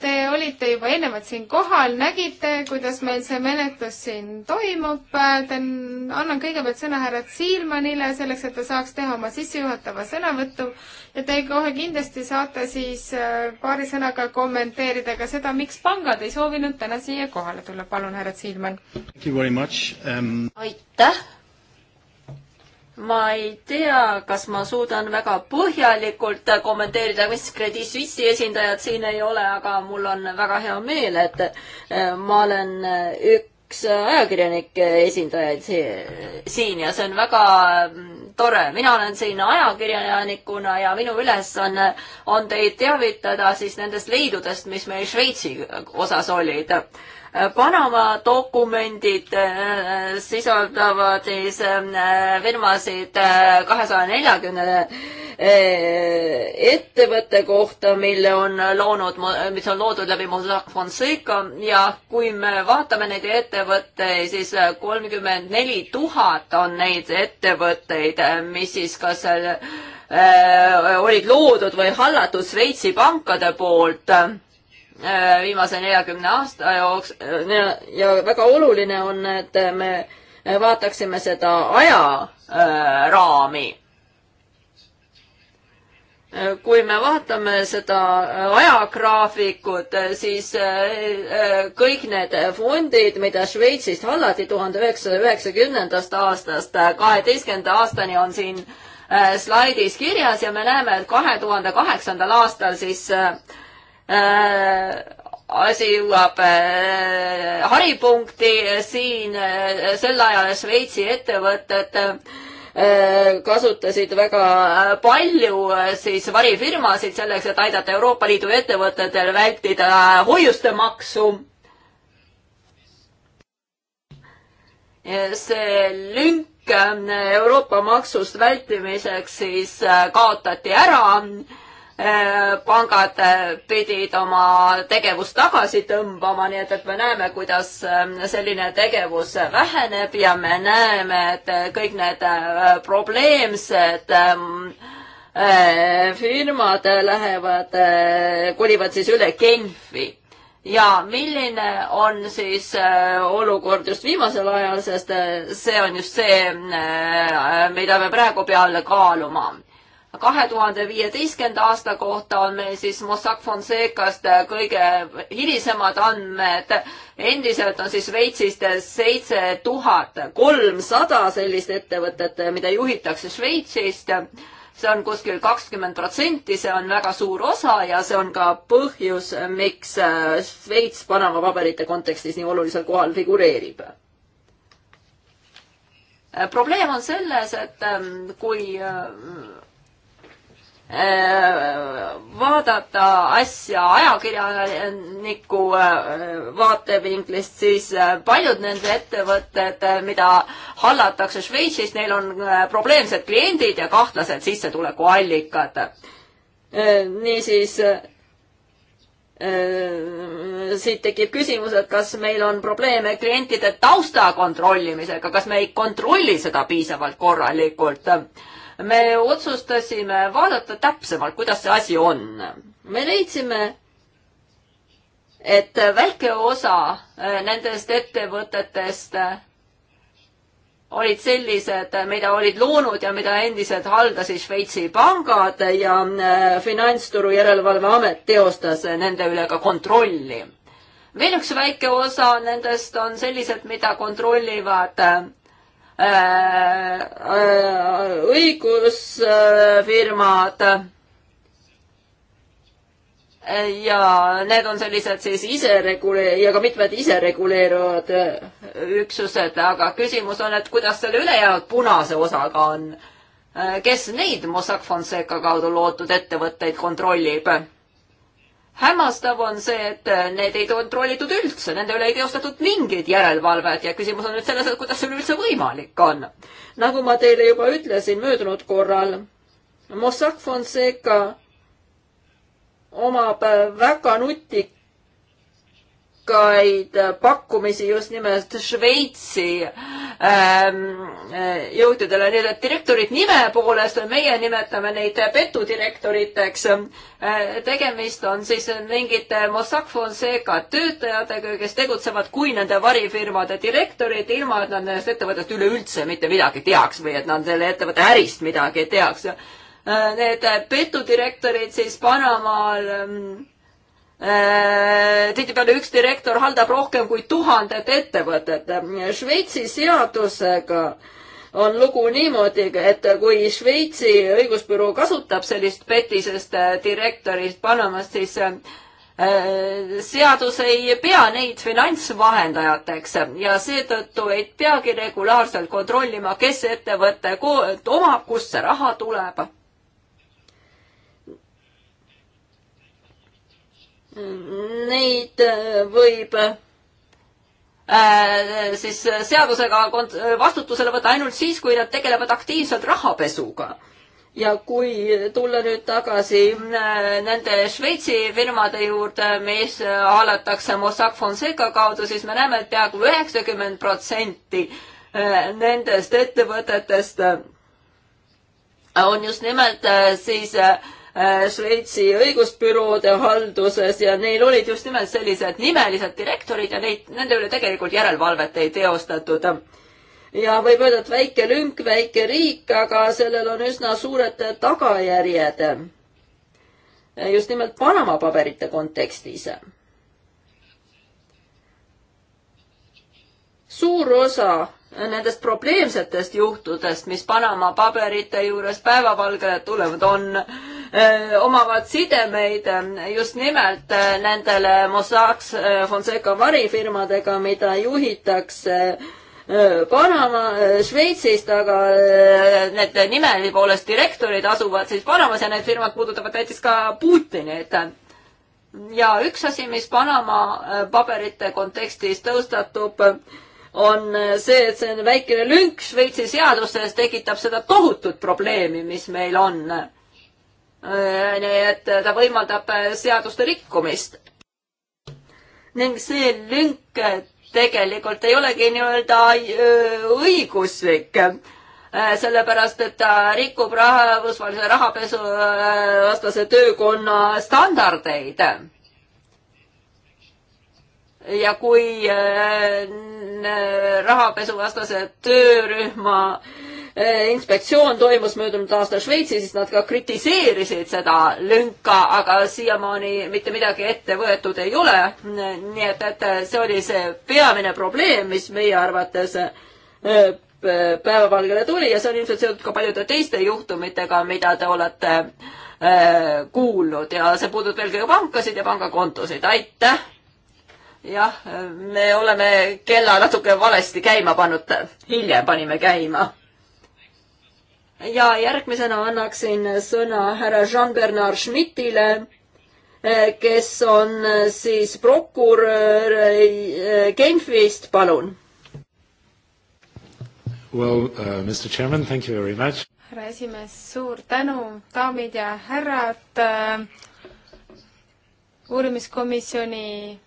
Te olite juba eelnevalt siin kohal, nägite, kuidas meil see menetlus siin toimub. annan kõigepealt sõna härra Ziilmanile selleks, et ta saaks teha oma sissejuhatava sõnavõtu ja te kohe kindlasti saate siis äh, paari sõnaga kommenteerida ka seda, miks pangad ei soovinud täna siia kohale tulla. palun, härra Ziilman. Um... aitäh ma ei tea, kas ma suudan väga põhjalikult kommenteerida, mis Credit Suisse'i esindajad siin ei ole, aga mul on väga hea meel, et äh, ma olen äh, üks ajakirjanike esindajaid siin ja see on väga mm, tore. mina olen siin ajakirjanikuna ja minu ülesanne on, on teid teavitada siis nendest leidudest, mis meil Šveitsi osas olid Äh, Panama dokumendid äh, sisaldavad siis äh, firmasid kahesaja neljakümne ettevõtte kohta, mille on loonud, mis on loodud läbi Mossack Fonseca ja kui me vaatame neid ettevõtteid, siis kolmkümmend neli tuhat on neid ettevõtteid, mis siis kas äh, olid loodud või hallatud Šveitsi pankade poolt Äh, viimase neljakümne aasta jooks- äh, ja väga oluline on, et me vaataksime seda ajaraami. Äh, kui me vaatame seda ajagraafikut, siis kõik need fondid, mida Šveitsist hallati tuhande üheksasaja üheksakümnendast aastast kaheteistkümnenda aastani, on siin slaidis kirjas ja me näeme, et kahe tuhande kaheksandal aastal siis äh, Äh, asi jõuab äh, haripunkti äh, siin sel ajal Šveitsi ettevõtted kasutasid väga palju siis varifirmasid selleks, et aidata Euroopa Liidu ettevõtetel vältida hoiuste maksu. see lünk Euroopa maksust vältimiseks siis kaotati ära Äh, pangad äh, pidid oma tegevust tagasi tõmbama, nii et, et me näeme, kuidas ähm, selline tegevus väheneb ja me näeme, et äh, kõik need probleemsed ähm, firmad lähevad, kolivad siis üle Genfi ja milline on siis olukord just viimasel ajal, sest see on just see, mida me praegu peame kaaluma kahe tuhande viieteistkümnenda aasta kohta on meil siis Mossack Fonsecast kõige hilisemad andmed. endiselt on siis Šveitsist seitse tuhat kolmsada sellist ettevõtet, mida juhitakse Šveitsist. see on kuskil kakskümmend protsenti, see on väga suur osa ja see on ka põhjus, miks Šveits Panama paberite kontekstis nii olulisel kohal figureerib probleem on selles, et kui Äh, vaadata asja ajakirjaniku äh, vaatevinklist, siis äh, paljud nende ettevõtted, mida hallatakse Šveitsis, neil on probleemsed kliendid ja kahtlased sissetulekuallikad. niisiis siit tekib küsimus, et kas meil on probleeme klientide tausta kontrollimisega, kas me ei kontrolli seda piisavalt korralikult me otsustasime vaadata täpsemalt, kuidas see asi on. me leidsime, et väike osa eh, nendest ettevõtetest eh, olid sellised, mida olid loonud ja mida endiselt haldasid Šveitsi pangad ja eh, finantsturu järelevalveamet teostas nende üle ka kontrolli. veel üks väike osa nendest on sellised, mida kontrollivad Äh, äh, õigusfirmad ja need on sellised siis iseregule- ja ka mitmed isereguleeruvad äh, üksused, aga küsimus on, et kuidas selle ülejäänud punase osaga on. kes neid Mossack Fonseca kaudu loodud ettevõtteid kontrollib? hämmastav on see, et äh, need ei kontrollitud üldse, nende üle ei teostatud mingit järelevalvet ja küsimus on nüüd selles, et kuidas see üleüldse võimalik on. nagu ma teile juba ütlesin möödunud korral, Mossack Fonseca omab äh, väga nutik edukaid pakkumisi just nimelt Šveitsi ähm, äh, jõududele, nii et direktorid nime poolest, meie nimetame neid petudirektoriteks äh,. tegemist on siis mingite Mossack Fonseca töötajatega, kes tegutsevad kui nende varifirmade direktorid, ilma et nad nendest ettevõttest üleüldse mitte midagi teaks või et nad selle ettevõtte ärist midagi teaks äh,. Need petudirektorid siis Panamaal ähm, Äh, tihtipeale üks direktor haldab rohkem kui tuhandet ettevõtet. Šveitsi seadusega on lugu niimoodi, et kui Šveitsi õigusbüroo kasutab sellist petisest direktorist Panamast, siis äh, seadus ei pea neid finantsvahendajateks ja seetõttu ei peagi regulaarselt kontrollima, kes ettevõte omab, kust see raha tuleb neid äh, võib äh, siis seadusega vastutusele võtta ainult siis, kui nad tegelevad aktiivselt rahapesuga. ja kui tulla nüüd tagasi äh, nende Šveitsi firmade juurde, mis hallatakse Mossack Fonseca kaudu, siis me näeme et, et peaaegu üheksakümmend protsenti äh, nendest ettevõtetest on just nimelt siis äh, Äh, Šveitsi õigusbüroode halduses ja neil olid just nimelt sellised nimelised direktorid ja neid, nende üle tegelikult järelevalvet ei teostatud. ja võib öelda, et väike lünk, väike riik, aga sellel on üsna suured tagajärjed. just nimelt Panama paberite kontekstis. suur osa nendest probleemsetest juhtudest, mis Panama paberite juures päevavalgele tulevad, on Äh, omavad sidemeid äh, just nimelt äh, nendele Mossack Fonseca varifirmadega, mida juhitakse Panama, Šveitsist, aga need nimede poolest direktorid asuvad siis Panamas ja need firmad puudutavad näiteks ka Putinit. ja üks asi, mis Panama paberite kontekstis tõustatub, on see, et see väikene lünk Šveitsi seaduses tekitab seda tohutut probleemi, mis meil on Äh, nii et äh, ta võimaldab äh, seaduste rikkumist. ning see lünk tegelikult ei olegi nii-öelda õiguslik, sellepärast et ta rikub rahvusvahelise rahapesuvastase töökonna standardeid. ja kui rahapesuvastase töörühma äh, Äh, inspektsioon toimus möödunud aastal Šveitsis, siis nad ka kritiseerisid seda lünka, aga siiamaani mitte midagi ette võetud ei ole. nii et, et see oli see peamine probleem, mis meie arvates äh, päevavalgele tuli ja see on ilmselt seotud ka paljude teiste juhtumitega, mida te olete äh, kuulnud ja see puudutab eelkõige pankasid ja pangakontosid. aitäh! jah, me oleme kella natuke valesti käima pannud, hiljem panime käima ja järgmisena annaksin sõna härra Jean-Bernard Schmidtile, eh, kes on eh, siis prokurör eh, Genfist, palun. Well uh,, Mr Chairman, thank you very much. härra esimees, suur tänu, daamid ja härrad. uurimiskomisjoni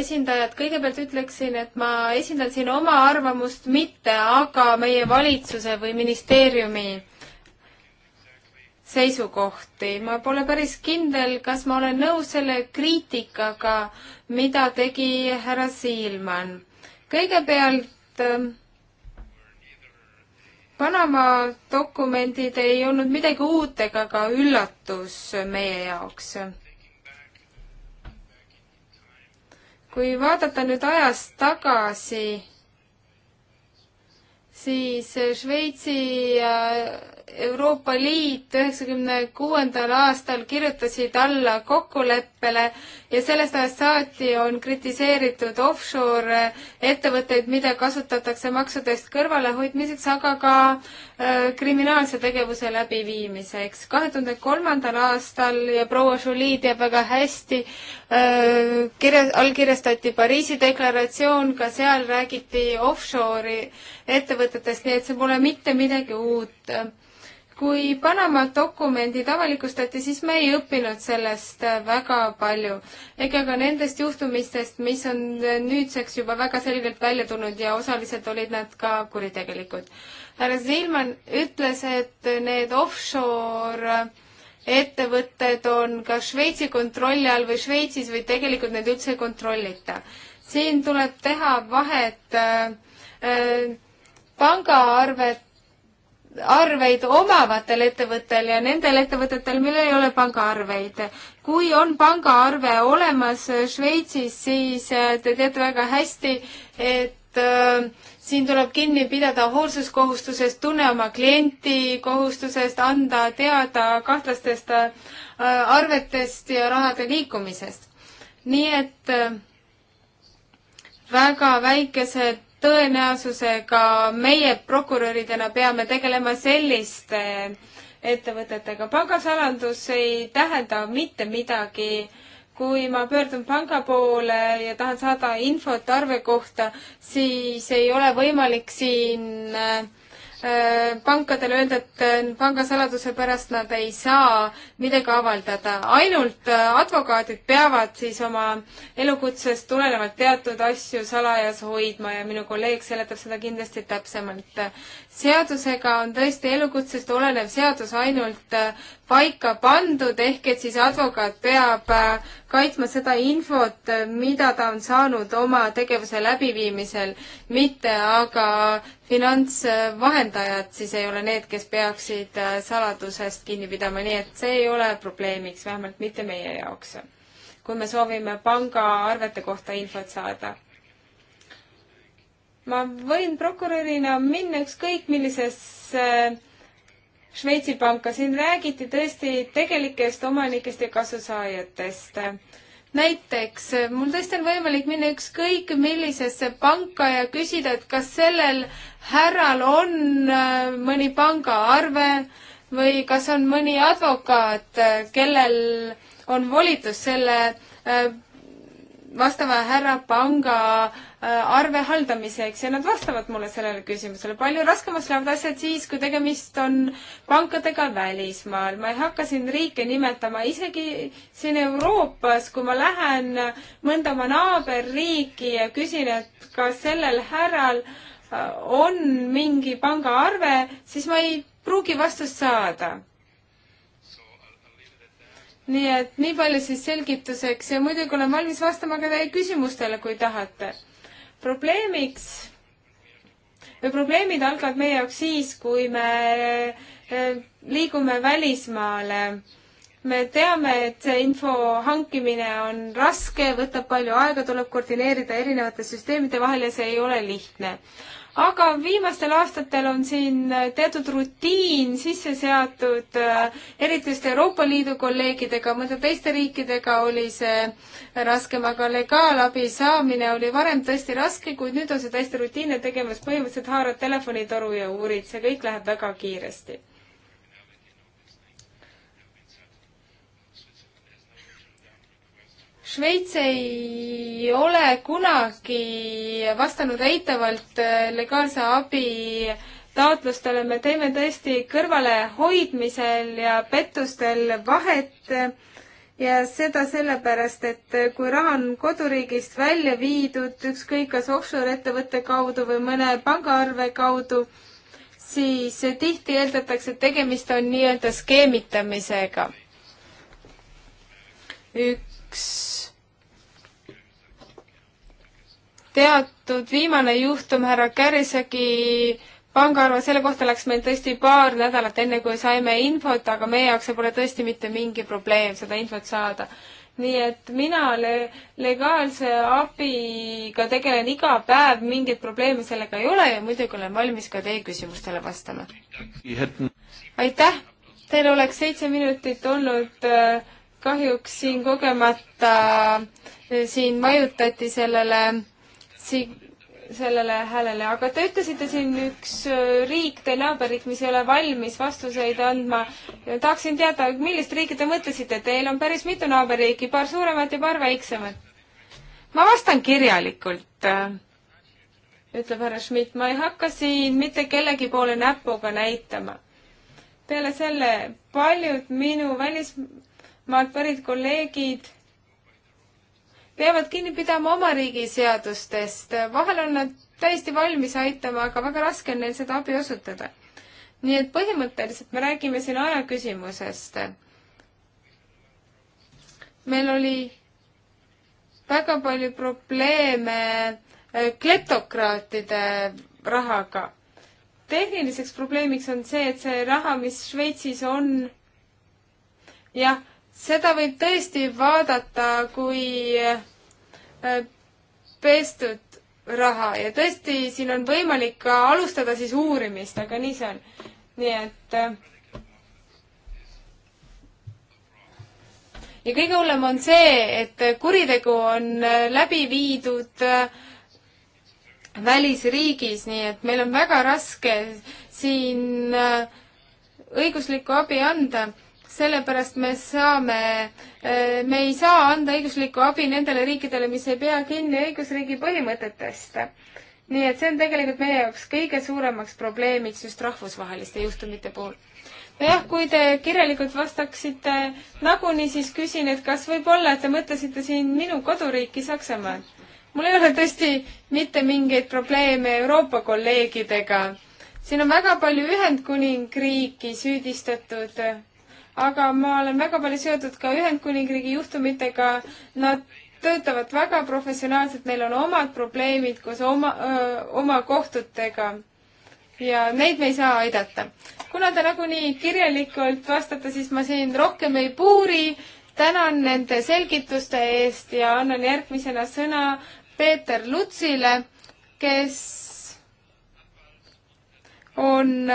esindajad, kõigepealt ütleksin, et ma esindan siin oma arvamust, mitte aga meie valitsuse või ministeeriumi seisukohti. ma pole päris kindel, kas ma olen nõus selle kriitikaga, mida tegi härra Siilman. kõigepealt ähm, Panama dokumendid ei olnud midagi uut ega ka üllatus meie jaoks kui vaadata nüüd ajas tagasi, siis Šveitsi ja Euroopa Liit üheksakümne kuuendal aastal kirjutasid alla kokkuleppe, kokkuleppele ja sellest ajast saati on kritiseeritud offshore ettevõtteid, mida kasutatakse maksudest kõrvalehoidmiseks, aga ka äh, kriminaalse tegevuse läbiviimiseks. kahe tuhande kolmandal aastal ja proua Jolie teab väga hästi äh,, kirja, allkirjastati Pariisi deklaratsioon, ka seal räägiti offshore'i ettevõtetest, nii et see pole mitte midagi uut kui Panama dokumendid avalikustati, siis me ei õppinud sellest äh, väga palju. ega ka nendest juhtumistest, mis on äh, nüüdseks juba väga selgelt välja tulnud ja osaliselt olid nad ka kuritegelikud. härra Zilman ütles, et need offshore äh, ettevõtted on kas Šveitsi kontrolli all või Šveitsis või tegelikult neid üldse ei kontrollita. siin tuleb teha vahet äh, äh, pangaarvet arveid omavatel ettevõttel ja nendel ettevõtetel, millel ei ole pangaarveid. kui on pangaarve olemas Šveitsis, siis äh, te teate väga hästi, et äh, siin tuleb kinni pidada hoolsuskohustusest, tunne oma klienti kohustusest, anda teada kahtlastest äh, arvetest ja rahade liikumisest. nii et äh, väga väikesed tõenäosusega meie prokuröridena peame tegelema selliste ettevõtetega. pangasalandus ei tähenda mitte midagi. kui ma pöördun panga poole ja tahan saada infot arve kohta, siis ei ole võimalik siin äh, Äh, pankadele öelda, et äh, pangasaladuse pärast nad ei saa midagi avaldada. ainult äh, advokaadid peavad siis oma elukutsest tulenevalt teatud asju salajas hoidma ja minu kolleeg seletab seda kindlasti täpsemalt seadusega on tõesti elukutsest olenev seadus ainult äh, paika pandud, ehk et siis advokaat peab äh, kaitsma seda infot, äh, mida ta on saanud oma tegevuse läbiviimisel, mitte aga finantsvahendajad siis ei ole need, kes peaksid saladusest kinni pidama, nii et see ei ole probleemiks, vähemalt mitte meie jaoks, kui me soovime pangaarvete kohta infot saada ma võin prokurörina minna ükskõik millisesse äh, Šveitsi panka, siin räägiti tõesti tegelikest omanikest ja kasusaajatest. näiteks äh, mul tõesti on võimalik minna ükskõik millisesse panka ja küsida, et kas sellel härral on äh, mõni pangaarve või kas on mõni advokaat, kellel on volitus selle vastava härra panga äh, arve haldamiseks ja nad vastavad mulle sellele küsimusele. palju raskemaks lähevad asjad siis, kui tegemist on pankadega välismaal. ma ei hakka siin riike nimetama, isegi siin Euroopas, kui ma lähen mõnda oma naaberriiki ja küsin, et kas sellel härral äh, on mingi pangaarve, siis ma ei pruugi vastust saada nii et nii palju siis selgituseks ja muidugi olen valmis vastama ka teie küsimustele, kui tahate. probleemiks või probleemid algavad meie jaoks siis, kui me eh, liigume välismaale. me teame, et see info hankimine on raske, võtab palju aega, tuleb koordineerida erinevate süsteemide vahel ja see ei ole lihtne aga viimastel aastatel on siin teatud rutiin sisse seatud, äh, eriti just Euroopa Liidu kolleegidega, mõnda teiste riikidega oli see raskem, aga legaalabi saamine oli varem tõesti raske, kuid nüüd on see täiesti rutiinne tegevus, põhimõtteliselt haarad telefonitoru ja uurid, see kõik läheb väga kiiresti. Šveits ei ole kunagi vastanud eitavalt äh, legaalse abi taotlustele, me teeme tõesti kõrvalehoidmisel ja pettustel vahet ja seda sellepärast, et äh, kui raha on koduriigist välja viidud, ükskõik kas offshore ettevõtte kaudu või mõne pangaarve kaudu, siis äh, tihti eeldatakse, et tegemist on nii-öelda skeemitamisega. üks teatud viimane juhtum härra Kärisegi pangaarve, selle kohta läks meil tõesti paar nädalat, enne kui saime infot, aga meie jaoks see pole tõesti mitte mingi probleem, seda infot saada. nii et mina le-, legaalse abiga tegelen iga päev, mingeid probleeme sellega ei ole ja muidugi olen valmis ka teie küsimustele vastama. aitäh! Teil oleks seitse minutit olnud äh, kahjuks siin kogemata, äh, siin vajutati sellele siin sellele häälele, aga te ütlesite siin üks äh, riik, teie naaberriik, mis ei ole valmis vastuseid andma. tahaksin teada, millist riiki te mõtlesite, teil on päris mitu naaberriiki, paar suuremat ja paar väiksemat. ma vastan kirjalikult, äh, ütleb härra Schmidt, ma ei hakka siin mitte kellegi poole näpuga näitama. peale selle paljud minu välismaalt pärit kolleegid peavad kinni pidama oma riigi seadustest, vahel on nad täiesti valmis aitama, aga väga raske on neil seda abi osutada. nii et põhimõtteliselt me räägime siin aja küsimusest. meil oli väga palju probleeme äh, kleptokraatide rahaga. tehniliseks probleemiks on see, et see raha, mis Šveitsis on, jah seda võib tõesti vaadata kui äh, pestud raha ja tõesti, siin on võimalik ka alustada siis uurimist, aga nii see on. nii et äh, ja kõige hullem on see, et kuritegu on äh, läbi viidud välisriigis, nii et meil on väga raske siin õiguslikku abi anda sellepärast me saame, eh, me ei saa anda õiguslikku abi nendele riikidele, mis ei pea kinni õigusriigi põhimõtetest. nii et see on tegelikult meie jaoks kõige suuremaks probleemiks just rahvusvaheliste juhtumite puhul. nojah, kui te kirjalikult vastaksite nagunii, siis küsin, et kas võib-olla, et te mõtlesite siin minu koduriiki Saksamaal? mul ei ole tõesti mitte mingeid probleeme Euroopa kolleegidega. siin on väga palju Ühendkuningriiki süüdistatud aga ma olen väga palju seotud ka Ühendkuningriigi juhtumitega. Nad töötavad väga professionaalselt, neil on omad probleemid koos oma, oma kohtutega ja neid me ei saa aidata. kuna te nagunii kirjalikult vastate, siis ma siin rohkem ei puuri. tänan nende selgituste eest ja annan järgmisena sõna Peeter Lutsile, kes on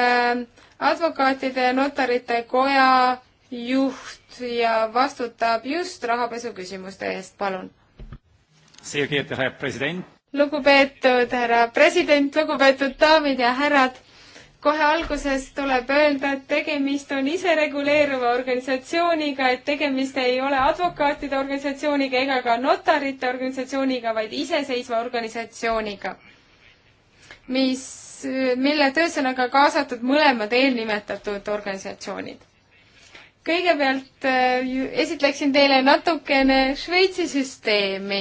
advokaatide ja notarite koja juht ja vastutab just rahapesu küsimuste eest, palun. lugupeetud härra president, lugupeetud daamid ja härrad, kohe alguses tuleb öelda, et tegemist on isereguleeruva organisatsiooniga, et tegemist ei ole advokaatide organisatsiooniga ega ka notarite organisatsiooniga, vaid iseseisva organisatsiooniga, mis, mille töösse on aga kaasatud mõlemad eelnimetatud organisatsioonid kõigepealt äh, esitleksin teile natukene Šveitsi süsteemi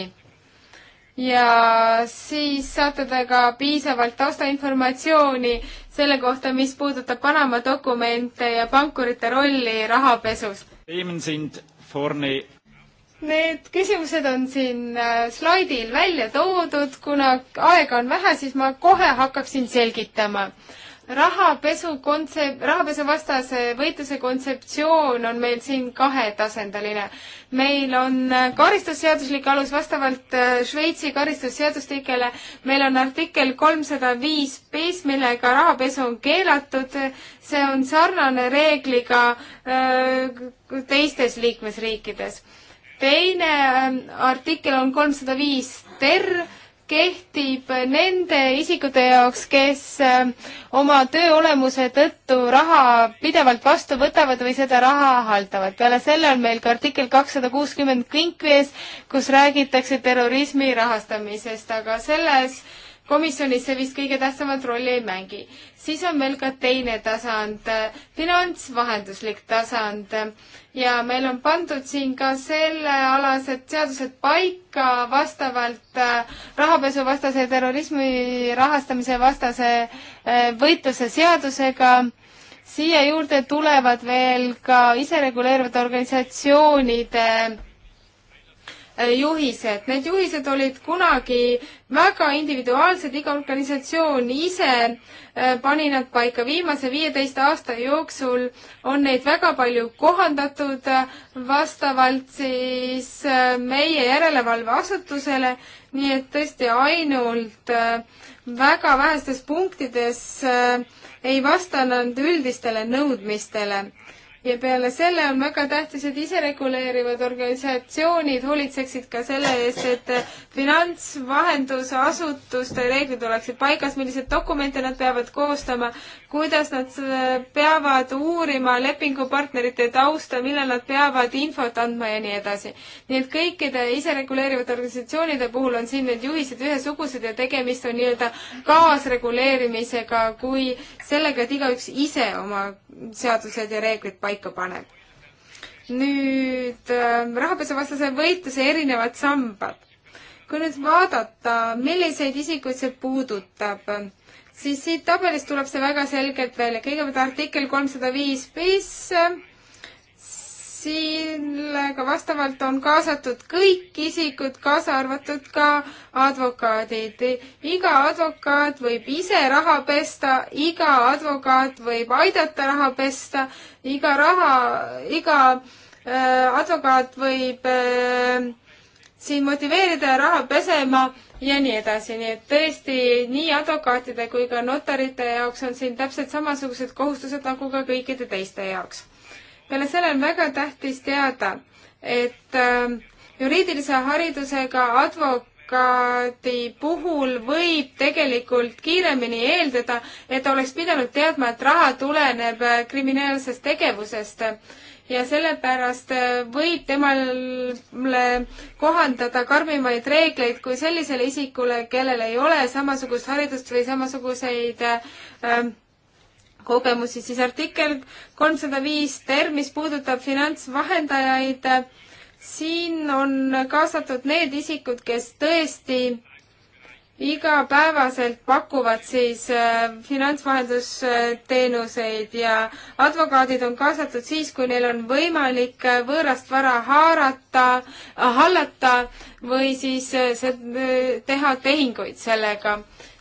ja siis saate te ka piisavalt taustainformatsiooni selle kohta, mis puudutab Panama dokumente ja pankurite rolli rahapesus. Need küsimused on siin äh, slaidil välja toodud, kuna aega on vähe, siis ma kohe hakkaksin selgitama rahapesu kontsep-, rahapesuvastase võitluse kontseptsioon on meil siin kahetasandiline. meil on äh, karistusseaduslik alus vastavalt äh, Šveitsi karistusseadustikele, meil on artikkel kolmsada viis bis, millega rahapesu on keelatud, see on sarnane reegliga äh, teistes liikmesriikides. teine ähm, artikkel on kolmsada viis ter-, kehtib nende isikute jaoks, kes äh, oma töö olemuse tõttu raha pidevalt vastu võtavad või seda raha haldavad. peale selle on meil ka artikkel kakssada kuuskümmend kvinkvies, kus räägitakse terrorismi rahastamisest, aga selles äh, komisjonis see vist kõige tähtsamat rolli ei mängi. siis on veel ka teine tasand, finantsvahenduslik tasand ja meil on pandud siin ka sellealased seadused paika vastavalt äh, rahapesuvastase terrorismi rahastamise vastase äh, võitluse seadusega siia juurde tulevad veel ka isereguleeruvate organisatsioonide Äh, juhised. Need juhised olid kunagi väga individuaalsed, iga organisatsioon ise äh, pani nad paika. viimase viieteist aasta jooksul on neid väga palju kohandatud äh, vastavalt siis meie järelevalveasutusele, nii et tõesti ainult väga vähestes punktides ei vastanud üldistele nõudmistele ja peale selle on väga tähtis, et isereguleerivad organisatsioonid hoolitseksid ka selle eest, et finantsvahendusasutuste reeglid oleksid paigas, milliseid dokumente nad peavad koostama kuidas nad äh, peavad uurima lepingupartnerite tausta, millal nad peavad infot andma ja nii edasi. nii et kõikide isereguleerivate organisatsioonide puhul on siin need juhised ühesugused ja tegemist on nii-öelda kaasreguleerimisega kui sellega, et igaüks ise oma seadused ja reeglid paika paneb. nüüd äh, rahapesuvastase võitluse erinevad sambad. kui nüüd vaadata, milliseid isikuid see puudutab siis siit tabelist tuleb see väga selgelt välja. kõigepealt artikkel kolmsada viis bis, äh, sellega vastavalt on kaasatud kõik isikud, kaasa arvatud ka advokaadid. iga advokaat võib ise raha pesta, iga advokaat võib aidata raha pesta, iga raha, iga äh, advokaat võib äh, siin motiveerida raha pesema ja nii edasi, nii et tõesti nii advokaatide kui ka notarite jaoks on siin täpselt samasugused kohustused nagu ka kõikide teiste jaoks. peale selle on väga tähtis teada, et äh, juriidilise haridusega advokaadi puhul võib tegelikult kiiremini eeldada, et oleks pidanud teadma, et raha tuleneb äh, kriminaalsest tegevusest äh, ja sellepärast äh, võib temale kohandada karmimaid reegleid kui sellisele isikule, kellel ei ole samasugust haridust või samasuguseid äh, kogemusi, siis artikkel kolmsada viis ter, mis puudutab finantsvahendajaid, äh, siin on kaasatud need isikud, kes tõesti igapäevaselt pakuvad siis äh, finantsvahendusteenuseid ja advokaadid on kaasatud siis, kui neil on võimalik äh, võõrast vara haarata äh,, hallata või siis äh, äh, teha tehinguid sellega.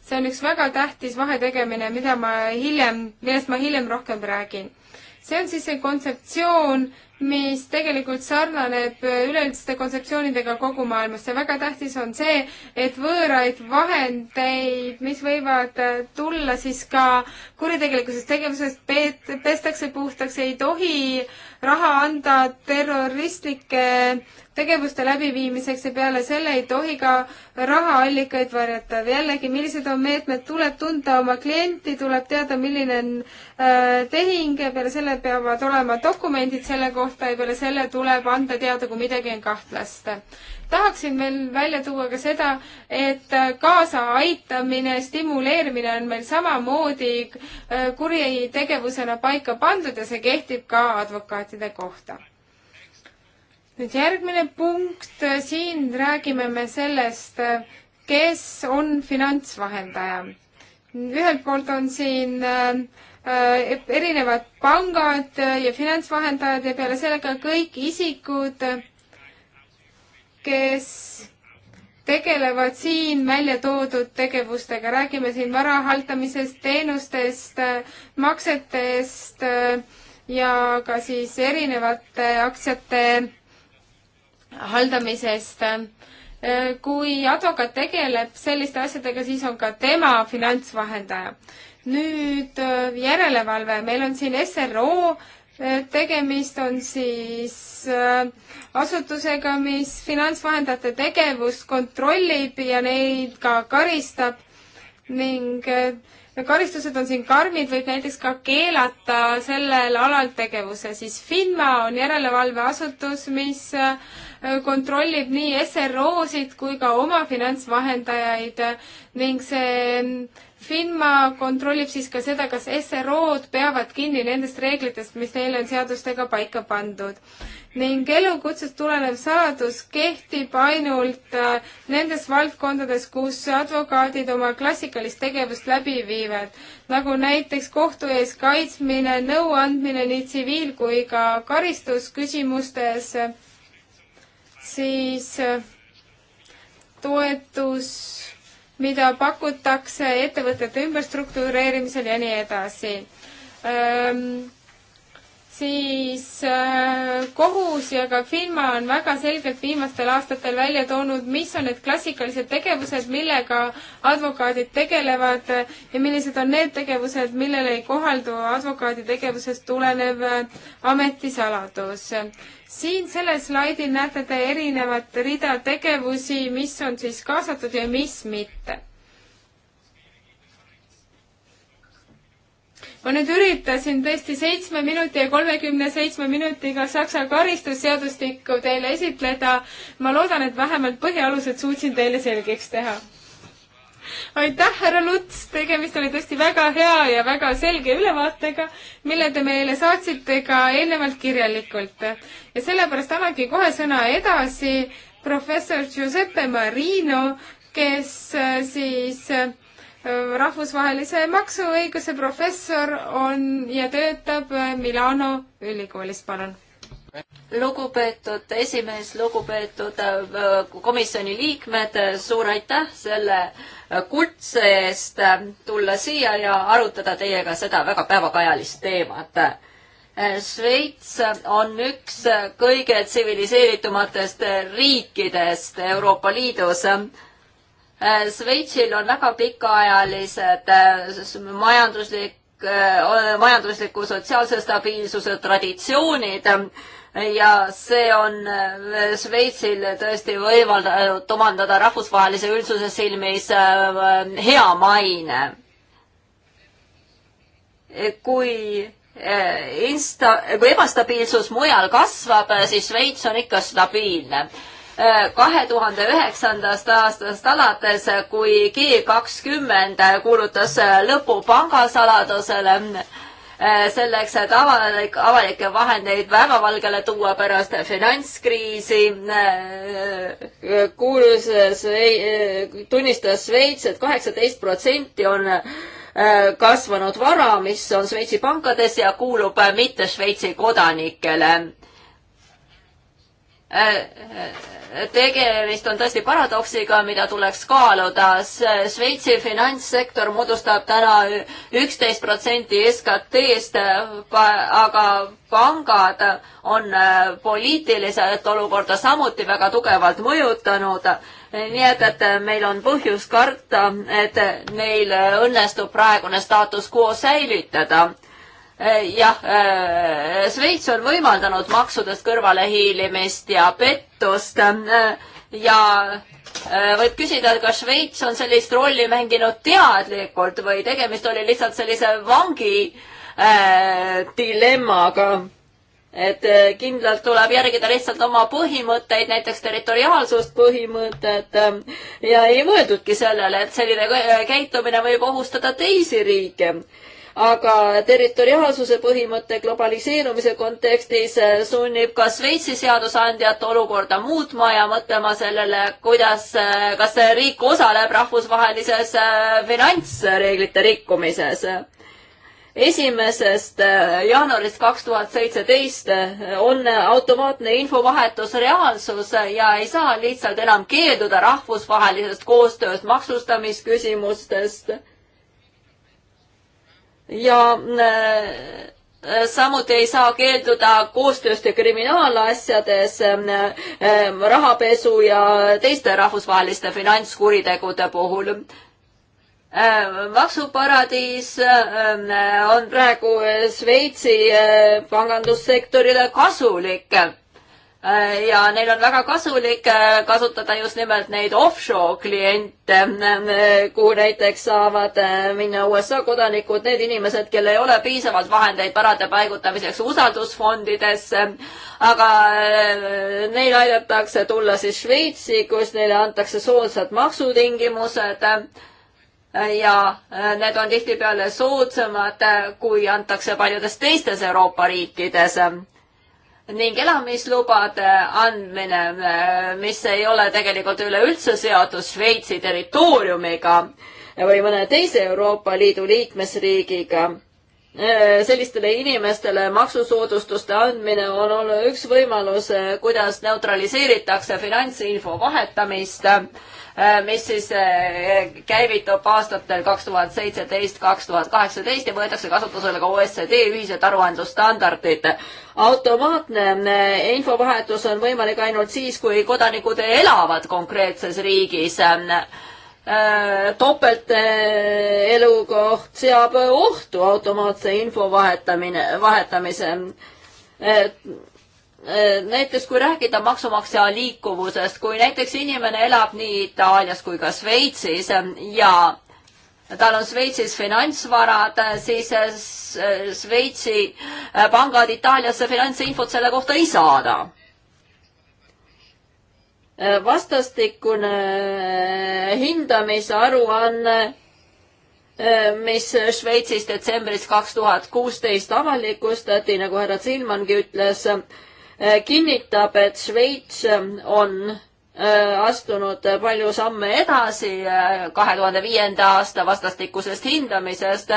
see on üks väga tähtis vahetegemine, mida ma hiljem, millest ma hiljem rohkem räägin. see on siis see kontseptsioon, mis tegelikult sarnaneb üleüldiste kontseptsioonidega kogu maailmas ja väga tähtis on see, et võõraid vahendeid, mis võivad tulla siis ka kuritegelikkusest tegevusest, pestakse puhtaks, ei tohi raha anda terroristlike tegevuste läbiviimiseks ja peale selle ei tohi ka rahaallikaid varjata. jällegi, millised on meetmed, tuleb tunda oma klienti, tuleb teada, milline on äh, tehing ja peale selle peavad olema dokumendid selle kohta, kohta ja peale selle tuleb anda teada, kui midagi on kahtlast. tahaksin veel välja tuua ka seda, et kaasaaitamine, stimuleerimine on meil samamoodi äh, kuritegevusena paika pandud ja see kehtib ka advokaatide kohta. nüüd järgmine punkt, siin räägime me sellest, kes on finantsvahendaja. ühelt poolt on siin äh, Äh, erinevad pangad ja finantsvahendajad ja peale selle ka kõik isikud, kes tegelevad siin välja toodud tegevustega, räägime siin vara haldamisest, teenustest, maksetest äh, ja ka siis erinevate aktsiate haldamisest. Äh, kui advokaat tegeleb selliste asjadega, siis on ka tema finantsvahendaja nüüd äh, järelevalve, meil on siin SRO, äh, tegemist on siis äh, asutusega, mis finantsvahendajate tegevust kontrollib ja neid ka karistab ning karistused on siin karmid, võib näiteks ka keelata sellel alal tegevuse, siis FINMA on järelevalveasutus, mis kontrollib nii SRO-sid kui ka oma finantsvahendajaid ning see FINMA kontrollib siis ka seda, kas SRO-d peavad kinni nendest reeglitest, mis neile on seadustega paika pandud. ning elukutsest tulenev saladus kehtib ainult äh, nendes valdkondades, kus advokaadid oma klassikalist tegevust läbi viivad, nagu näiteks kohtu ees kaitsmine, nõu andmine nii tsiviil- kui ka karistusküsimustes, siis äh, toetus mida pakutakse ettevõtete ümberstruktureerimisel ja nii edasi ähm, siis äh, kohus ja ka firma on väga selgelt viimastel aastatel välja toonud, mis on need klassikalised tegevused, millega advokaadid tegelevad ja millised on need tegevused, millele ei kohaldu advokaadi tegevusest tulenev äh, ametisaladus. siin sellel slaidil näete te erinevat rida tegevusi, mis on siis kaasatud ja mis mitte ma nüüd üritasin tõesti seitsme minuti ja kolmekümne seitsme minutiga Saksa karistusseadustikku teile esitleda. ma loodan, et vähemalt põhialused suutsin teile selgeks teha. aitäh, härra Luts, tegemist oli tõesti väga hea ja väga selge ülevaatega, mille te meile saatsite ka eelnevalt kirjalikult. ja sellepärast annangi kohe sõna edasi professor Giuseppe Marino, kes äh, siis äh, rahvusvahelise maksuõiguse professor on ja töötab äh, Milano ülikoolis, palun. lugupeetud esimees, lugupeetud äh, komisjoni liikmed, suur aitäh selle äh, kutse eest tulla siia ja arutada teiega seda väga päevakajalist teemat Šveits on üks kõige tsiviliseeritumatest riikidest Euroopa Liidus Šveitsil äh, on väga pikaajalised äh, majanduslik, äh, majandusliku sotsiaalse stabiilsuse traditsioonid ja see on Šveitsil tõesti võimaldanud omandada rahvusvahelise üldsuse silmis hea maine. kui insta-, kui ebastabiilsus mujal kasvab, siis Šveits on ikka stabiilne kahe tuhande üheksandast aastast alates, kui G kakskümmend kuulutas lõpu pangasaladusele eh, selleks, et avalik, avalikke vahendeid päevavalgele tuua pärast finantskriisi, eh, kuulus, eh, tunnistas Šveits, et kaheksateist protsenti on kasvanud vara, mis on Šveitsi pankades ja kuulub mitte Šveitsi kodanikele tegemist on tõesti paradoksiga, mida tuleks kaaluda. Šveitsi finantssektor moodustab täna üksteist protsenti SKT-st, aga pangad on äh, poliitiliselt olukorda samuti väga tugevalt mõjutanud. nii et, et meil on põhjust karta, et neil õnnestub praegune staatus quo säilitada Äh, jah, äh, Šveits on võimaldanud maksudest kõrvalehiilimist ja pettust äh, ja võib küsida, et kas Šveits on sellist rolli mänginud teadlikult või tegemist oli lihtsalt sellise vangi äh, dilemmaga. et kindlalt tuleb järgida lihtsalt oma põhimõtteid, näiteks territoriaalsust põhimõtet ja ei mõeldudki sellele, et selline käitumine võib ohustada teisi riike aga territoriaalsuse põhimõte globaliseerumise kontekstis eh, sunnib ka Šveitsi seadusandjat olukorda muutma ja mõtlema sellele, kuidas, eh, kas riik osaleb rahvusvahelises eh, finantsreeglite rikkumises. esimesest jaanuarist kaks tuhat seitseteist on automaatne infovahetus reaalsus ja ei saa lihtsalt enam keelduda rahvusvahelisest koostööst maksustamisküsimustest ja äh, samuti ei saa keelduda koostööst kriminaalasjades äh, äh, rahapesu ja teiste rahvusvaheliste finantskuritegude puhul maksuparadiis on praegu Šveitsi pangandussektorile kasulik. Äh, ja neil on väga kasulik äh, kasutada just nimelt neid offshore kliente, äh, kuhu näiteks saavad minna USA kodanikud, need inimesed, kellel ei ole piisavalt vahendeid varade paigutamiseks usaldusfondidesse, aga neil aidatakse tulla siis Šveitsi, kus neile antakse soodsad maksutingimused ja need on tihtipeale soodsamad, kui antakse paljudes teistes Euroopa riikides ning elamislubade andmine, mis ei ole tegelikult üleüldse seotud Šveitsi territooriumiga või mõne teise Euroopa Liidu liikmesriigiga. sellistele inimestele maksusoodustuste andmine on olnud üks võimalus, kuidas neutraliseeritakse finantsinfo vahetamist Äh, mis siis äh, käivitub aastatel kaks tuhat seitseteist, kaks tuhat kaheksateist ja võetakse kasutusele ka OSCD ühised aruandlusstandardid. automaatne äh, infovahetus on võimalik ainult siis, kui kodanikud elavad konkreetses riigis topeltelukoht seab ohtu automaatse info vahetamine, vahetamise. Äh, näiteks kui rääkida maksumaksja liikuvusest, kui näiteks inimene elab nii Itaalias kui ka Šveitsis ähm, ja tal on Šveitsis finantsvarad, äh, siis äh, Šveitsi pangad Itaaliasse finantsinfot selle kohta ei saada vastastikune hindamise aruanne, mis Šveitsis detsembris kaks tuhat kuusteist avalikustati, nagu härra Zilmangi ütles, Äh, kinnitab, et Šveits äh, on äh, astunud palju samme edasi kahe tuhande viienda aasta vastastikusest hindamisest.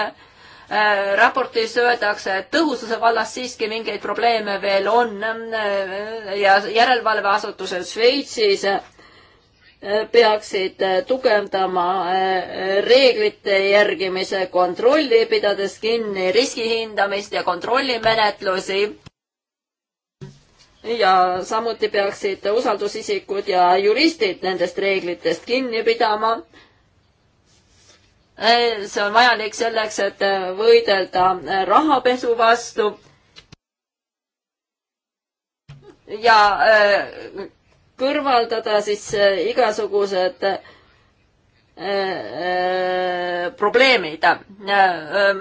raportis öeldakse, et tõhususe vallas siiski mingeid probleeme veel on ja järelevalveasutused Šveitsis peaksid tugevdama reeglite järgimise kontrolli, pidades kinni riskihindamist ja kontrollimenetlusi ja samuti peaksid usaldusisikud ja juristid nendest reeglitest kinni pidama. Äh, see on vajalik selleks, et äh, võidelda äh, rahapesu vastu. ja kõrvaldada siis igasugused äh, probleemid.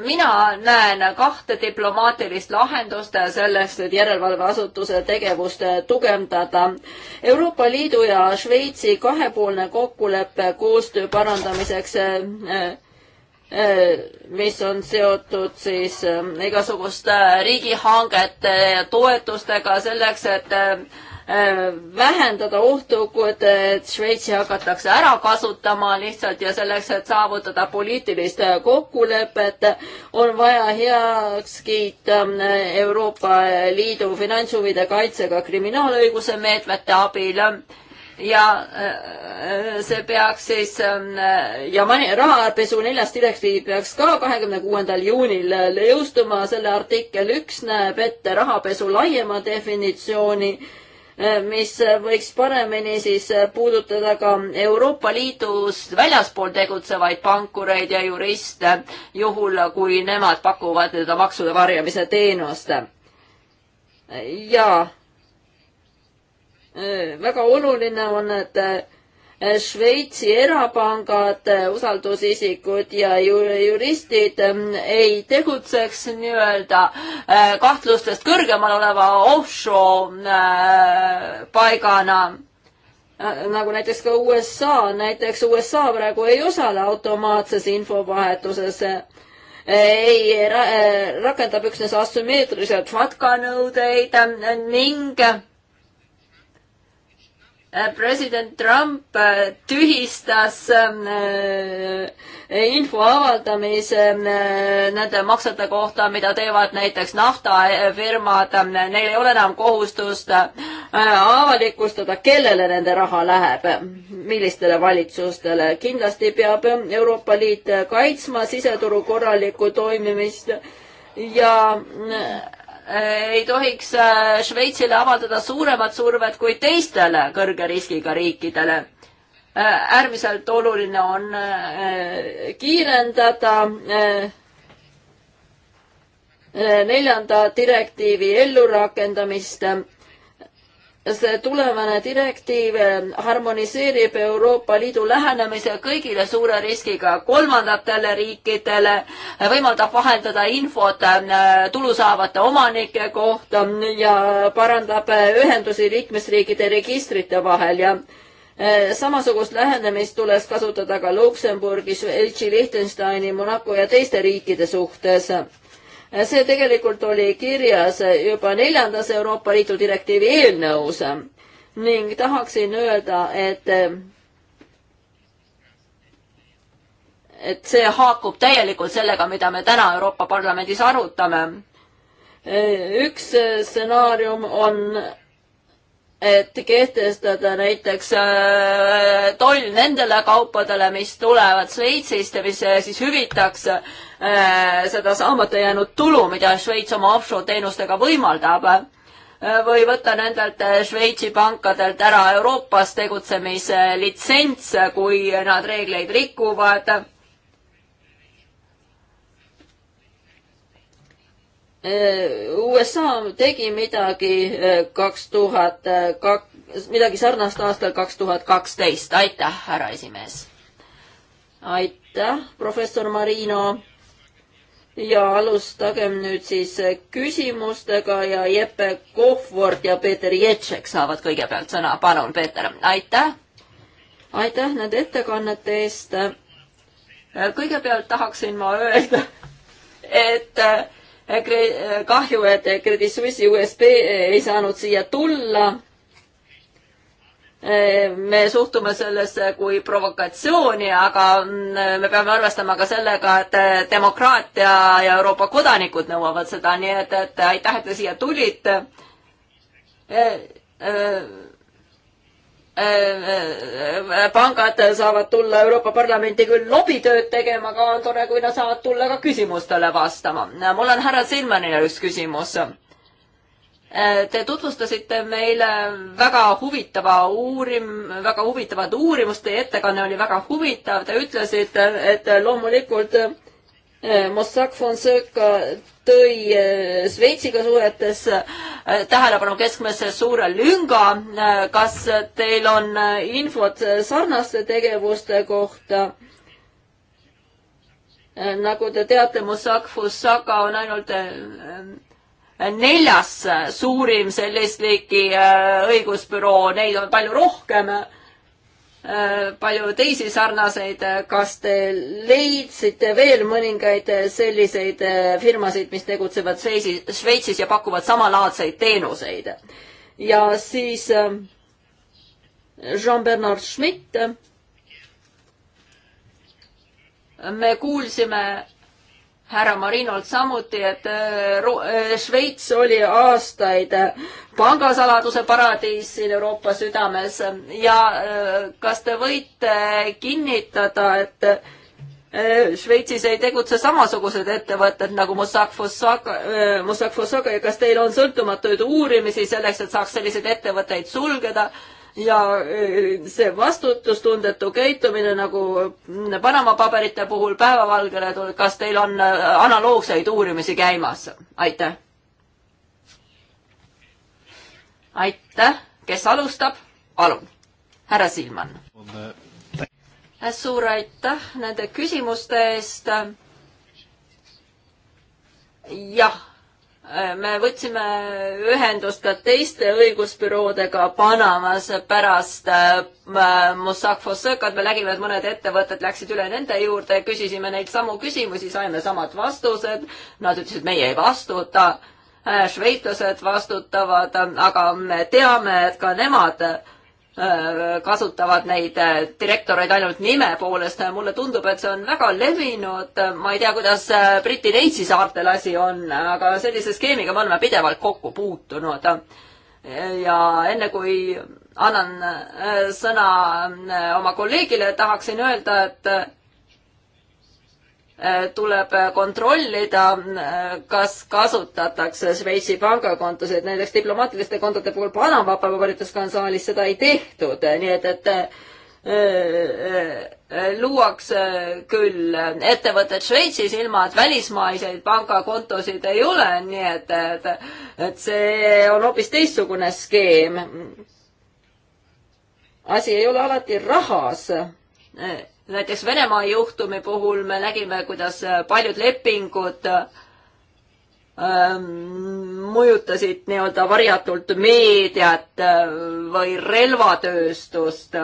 mina näen kahte diplomaatilist lahendust sellest, et järelevalveasutuse tegevust tugevdada. Euroopa Liidu ja Šveitsi kahepoolne kokkulepe koostöö parandamiseks mis on seotud siis igasuguste riigihangete toetustega selleks, et Äh, vähendada ohtu, kui Šveitsi hakatakse ära kasutama lihtsalt ja selleks, et saavutada poliitilist kokkulepet, on vaja heaks kiita äh, Euroopa Liidu finantshuvide kaitsega kriminaalõiguse meetmete abil ja äh, see peaks siis ja rahapesu neljas direktiiv peaks ka kahekümne kuuendal juunil jõustuma, selle artikkel üks näeb ette rahapesu laiema definitsiooni mis võiks paremini siis puudutada ka Euroopa Liidust väljaspool tegutsevaid pankureid ja juriste, juhul kui nemad pakuvad seda maksude varjamise teenust. ja äh, väga oluline on, et Äh, Šveitsi erapangad, äh, usaldusisikud ja juristid ähm, ei tegutseks nii-öelda äh, kahtlustest kõrgemal oleva offshore paigana nagu näiteks ka USA, näiteks USA praegu ei osale automaatses infovahetuses ei ra rakendab üksnes asümmeetriliselt FATKA nõudeid ning äh, Äh, president Trump äh, tühistas ähm, äh, info avaldamise ähm, nende maksete kohta, mida teevad näiteks naftafirmad, ähm, neil ei ole enam kohustust avalikustada, kellele nende raha läheb, millistele valitsustele. kindlasti peab Euroopa Liit kaitsma siseturu korralikku toimimist ja Äh, ei tohiks äh, Šveitsile avaldada suuremat survet kui teistele kõrge riskiga riikidele. Äh, äärmiselt oluline on kiirendada neljanda direktiivi ellurakendamist see tulevane direktiiv eh, harmoniseerib Euroopa Liidu lähenemise kõigile suure riskiga kolmandatele riikidele, võimaldab vahendada infot eh, tulu saavate omanike kohta ja parandab eh, ühendusi liikmesriikide registrite vahel ja samasugust lähenemist tuleks kasutada ka Luksemburgis, Šveitsi, Liechtensteini, Monaco ja teiste riikide suhtes see tegelikult oli kirjas juba neljandas Euroopa Liidu direktiivi eelnõus ning tahaksin öelda, et et see haakub täielikult sellega, mida me täna Euroopa Parlamendis arutame. üks stsenaarium on et kehtestada näiteks äh, toll nendele kaupadele, mis tulevad Šveitsist ja mis äh, siis hüvitaks Äh, seda saamata jäänud tulu, mida Šveits oma offshore teenustega võimaldab äh, või võtta nendelt äh, Šveitsi pankadelt ära Euroopas tegutsemise litsents, kui nad reegleid rikuvad. USA tegi midagi kaks tuhat kaks, midagi sarnast aastal kaks tuhat kaksteist, aitäh, härra esimees. aitäh, professor Marino ja alustagem nüüd siis küsimustega ja Jeppe Kohvord ja Peeter Jetšek saavad kõigepealt sõna. palun, Peeter, aitäh! aitäh nende ettekannete eest. kõigepealt tahaksin ma öelda, et eh, kahju, et Credit Suisse USB ei saanud siia tulla Eh, me suhtume sellesse kui provokatsiooni, aga mm, me peame arvestama ka sellega, et eh, demokraatia ja Euroopa kodanikud nõuavad seda, nii et, et aitäh, et te siia tulite. Eh, pangad saavad tulla Euroopa Parlamenti küll lobitööd tegema, aga on tore, kui nad saavad tulla ka küsimustele vastama. mul on härra Silmanile üks küsimus Te tutvustasite meile väga huvitava uurim-, väga huvitavat uurimust, teie ettekanne oli väga huvitav, te ütlesite, et loomulikult eh, Mossack Fonseca tõi eh, Šveitsiga suhetes eh, tähelepanu keskmesse suure lünga. kas teil on infot sarnaste tegevuste kohta? nagu te teate, Mossack Fonseca on ainult neljas suurim sellist liiki äh, õigusbüroo, neid on palju rohkem, äh, palju teisi sarnaseid. Äh, kas te leidsite veel mõningaid selliseid firmasid, mis tegutsevad Šveitsis, Šveitsis ja pakuvad samalaadseid teenuseid? ja siis Jean-Bernard Schmidt. me kuulsime härra Marinolt samuti, et äh, äh, Šveits oli aastaid pangasaladuse paradiis siin Euroopa südames ja äh, kas te võite kinnitada, et Šveitsis ei tegutse samasugused ettevõtted nagu Mossack Fonseca, Mossack Fonseca ja kas teil on sõltumatuid uurimisi selleks, et saaks selliseid ettevõtteid sulgeda? ja äh, see vastutustundetu käitumine nagu mm, Panama paberite puhul päevavalgele tulnud, kas teil on äh, analoogseid uurimisi käimas? aitäh. aitäh, kes alustab, palun, härra Silman. Äh, suur aitäh nende küsimuste eest. jah me võtsime ühendust ka teiste õigusbüroodega Panamas pärast äh, Mossack Fonsecat, me nägime, et mõned ettevõtted läksid üle nende juurde, küsisime neid samu küsimusi, saime samad vastused, nad ütlesid, meie ei vastuta, äh, šveitlased vastutavad, aga me teame, et ka nemad Äh, kasutavad neid äh, direktoreid ainult nime poolest. mulle tundub, et see on väga levinud. ma ei tea, kuidas äh, Briti Neitsi saartel asi on, aga sellise skeemiga me oleme pidevalt kokku puutunud. ja enne kui annan sõna oma kolleegile, tahaksin öelda, et Äh, tuleb äh, kontrollida, äh, kas kasutatakse Šveitsi pangakontosid, näiteks diplomaatiliste kontode puhul Panama paberitluskonsaalis seda ei tehtud, nii et, et luuakse küll ettevõtted Šveitsis, ilma et välismaiseid pangakontosid ei ole, nii et, et, et see on hoopis teistsugune skeem. asi ei ole alati rahas näiteks Venemaa juhtumi puhul me nägime, kuidas paljud lepingud ähm, mõjutasid nii-öelda varjatult meediat äh, või relvatööstust,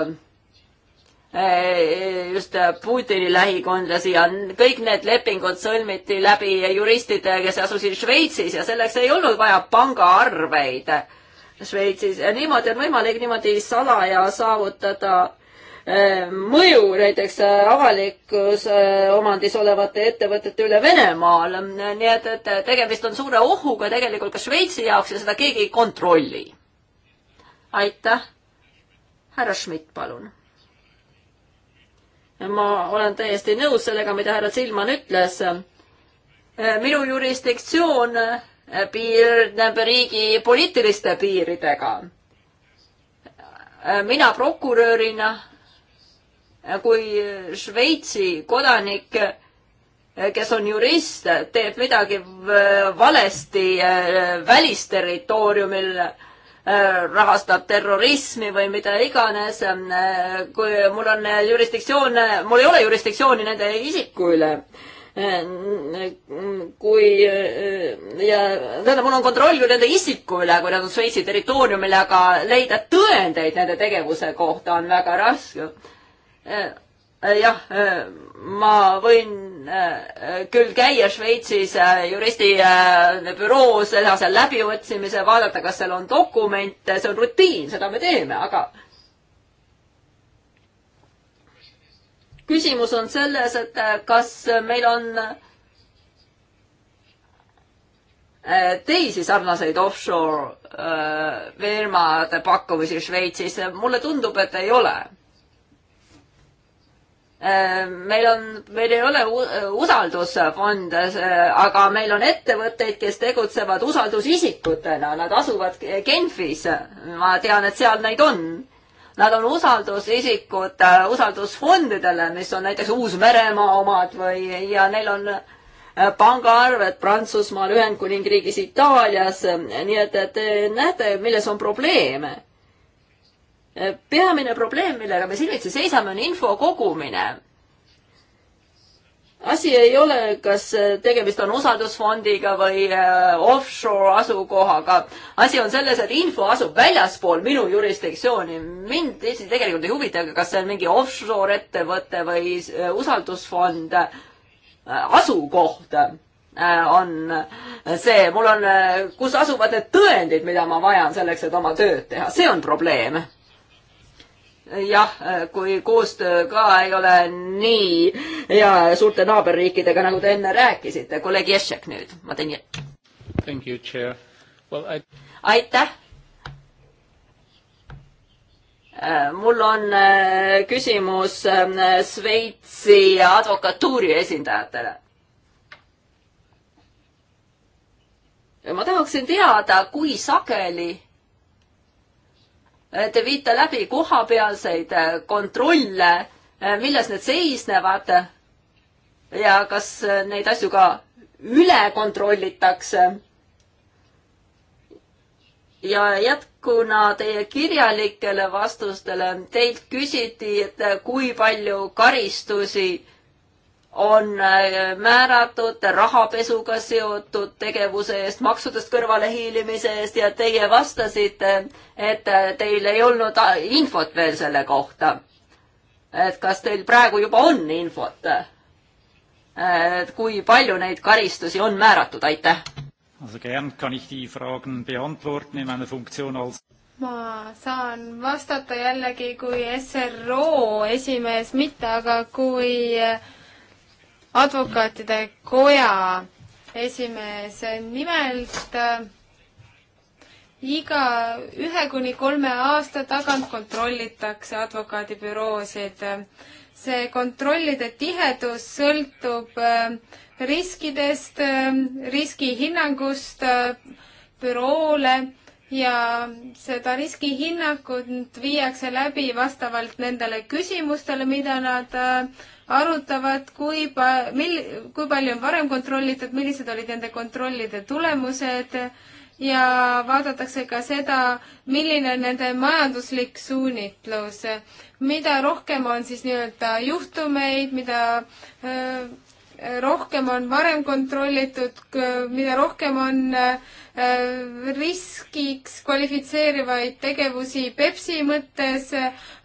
äh, just Putini lähikondlasi ja kõik need lepingud sõlmiti läbi juristide, kes asusid Šveitsis ja selleks ei olnud vaja pangaarveid Šveitsis. niimoodi on võimalik niimoodi salaja saavutada Äh, mõju näiteks äh, avalikus äh, omandis olevate ettevõtete üle Venemaal. nii et, et tegemist on suure ohuga tegelikult ka Šveitsi jaoks ja seda keegi ei kontrolli. aitäh. härra Schmidt, palun. ma olen täiesti nõus sellega, mida härra Silman ütles. minu jurisdiktsioon piirneb riigi poliitiliste piiridega. mina prokurörina kui Šveitsi kodanik, kes on jurist, teeb midagi valesti äh, välisterritooriumil, äh, rahastab terrorismi või mida iganes, äh, kui mul on jurisdiktsioon, mul ei ole jurisdiktsiooni nende isiku üle kui ja tähendab, mul on kontroll ju nende isiku üle, kui nad on Šveitsi territooriumil, aga leida tõendeid nende tegevuse kohta on väga raske. Äh, äh, jah, äh, ma võin küll käia Šveitsis juristi büroos, teha seal läbiotsimise, vaadata, kas seal on dokumente, see on rutiin, seda me teeme, aga küsimus on selles, et kas meil on teisi sarnaseid offshore firmade pakkumisi Šveitsis, mulle tundub, et ei ole Äh, meil on, meil ei ole usaldusfonde, aga meil on ettevõtteid, kes tegutsevad usaldusisikutena, nad asuvad Genfis. ma tean, et seal neid on. Nad on usaldusisikud äh, usaldusfondidele, mis on näiteks Uus-Meremaa omad või, ja neil on äh, pangaarved Prantsusmaal, Ühendkuningriigis, Itaalias, nii et, et näete, milles on probleem peamine probleem, millega me silmitsi seisame, on info kogumine asi ei ole, kas tegemist on usaldusfondiga või äh, offshore asukohaga. asi on selles, et info asub väljaspool minu jurisdiktsiooni. mind tegelikult ei huvita, kas see on mingi offshore ettevõte või äh, usaldusfond. asukoht äh, on see, mul on, kus asuvad need tõendid, mida ma vajan selleks, et oma tööd teha, see on probleem jah, kui koostöö ka ei ole nii hea suurte naaberriikidega, nagu te enne rääkisite. kolleeg Ješek nüüd, ma teen nii. Well, I... aitäh. mul on äh, küsimus Šveitsi äh, advokatuuri esindajatele ma tahaksin teada, kui sageli Te viite läbi kohapealseid äh, kontrolle, äh, milles need seisnevad ja kas äh, neid asju ka üle kontrollitakse ja jätkuna teie kirjalikele vastustele, teilt küsiti, et kui palju karistusi on äh, määratud rahapesuga seotud tegevuse eest, maksudest kõrvalehiilimise eest ja teie vastasite, et äh, teil ei olnud äh, infot veel selle kohta. et kas teil praegu juba on infot? et kui palju neid karistusi on määratud, aitäh! ma saan vastata jällegi kui SRO esimees, mitte aga kui äh, advokaatide koja esimees, nimelt äh, iga ühe kuni kolme aasta tagant kontrollitakse advokaadibüroosid. see kontrollide tihedus sõltub äh, riskidest, äh, riskihinnangust büroole ja seda riskihinnangut viiakse läbi vastavalt nendele küsimustele, mida nad äh, arutavad, kui pa-, mil-, kui palju on varem kontrollitud, millised olid nende kontrollide tulemused ja vaadatakse ka seda, milline on nende majanduslik suunitlus. mida rohkem on siis nii-öelda juhtumeid, mida öö, äh, rohkem on varem kontrollitud, mida rohkem on äh, riskiks kvalifitseerivaid tegevusi Pepsi mõttes,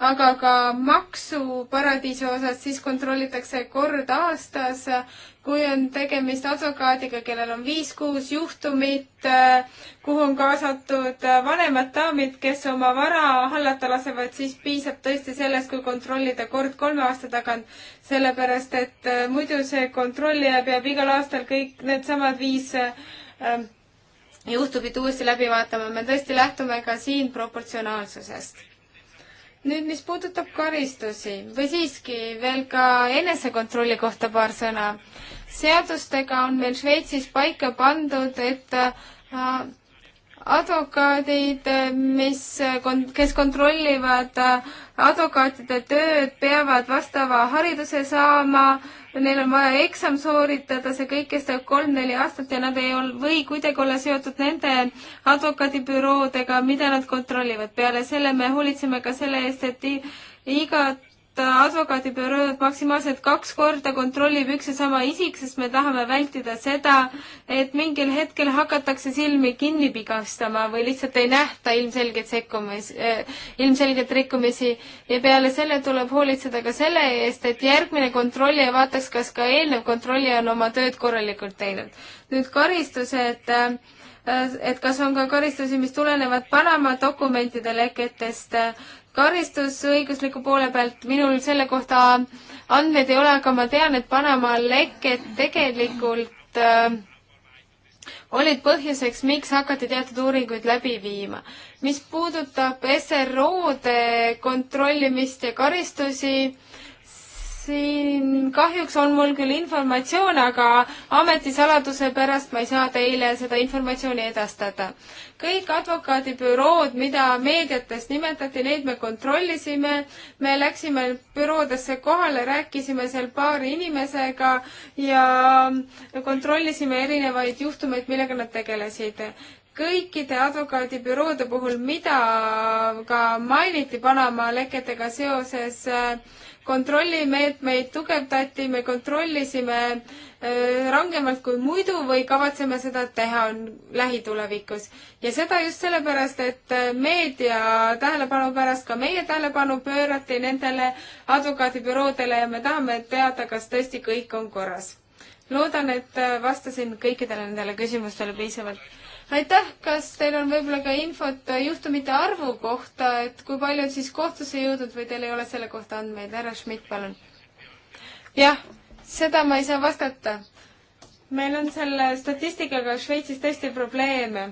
aga ka maksuparadiisi osas, siis kontrollitakse kord aastas kui on tegemist advokaadiga, kellel on viis-kuus juhtumit, kuhu on kaasatud vanemad daamid, kes oma vara hallata lasevad, siis piisab tõesti sellest, kui kontrollida kord kolme aasta tagant, sellepärast et äh, muidu see kontrollija peab igal aastal kõik needsamad viis äh, juhtumit uuesti läbi vaatama, me tõesti lähtume ka siin proportsionaalsusest nüüd, mis puudutab karistusi või siiski veel ka enesekontrolli kohta paar sõna seadustega on meil Šveitsis paika pandud, et äh, advokaadid, mis, kes kontrollivad äh, advokaatide tööd, peavad vastava hariduse saama, neil on vaja eksam sooritada, see kõik kestab kolm-neli aastat ja nad ei ol-, või kuidagi olla seotud nende advokaadibüroodega, mida nad kontrollivad. peale selle me hoolitseme ka selle eest, et igat Äh, advokaadibürood maksimaalselt kaks korda kontrollib üks ja sama isik, sest me tahame vältida seda, et mingil hetkel hakatakse silmi kinni pigastama või lihtsalt ei nähta ilmselgeid sekkumisi, äh, ilmselgeid rikkumisi. ja peale selle tuleb hoolitseda ka selle eest, et järgmine kontrollija vaataks, kas ka eelnev kontrollija on oma tööd korralikult teinud. nüüd karistused äh, et kas on ka karistusi, mis tulenevad Panama dokumentide leketest karistusõigusliku poole pealt minul selle kohta andmeid ei ole, aga ma tean, et Panama leked tegelikult äh, olid põhjuseks, miks hakati teatud uuringuid läbi viima. mis puudutab SRO-de kontrollimist ja karistusi, siin kahjuks on mul küll informatsioon, aga ametisaladuse pärast ma ei saa teile seda informatsiooni edastada. kõik advokaadibürood, mida meediates nimetati, neid me kontrollisime. me läksime büroodesse kohale, rääkisime seal paari inimesega ja kontrollisime erinevaid juhtumeid, millega nad tegelesid kõikide advokaadibüroode puhul, mida ka mainiti Panama leketega seoses äh, kontrollimeetmeid tugevdati, me kontrollisime äh, rangemalt kui muidu või kavatseme seda teha lähitulevikus. ja seda just sellepärast, et äh, meedia tähelepanu pärast ka meie tähelepanu pöörati nendele advokaadibüroodele ja me tahame teada, kas tõesti kõik on korras loodan, et äh, vastasin kõikidele nendele küsimustele piisavalt aitäh, kas teil on võib-olla ka infot juhtumite arvu kohta, et kui palju on siis kohtusse jõudnud või teil ei ole selle kohta andmeid? härra Schmidt, palun. jah, seda ma ei saa vastata. meil on selle statistikaga Šveitsis tõesti probleeme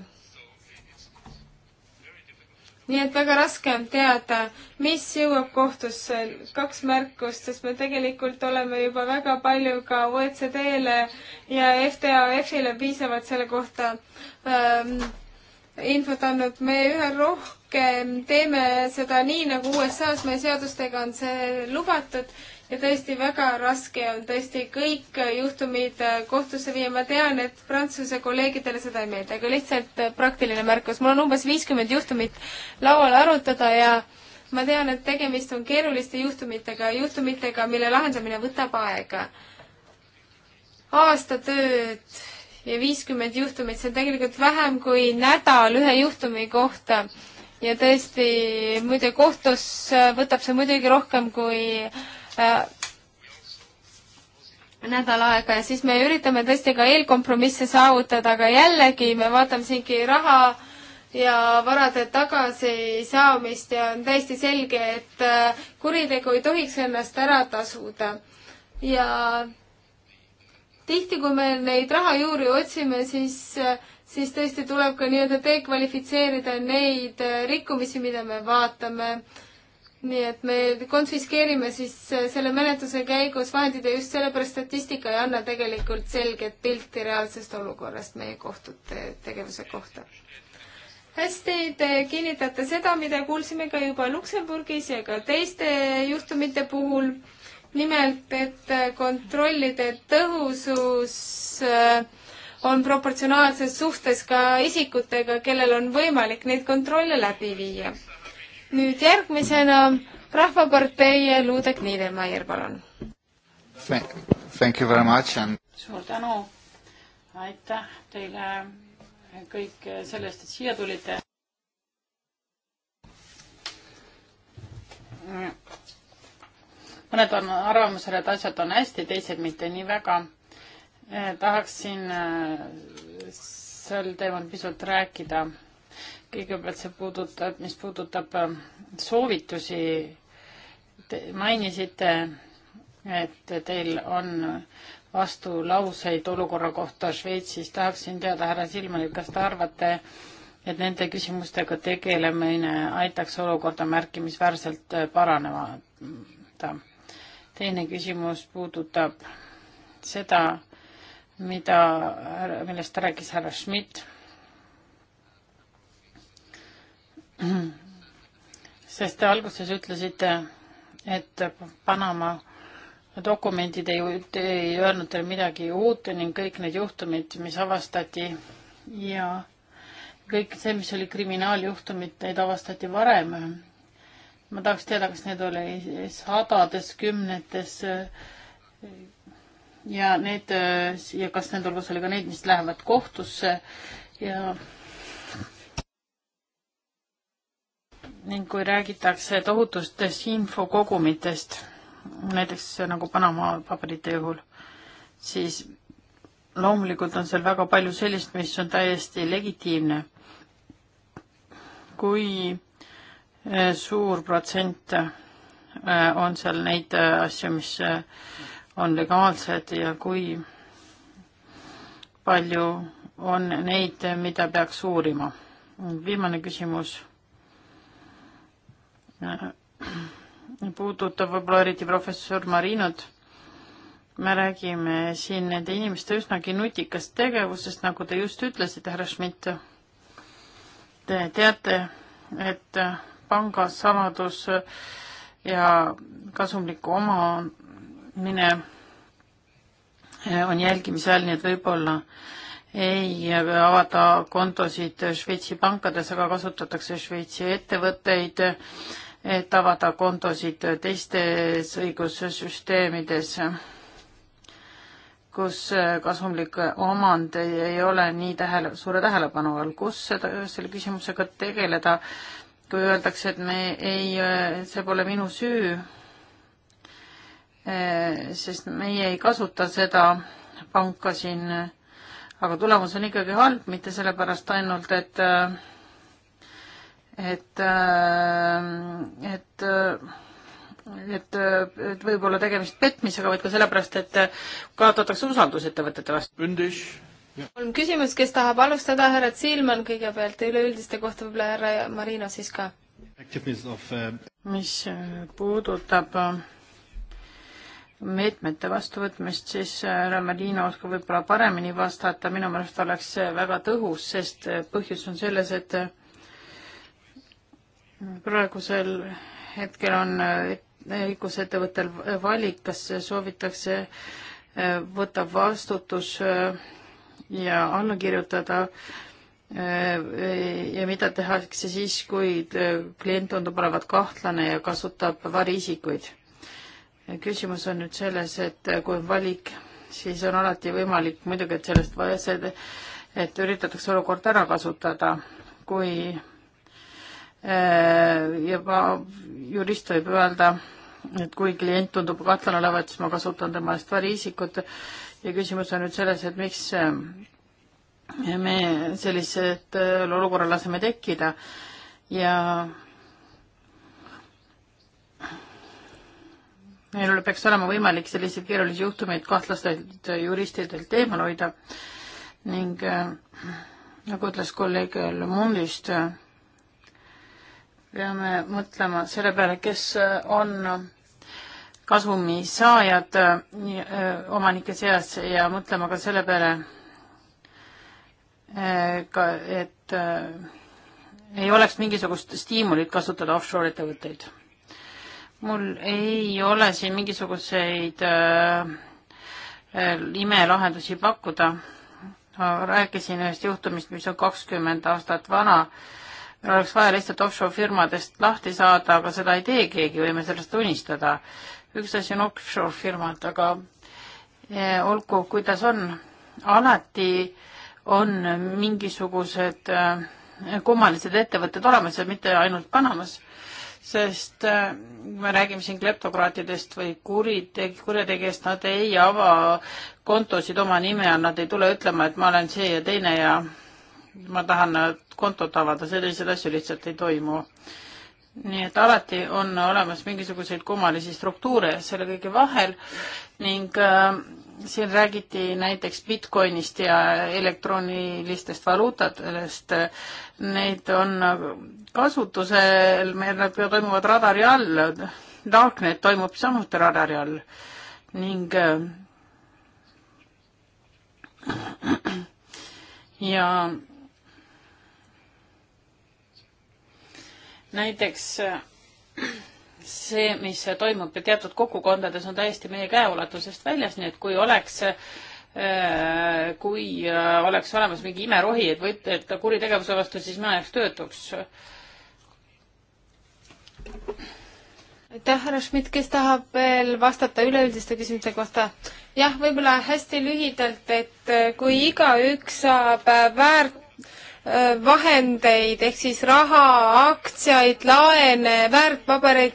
nii et väga raske on teada, mis jõuab kohtusse. kaks märkust, sest me tegelikult oleme juba väga palju ka OECD-le ja FTAF-ile piisavalt selle kohta ähm, infot andnud. me üha rohkem teeme seda nii, nagu USA-s meie seadustega on see lubatud ja tõesti väga raske on tõesti kõik juhtumid äh, kohtusse viia. ma tean, et Prantsuse kolleegidele seda ei meeldi, aga lihtsalt äh, praktiline märkus. mul on umbes viiskümmend juhtumit laual arutada ja ma tean, et tegemist on keeruliste juhtumitega, juhtumitega, mille lahendamine võtab aega. aasta tööd ja viiskümmend juhtumit, see on tegelikult vähem kui nädal ühe juhtumi kohta. ja tõesti, muide kohtus äh, võtab see muidugi rohkem kui Äh, nädal aega ja siis me üritame tõesti ka eelkompromisse saavutada, aga jällegi me vaatame siingi raha ja varade tagasisaamist ja on täiesti selge, et äh, kuritegu ei tohiks ennast ära tasuda. ja tihti, kui me neid raha juuri otsime, siis, äh, siis tõesti tuleb ka nii-öelda dekvalifitseerida neid rikkumisi, mida me vaatame nii et me konfiskeerime siis äh, selle menetluse käigus vahendid ja just sellepärast statistika ei anna tegelikult selget pilti reaalsest olukorrast meie kohtute tegevuse kohta. hästi, te kinnitate seda, mida kuulsime ka juba Luksemburgis ja ka teiste juhtumite puhul. nimelt, et äh, kontrollide tõhusus äh, on proportsionaalses suhtes ka isikutega, kellel on võimalik neid kontrolle läbi viia nüüd järgmisena Rahvapartei Luudek Niedermayer, palun. Thank you very much and suur tänu, aitäh teile kõik selle eest, et siia tulite. mõned on arvamusel, et asjad on hästi, teised mitte nii väga. Eh, tahaksin eh, sel teemal pisut rääkida kõigepealt see puudutab, mis puudutab äh, soovitusi, te mainisite, et teil on vastulauseid olukorra kohta Šveitsis, tahaksin teada, härra Silmanil, kas te arvate, et nende küsimustega tegelemine aitaks olukorda märkimisväärselt äh, paraneda. teine küsimus puudutab seda, mida, millest rääkis härra Schmidt, sest te alguses ütlesite, et Panama dokumendid ei, ei öelnud teile midagi uut ning kõik need juhtumid, mis avastati ja kõik see, mis oli kriminaaljuhtumid, neid avastati varem. ma tahaks teada, kas need oli sadades, kümnetes ja need ja kas nende hulgas oli ka neid, mis lähevad kohtusse ja ning kui räägitakse tohutustest infokogumitest, näiteks nagu Panama paberite juhul, siis loomulikult on seal väga palju sellist, mis on täiesti legitiimne. kui eh, suur protsent eh, on seal neid eh, asju, mis on legaalsed ja kui palju on neid, mida peaks uurima? viimane küsimus Äh, puudutab võib-olla eriti professor Marinot. me räägime siin nende inimeste üsnagi nutikast tegevusest, nagu te just ütlesite, härra Schmidt. Te teate, et pangasaladus ja kasumliku omamine on jälgimise all, nii et võib-olla ei avada kontosid Šveitsi pankades, aga kasutatakse Šveitsi ettevõtteid et avada kontosid teistes õigussüsteemides, kus kasumlik omand ei ole nii tähele, suure tähelepanu all, kus seda, selle küsimusega tegeleda, kui öeldakse, et me ei, see pole minu süü, eh, sest meie ei kasuta seda panka siin, aga tulemus on ikkagi halb, mitte sellepärast ainult, et Äh, äh, et, et et, et võib-olla tegemist petmisega, vaid ka sellepärast, et kaotatakse usaldus ettevõtete vastu. on küsimus, kes tahab alustada, härra Ziilmann kõigepealt ja üleüldiste kohta võib-olla härra Marino siis ka. Äh, mis puudutab meetmete vastuvõtmist, siis härra Merino oskab võib-olla paremini vastata, minu meelest oleks see väga tõhus, sest põhjus on selles, et praegusel hetkel on äh, õigusettevõttel valik, kas soovitakse äh, võtta vastutus äh, ja alla kirjutada ja mida tehakse siis, kui klient tundub olevat kahtlane ja kasutab variisikuid. küsimus on nüüd selles, et kui on valik, siis on alati võimalik muidugi, et sellest, et üritatakse olukord ära kasutada, kui Äh, juba jurist võib öelda, et kui klient tundub katlane olevat, siis ma kasutan tema eest variisikut ja küsimus on nüüd selles, et miks äh, me sellised äh, olukorra laseme tekkida ja meil peaks olema võimalik selliseid keerulisi juhtumeid kahtlastelt juristidelt eemal hoida ning nagu ütles kolleeg Lumundist äh,, peame mõtlema selle peale, kes äh, on äh, kasumisaajad äh, omanike seas ja mõtlema ka selle peale, ka, et ei oleks mingisugust stiimulit kasutada offshore ettevõtteid. mul ei ole siin mingisuguseid imelahendusi pakkuda. rääkisin ühest juhtumist, mis on kakskümmend aastat vana meil oleks vaja lihtsalt offshore firmadest lahti saada, aga seda ei tee keegi, võime sellest unistada. üks asi on offshore firmad, aga eh, olgu, kuidas on, alati on mingisugused eh, kummalised ettevõtted olemas ja mitte ainult Panamas, sest eh, me räägime siin kleptokraatidest või kuriteg-, kurjategijast, nad ei ava kontosid oma nime all, nad ei tule ütlema, et ma olen see ja teine ja ma tahan äh, kontot avada, selliseid asju lihtsalt ei toimu. nii et alati on olemas mingisuguseid kummalisi struktuure selle kõige vahel ning äh, siin räägiti näiteks Bitcoinist ja elektroonilistest valuutadest, neid on äh, kasutusel, meil nad toimuvad radari all, Darknet toimub samuti radari all ning äh, ja näiteks see, mis toimub teatud kogukondades, on täiesti meie käeulatusest väljas, nii et kui oleks äh, kui äh, oleks olemas mingi imerohi, et võit-, et kuritegevuse vastu, siis mina jääks töötuks. aitäh, härra Schmidt, kes tahab veel vastata üleüldiste küsimuste kohta? jah, võib-olla hästi lühidalt, et äh, kui igaüks saab väärt vahendeid ehk siis raha, aktsiaid, laene, väärtpabereid,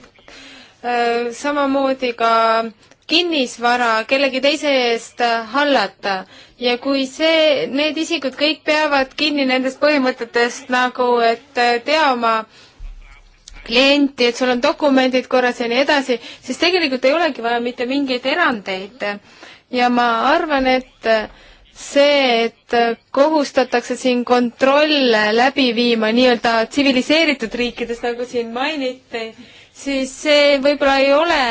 äh, samamoodi ka kinnisvara kellegi teise eest hallata ja kui see, need isikud kõik peavad kinni nendest põhimõtetest nagu, et äh, tea oma klienti, et sul on dokumendid korras ja nii edasi, siis tegelikult ei olegi vaja mitte mingeid erandeid. ja ma arvan, et äh, see, et kohustatakse siin kontrolle läbi viima nii-öelda tsiviliseeritud riikides, nagu siin mainiti, siis see võib-olla ei ole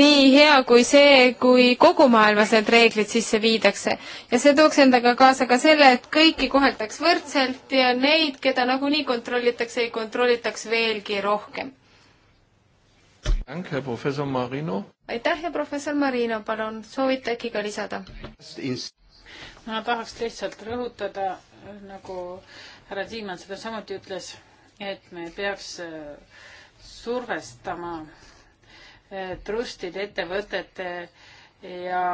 nii hea kui see, kui kogu maailmas need reeglid sisse viidakse. ja see tooks endaga kaasa ka selle, et kõiki koheldaks võrdselt ja neid, keda nagunii kontrollitakse, ei kontrollitaks veelgi rohkem. aitäh ja professor Marino, palun, soovite äkki ka lisada? ma tahaks lihtsalt rõhutada, nagu härra Siimann seda samuti ütles, et me peaks äh, survestama äh, trustide, ettevõtete ja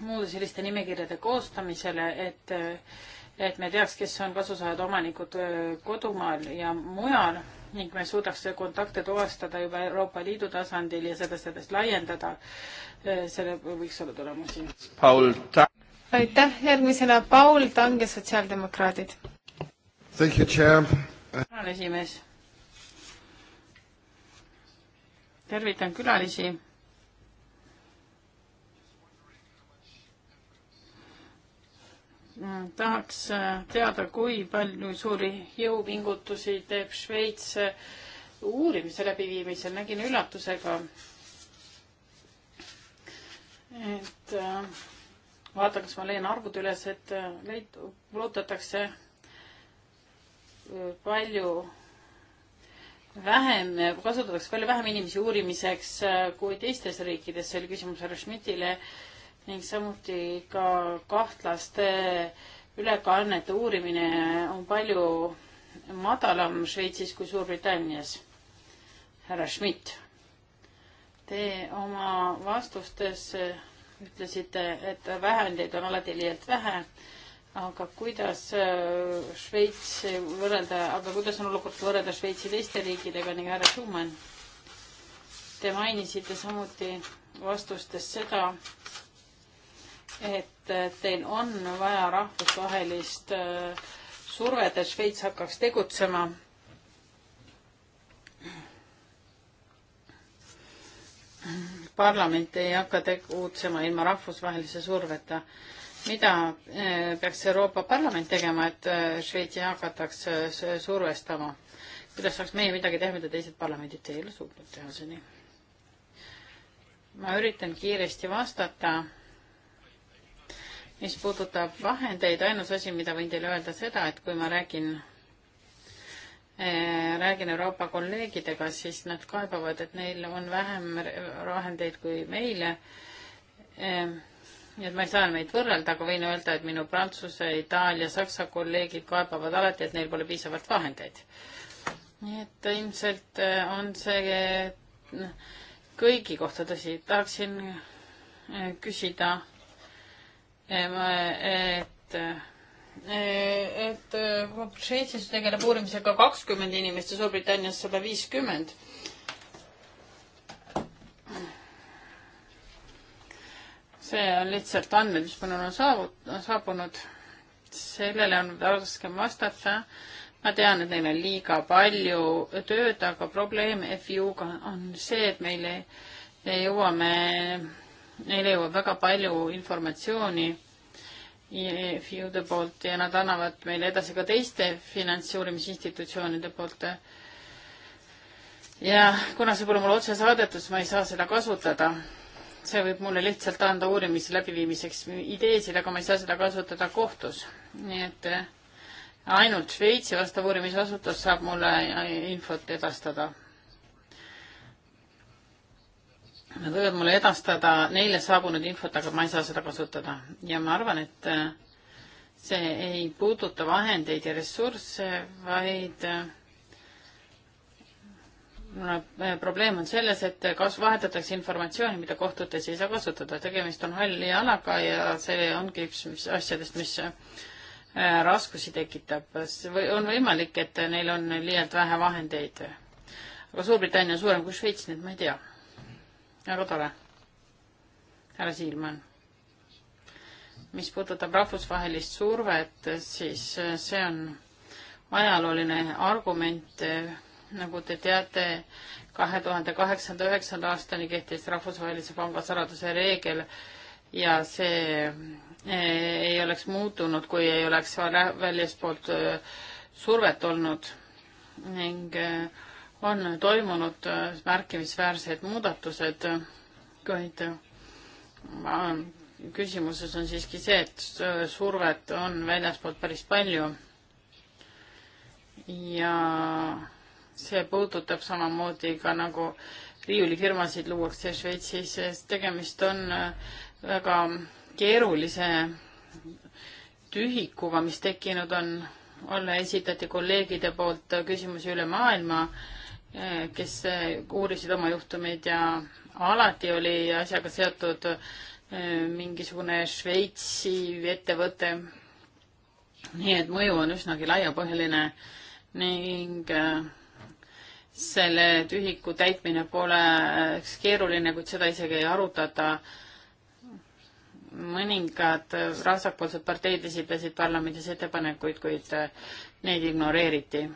muude selliste nimekirjade koostamisele, et, äh, et me teaks, kes on kasusaajad omanikud kodumaal ja mujal ning me suudaks kontakte tuvastada juba Euroopa Liidu tasandil ja seda sellest laiendada. selle võiks olla tulemusi. Paul Ta- aitäh, järgmisena Paul Tang ja sotsiaaldemokraadid. tänan, esimees. tervitan külalisi. tahaks äh, teada, kui palju suuri jõupingutusi teeb Šveits äh, uurimise läbiviimisel, nägin üllatusega, et äh, vaatan, kas ma leian arvud üles, et leid-, äh, kulutatakse äh, palju vähem, kasutatakse palju vähem inimesi uurimiseks äh, kui teistes riikides, see oli küsimus härra Schmidtile, ning samuti ka kahtlaste ülekannete uurimine on palju madalam Šveitsis kui Suurbritannias. härra Schmidt, te oma vastustes ütlesite, et vähendeid on alati liialt vähe, aga kuidas äh, Šveits võrrelda, aga kuidas on olukord võrrelda Šveitsi teiste riikidega ning härra Schumann, te mainisite samuti vastustes seda, et teil on vaja rahvusvahelist äh, survet, et Šveits hakkaks tegutsema parlament ei hakka tegutsema ilma rahvusvahelise surveta. mida eh, peaks Euroopa Parlament tegema, et eh, Šveitsi hakataks eh, survestama? kuidas saaks meie midagi teha, mida teised parlamendid ei ole suutnud teha seni? ma üritan kiiresti vastata. mis puudutab vahendeid, ainus asi, mida võin teile öelda seda, et kui ma räägin Eh, räägin Euroopa kolleegidega, siis nad kaebavad, et neil on vähem vahendeid kui meile. nii eh, et ma ei saa meid võrrelda, aga võin öelda, et minu Prantsuse, Itaalia, Saksa kolleegid kaebavad alati, et neil pole piisavalt vahendeid. nii et ilmselt eh, on see kõigi kohta tõsi. tahaksin küsida, et et eh, Šveitsis tegeleb uurimisega kakskümmend inimest ja Suurbritannias sada viiskümmend. see on lihtsalt andmed, mis mul on saavut-, saabunud. sellele on raskem vastata. ma tean, et neil on liiga palju tööd, aga probleem FIU-ga on see, et meile jõuame, neile jõuab väga palju informatsiooni FIU-de poolt ja nad annavad meile edasi ka teiste finantsuurimisinstitutsioonide poolt. ja kuna see pole mulle otse saadetud, siis ma ei saa seda kasutada. see võib mulle lihtsalt anda uurimise läbiviimiseks ideesid, aga ma ei saa seda kasutada kohtus. nii et eh, ainult Šveitsi vastav uurimisasutus saab mulle infot edastada Nad võivad mulle edastada neile saabunud infot, aga ma ei saa seda kasutada ja ma arvan, et äh, see ei puuduta vahendeid ja ressursse, vaid äh, no, äh, probleem on selles, et kas vahetatakse informatsiooni, mida kohtutes ei saa kasutada, tegemist on halli alaga ja see ongi üks mis asjadest, mis raskusi tekitab. või on võimalik, et neil on liialt vähe vahendeid. aga Suurbritannia on suurem kui Šveits, nii et ma ei tea väga nagu tore, härra Siilmann. mis puudutab rahvusvahelist survet, siis äh, see on ajalooline argument, nagu te teate, kahe tuhande kaheksanda, üheksanda aastani kehtis Rahvusvahelise Pangasaladuse reegel ja see äh, ei oleks muutunud, kui ei oleks väljastpoolt äh, survet olnud ning äh, on toimunud äh, märkimisväärsed muudatused, kuid äh, küsimuses on siiski see, et äh, survet on väljaspoolt päris palju. ja see puudutab samamoodi ka nagu riiulifirmasid luuakse Šveitsis, sest tegemist on väga keerulise tühikuga, mis tekkinud on. olla esitati kolleegide poolt küsimusi üle maailma äh, Äh, kes äh, uurisid oma juhtumeid ja alati oli asjaga seotud äh, mingisugune Šveitsi ettevõte. nii et mõju on üsnagi laiapõhjaline ning selle tühiku täitmine pole keeruline, kuid seda isegi ei arutata. mõningad vasakpoolsed parteid esitasid parlamendis ettepanekuid, kuid neid ignoreeriti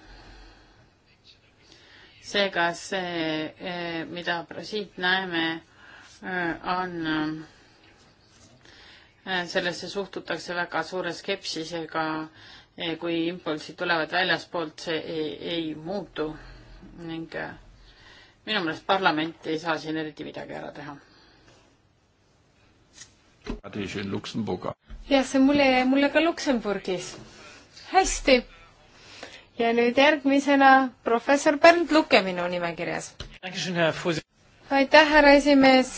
seega see, eh, mida siit näeme, eh, on, eh, sellesse suhtutakse väga suure skepsisega, kui impulsid tulevad väljaspoolt, see ei, ei muutu ning minu meelest parlament ei saa siin eriti midagi ära teha. jah, see mulje jäi mulle ka Luksemburgis. hästi ja nüüd järgmisena professor Bernd Luke minu nimekirjas. aitäh, härra esimees!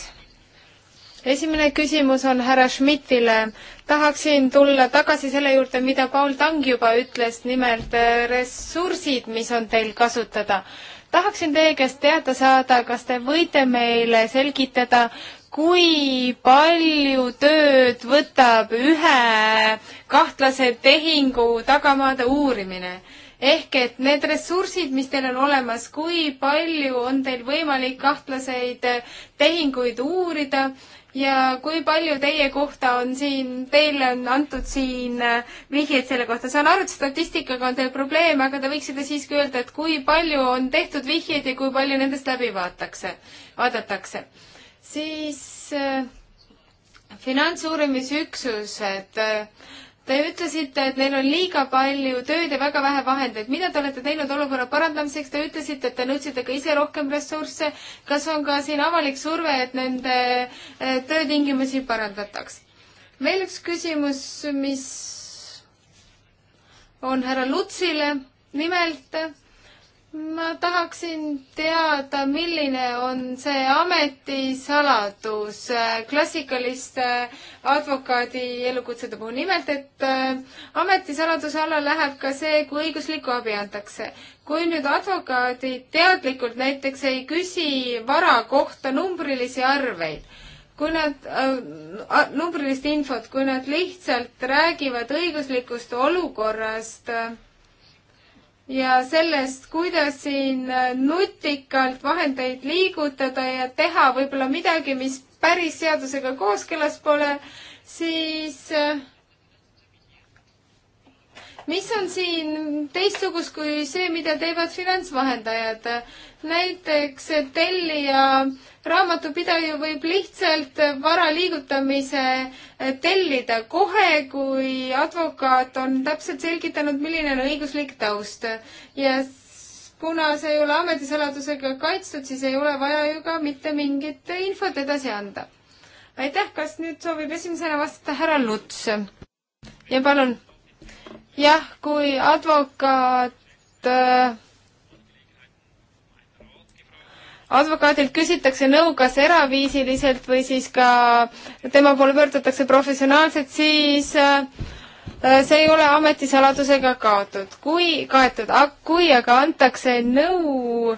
esimene küsimus on härra Schmidtile. tahaksin tulla tagasi selle juurde, mida Paul Tang juba ütles, nimelt äh, ressursid, mis on teil kasutada. tahaksin teie käest teada saada, kas te võite meile selgitada, kui palju tööd võtab ühe kahtlase tehingu tagamaade uurimine ehk et need ressursid, mis teil on olemas, kui palju on teil võimalik kahtlaseid eh, tehinguid uurida ja kui palju teie kohta on siin, teile on antud siin eh, vihjeid selle kohta. saan aru, et statistikaga on teil probleeme, aga te võiksite siiski öelda, et kui palju on tehtud vihjeid ja kui palju nendest läbi vaatakse, vaadatakse. siis äh, eh, finantsuurimisüksused äh, Te ütlesite, et neil on liiga palju tööd ja väga vähe vahendeid. mida te olete teinud olukorra parandamiseks? Te ütlesite, et te nõudsite ka ise rohkem ressursse. kas on ka siin avalik surve, et nende eh, töötingimusi parandataks? veel üks küsimus, mis on härra Lutsile. nimelt ma tahaksin teada, milline on see ametisaladus klassikaliste advokaadi elukutsede puhul. nimelt, et äh, ametisaladuse alla läheb ka see, kui õiguslikku abi antakse. kui nüüd advokaadid teadlikult näiteks ei küsi vara kohta numbrilisi arveid, kui nad äh,, numbrilist infot, kui nad lihtsalt räägivad õiguslikust olukorrast äh, ja sellest, kuidas siin nutikalt vahendeid liigutada ja teha võib-olla midagi, mis päris seadusega kooskõlas pole, siis äh, mis on siin teistsugust kui see, mida teevad finantsvahendajad? näiteks tellija raamatupidaja võib lihtsalt vara liigutamise tellida kohe, kui advokaat on täpselt selgitanud, milline on õiguslik taust. ja kuna see ei ole ametisaladusega kaitstud, siis ei ole vaja ju ka mitte mingit infot edasi anda. aitäh, kas nüüd soovib esimesena vastata härra Luts? ja palun. jah, kui advokaat äh, advokaadilt küsitakse nõu kas eraviisiliselt või siis ka tema poole pöördutakse professionaalselt, siis äh, äh, see ei ole ametisaladusega kaotud, kui kaetud, kui aga antakse nõu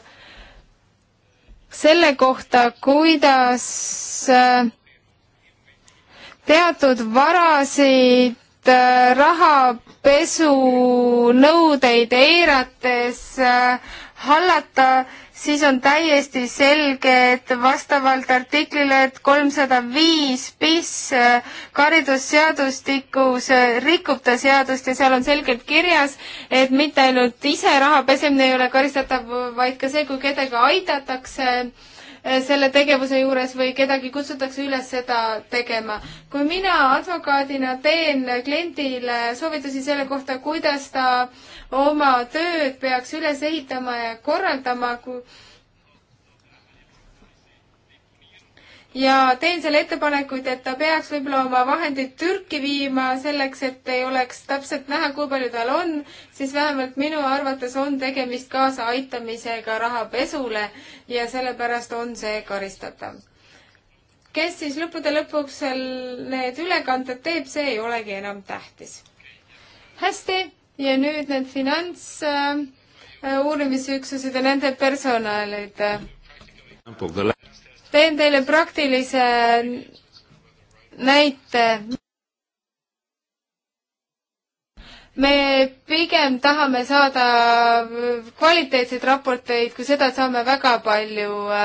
selle kohta, kuidas äh, teatud varasid rahapesunõudeid eirates hallata, siis on täiesti selge, et vastavalt artiklile kolmsada viis BIS äh, karidusseadustikus äh, rikub ta seadust ja seal on selgelt kirjas, et mitte ainult ise raha pesemine ei ole karistatav, vaid ka see, kui kedagi aidatakse äh, Eh, selle tegevuse juures või kedagi kutsutakse üles seda tegema. kui mina advokaadina teen kliendile soovitusi selle kohta, kuidas ta oma tööd peaks üles ehitama ja korraldama, ja teen selle ettepanekuid, et ta peaks võib-olla oma vahendid Türki viima selleks, et ei oleks täpselt näha, kui palju tal on, siis vähemalt minu arvates on tegemist kaasaaitamisega rahapesule ja sellepärast on see karistatav. kes siis lõppude lõpuks seal need ülekanded teeb, see ei olegi enam tähtis. hästi, ja nüüd need finants äh, äh uurimisüksused ja nende personalid äh teen teile praktilise näite. me pigem tahame saada kvaliteetseid raporteid, kui seda, et saame väga palju äh,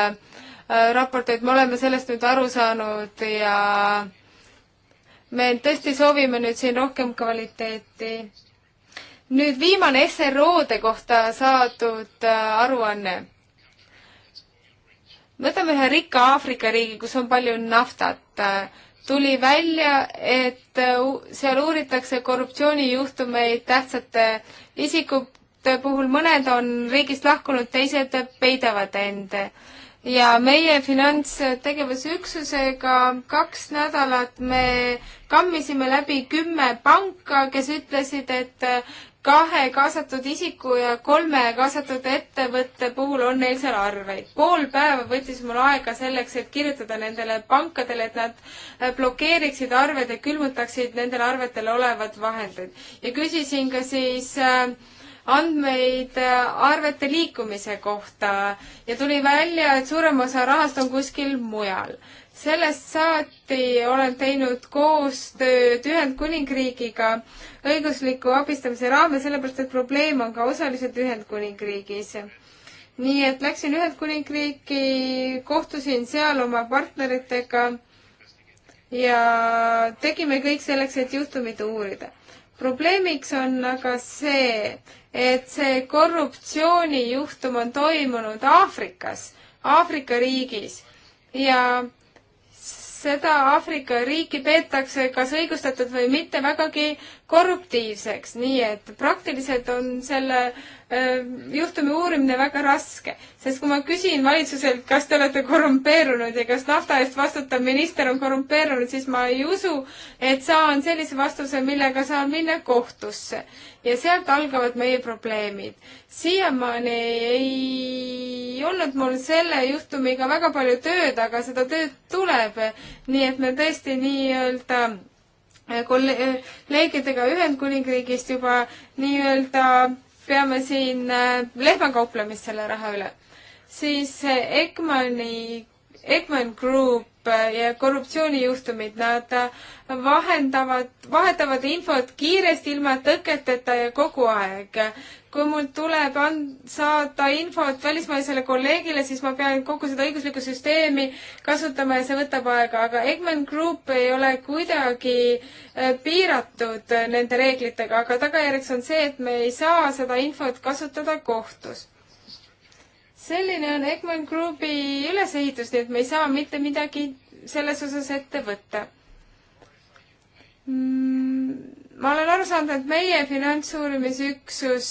äh, raporteid, me oleme sellest nüüd aru saanud ja me tõesti soovime nüüd siin rohkem kvaliteeti nüüd viimane SRO-de kohta saadud äh, aruanne võtame ühe rikka Aafrika riigi, kus on palju naftat. tuli välja, et äh, seal uuritakse korruptsioonijuhtumeid tähtsate isikute puhul, mõned on riigist lahkunud, teised peidavad end. ja meie finantstegevusüksusega kaks nädalat me kammisime läbi kümme panka, kes ütlesid, et äh, kahe kaasatud isiku ja kolme kaasatud ettevõtte puhul on neil seal arveid. pool päeva võttis mul aega selleks, et kirjutada nendele pankadele, et nad äh, blokeeriksid arved ja külmutaksid nendel arvetel olevad vahendid. ja küsisin ka siis äh, andmeid äh, arvete liikumise kohta ja tuli välja, et suurem osa rahast on kuskil mujal sellest saati olen teinud koostööd Ühendkuningriigiga õigusliku abistamise raames, sellepärast et probleem on ka osaliselt Ühendkuningriigis nii et läksin Ühendkuningriiki, kohtusin seal oma partneritega ja tegime kõik selleks, et juhtumit uurida. probleemiks on aga see, et see korruptsioonijuhtum on toimunud Aafrikas, Aafrika riigis ja seda Aafrika riiki peetakse kas õigustatud või mitte vägagi korruptiivseks, nii et praktiliselt on selle Äh, juhtumi uurimine väga raske, sest kui ma küsin valitsuselt, kas te olete korrumpeerunud ja kas nafta eest vastutav minister on korrumpeerunud, siis ma ei usu, et saan sellise vastuse, millega saan minna kohtusse. ja sealt algavad meie probleemid. siiamaani ei olnud mul selle juhtumiga väga palju tööd, aga seda tööd tuleb, nii et me tõesti nii-öelda äh, kolleegidega äh, Ühendkuningriigist juba nii-öelda peame siin äh, lehmakauplemist selle raha üle, siis äh, Egmoni, Egmon Group ja korruptsioonijuhtumid, nad vahendavad, vahetavad infot kiiresti ilma tõketeta ja kogu aeg. kui mul tuleb and-, saada infot välismaisele kolleegile, siis ma pean kogu seda õiguslikku süsteemi kasutama ja see võtab aega, aga Eggman Group ei ole kuidagi äh, piiratud nende reeglitega, aga tagajärjeks on see, et me ei saa seda infot kasutada kohtus selline on Egmont Groupi ülesehitus, nii et me ei saa mitte midagi selles osas ette võtta mm,. ma olen aru saanud, et meie finantsuurimisüksus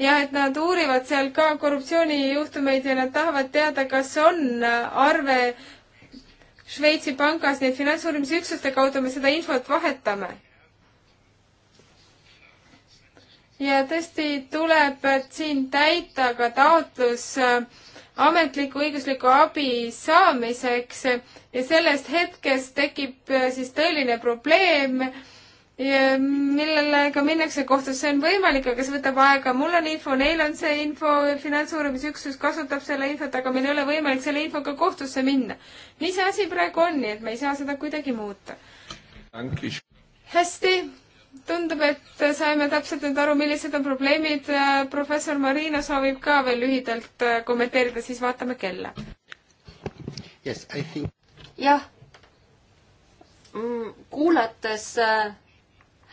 jah, et nad uurivad seal ka korruptsioonijuhtumeid ja nad tahavad teada, kas on arve Šveitsi pangas, nii et finantsuurimisüksuste kaudu me seda infot vahetame ja tõesti tuleb siin täita ka taotlus äh, ametliku õigusliku abi saamiseks ja sellest hetkest tekib äh, siis tõeline probleem, millega minnakse kohtusse, on võimalik, aga see võtab aega. mul on info, neil on see info, finantsuurimisüksus kasutab selle infot, aga meil ei ole võimalik selle infoga kohtusse minna. nii see asi praegu on, nii et me ei saa seda kuidagi muuta. hästi tundub, et saime täpselt nüüd aru, millised on probleemid. professor Marina soovib ka veel lühidalt äh, kommenteerida, siis vaatame kella. jah, mm, kuulates äh,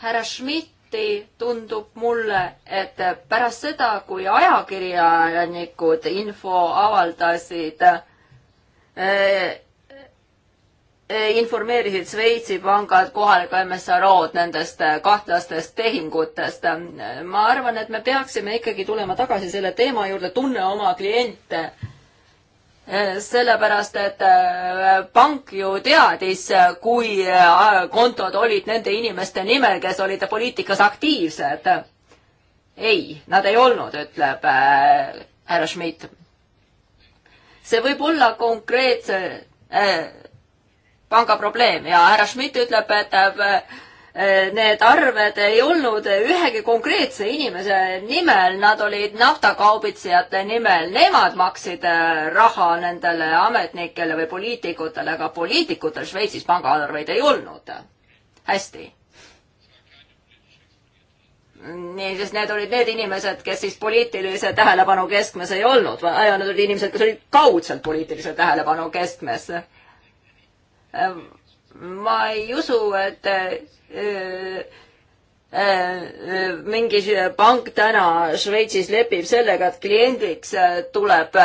härra Schmidti tundub mulle, et pärast seda, kui ajakirjanikud info avaldasid äh,, Eh, informeerisid Šveitsi pangad kohalikku MSRO-d nendest eh, kahtlastest tehingutest. ma arvan, et me peaksime ikkagi tulema tagasi selle teema juurde, tunne oma kliente. Eh, sellepärast, et pank ju teadis, kui kontod olid nende inimeste nimel, kes olid poliitikas aktiivsed. ei, nad ei olnud, ütleb härra Schmidt. see võib olla konkreetse äh, panga probleem ja härra Schmidt ütleb, et need arved ei olnud ühegi konkreetse inimese nimel, nad olid naftakaubitsejate nimel, nemad maksid äh, raha nendele ametnikele või poliitikutele, aga poliitikutel Šveitsis pangaarveid ei olnud. hästi. niisiis, need olid need inimesed, kes siis poliitilise tähelepanu keskmes ei olnud, nad olid inimesed, kes olid kaudselt poliitilise tähelepanu keskmes Äh, ma ei usu, et äh, äh, mingi pank täna Šveitsis lepib sellega, et kliendiks tuleb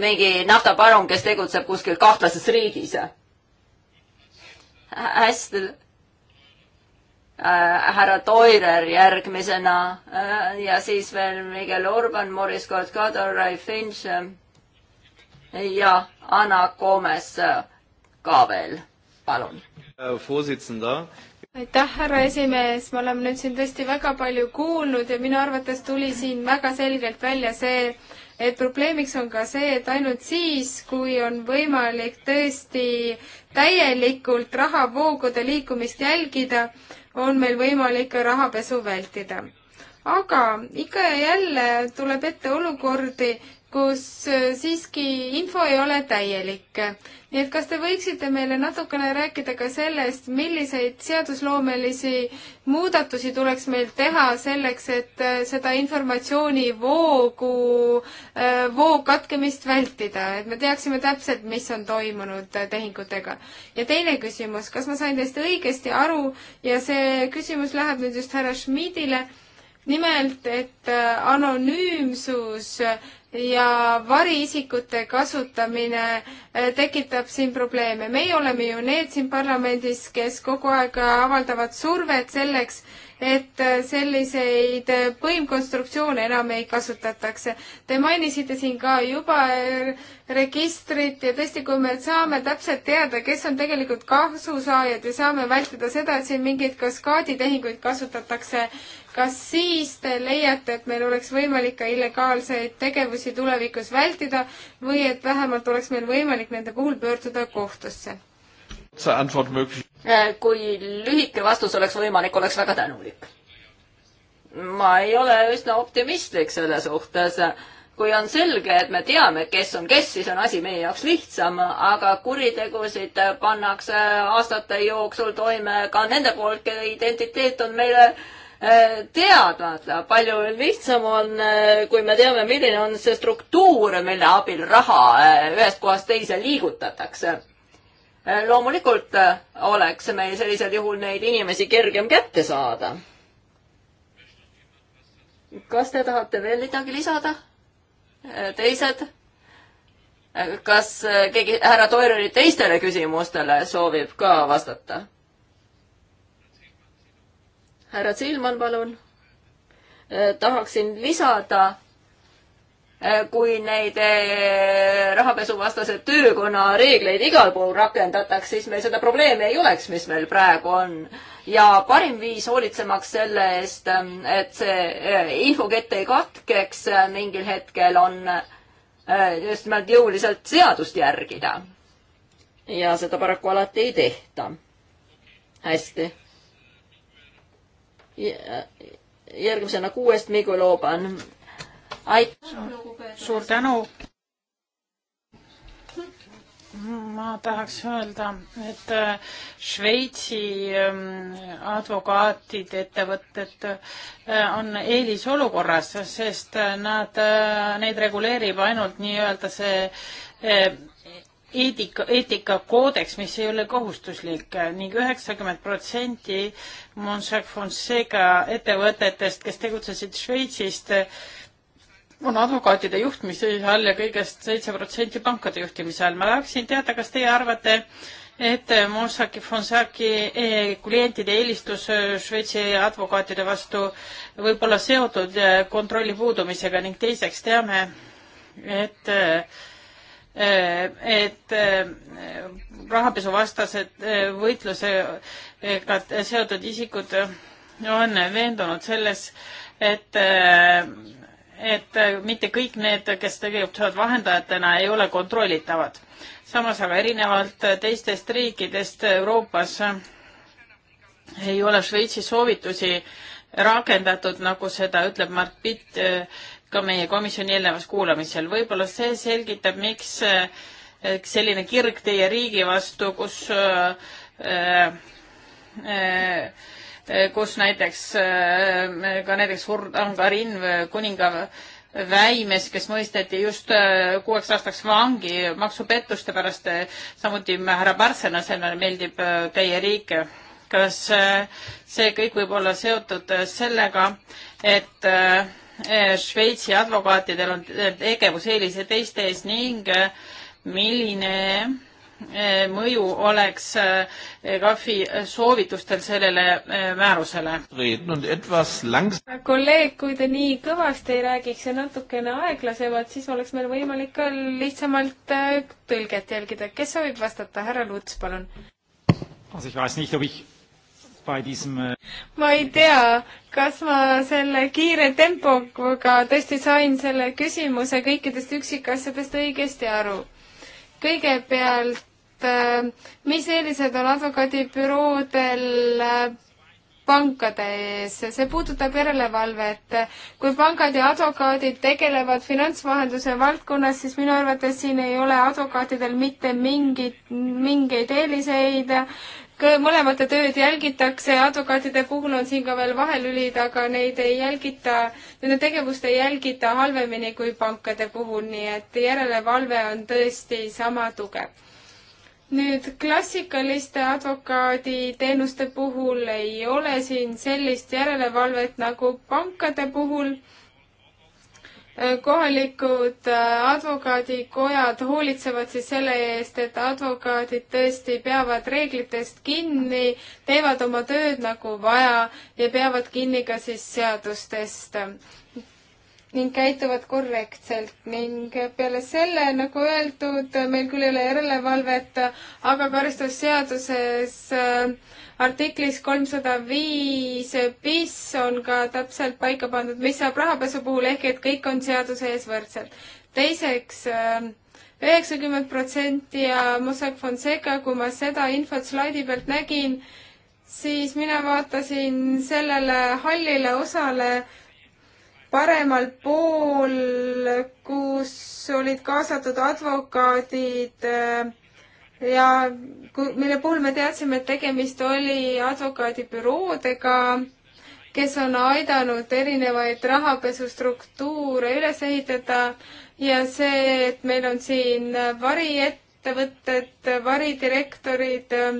mingi naftaparun, kes tegutseb kuskil kahtlases riigis. hästi. härra Toirer järgmisena ja siis veel Miguel Urban, Maurice Kotkador, Ray Finch ja Anna Gomes ka veel, palun. Äh, aitäh, härra esimees, me oleme nüüd siin tõesti väga palju kuulnud ja minu arvates tuli siin väga selgelt välja see, et probleemiks on ka see, et ainult siis, kui on võimalik tõesti täielikult rahavoogude liikumist jälgida, on meil võimalik ka rahapesu vältida. aga ikka ja jälle tuleb ette olukordi, kus äh, siiski info ei ole täielik nii et kas te võiksite meile natukene rääkida ka sellest, milliseid seadusloomelisi muudatusi tuleks meil teha selleks, et äh, seda informatsioonivoogu, äh, voo katkemist vältida, et me teaksime täpselt, mis on toimunud äh, tehingutega. ja teine küsimus, kas ma sain teist õigesti aru ja see küsimus läheb nüüd just härra Schmidile nimelt, et äh, anonüümsus äh, ja variisikute kasutamine äh, tekitab siin probleeme. meie oleme ju need siin parlamendis, kes kogu aeg avaldavad survet selleks, et selliseid põimkonstruktsioone enam ei kasutatakse. Te mainisite siin ka juba registrit ja tõesti, kui me saame täpselt teada, kes on tegelikult kasusaajad ja saame vältida seda, et siin mingeid kaskaaditehinguid kasutatakse, kas siis te leiate, et meil oleks võimalik ka illegaalseid tegevusi tulevikus vältida või et vähemalt oleks meil võimalik nende puhul pöörduda kohtusse? Äh, kui lühike vastus oleks võimalik, oleks väga tänulik. ma ei ole üsna optimistlik selle suhtes. kui on selge, et me teame, kes on kes, siis on asi meie jaoks lihtsam, aga kuritegusid pannakse aastate jooksul toime ka nende poolt, kelle identiteet on meile äh, teadmata, palju lihtsam on, äh, kui me teame, milline on see struktuur, mille abil raha ühest kohast teise liigutatakse Äh, loomulikult äh, oleks meil sellisel juhul neid inimesi kergem kätte saada. kas te tahate veel midagi lisada? Äh, teised? kas keegi härra Toireri teistele küsimustele soovib ka vastata? härra Silman, palun. tahaksin lisada Äh, kui neid äh, rahapesuvastase töökonna reegleid igal pool rakendataks, siis meil seda probleemi ei oleks, mis meil praegu on. ja parim viis hoolitsemaks selle eest, ähm, et see äh, infokett ei katkeks mingil hetkel, on just nimelt jõuliselt seadust järgida. ja seda paraku alati ei tehta. hästi. järgmisena kuuest Migu Looban aitäh, suur tänu. ma tahaks öelda, et äh, Šveitsi ähm, advokaatide ettevõtted äh, on eelisolukorras, sest äh, nad, neid reguleerib ainult nii-öelda see eetika, eetikakoodeks, mis ei ole kohustuslik ning üheksakümmend protsenti Monsac Fonseca ettevõtetest, kes tegutsesid Šveitsist, on advokaatide juhtimise all ja kõigest seitse protsenti pankade juhtimise all. ma tahaksin teada, kas teie arvate, et Mossack Fonsaki eh, klientide eelistus eh, Šveitsi advokaatide vastu võib olla seotud eh, kontrolli puudumisega ning teiseks teame, et et rahapesuvastased võitlusega seotud isikud on veendunud selles, et et äh, mitte kõik need, kes tegutsevad vahendajatena, ei ole kontrollitavad. samas aga erinevalt äh, teistest riikidest Euroopas äh, ei ole Šveitsi soovitusi rakendatud, nagu seda ütleb Mart Pitt ka meie komisjoni eelnevas kuulamisel. võib-olla see selgitab, miks selline kirg teie riigi vastu, kus äh, äh, Eh, kus näiteks eh, ka näiteks Hurdangarin, eh, kuninga Väimes, kes mõisteti just kuueks aastaks vangi maksupettuste pärast, samuti härra Barsenasena meeldib teie riik. kas see kõik võib olla seotud sellega, et Šveitsi advokaatidel on tegevuseelise teiste ees ning milline Eh, mõju oleks KAF-i eh, soovitustel sellele eh, määrusele. Äh, kolleeg, kui te nii kõvasti ei räägiks ja natukene aeglasemalt, siis oleks meil võimalik ka lihtsamalt äh, tõlget jälgida. kes soovib vastata? härra Luts, palun. Äh, ma ei tea, kas ma selle kiire tempoga tõesti sain selle küsimuse kõikidest üksikasjadest õigesti aru. kõigepealt Äh, mis eelised on advokaadibüroodel äh, pankade ees, see puudutab järelevalvet. kui pangad ja advokaadid tegelevad finantsvahenduse valdkonnas, siis minu arvates siin ei ole advokaatidel mitte mingit, mingeid eeliseid. mõlemate tööd jälgitakse, advokaatide puhul on siin ka veel vahelülid, aga neid ei jälgita, nende tegevust ei jälgita halvemini kui pankade puhul, nii et järelevalve on tõesti sama tugev nüüd klassikaliste advokaaditeenuste puhul ei ole siin sellist järelevalvet nagu pankade puhul. kohalikud äh, advokaadikojad hoolitsevad siis selle eest, et advokaadid tõesti peavad reeglitest kinni, teevad oma tööd nagu vaja ja peavad kinni ka siis seadustest ning käituvad korrektselt ning peale selle, nagu öeldud, meil küll ei ole järelevalvet, aga karistusseaduses äh, artiklis kolmsada viis bis on ka täpselt paika pandud, mis saab rahapesu puhul, ehk et kõik on seaduse ees võrdselt. teiseks, äh, üheksakümmend protsenti ja Mossack Fonseca, kui ma seda infot slaidi pealt nägin, siis mina vaatasin sellele hallile osale paremal pool, kus olid kaasatud advokaadid äh, ja mille puhul me teadsime, et tegemist oli advokaadibüroodega, kes on aidanud erinevaid rahapesustruktuure üles ehitada ja see, et meil on siin variettevõtted, varidirektorid ja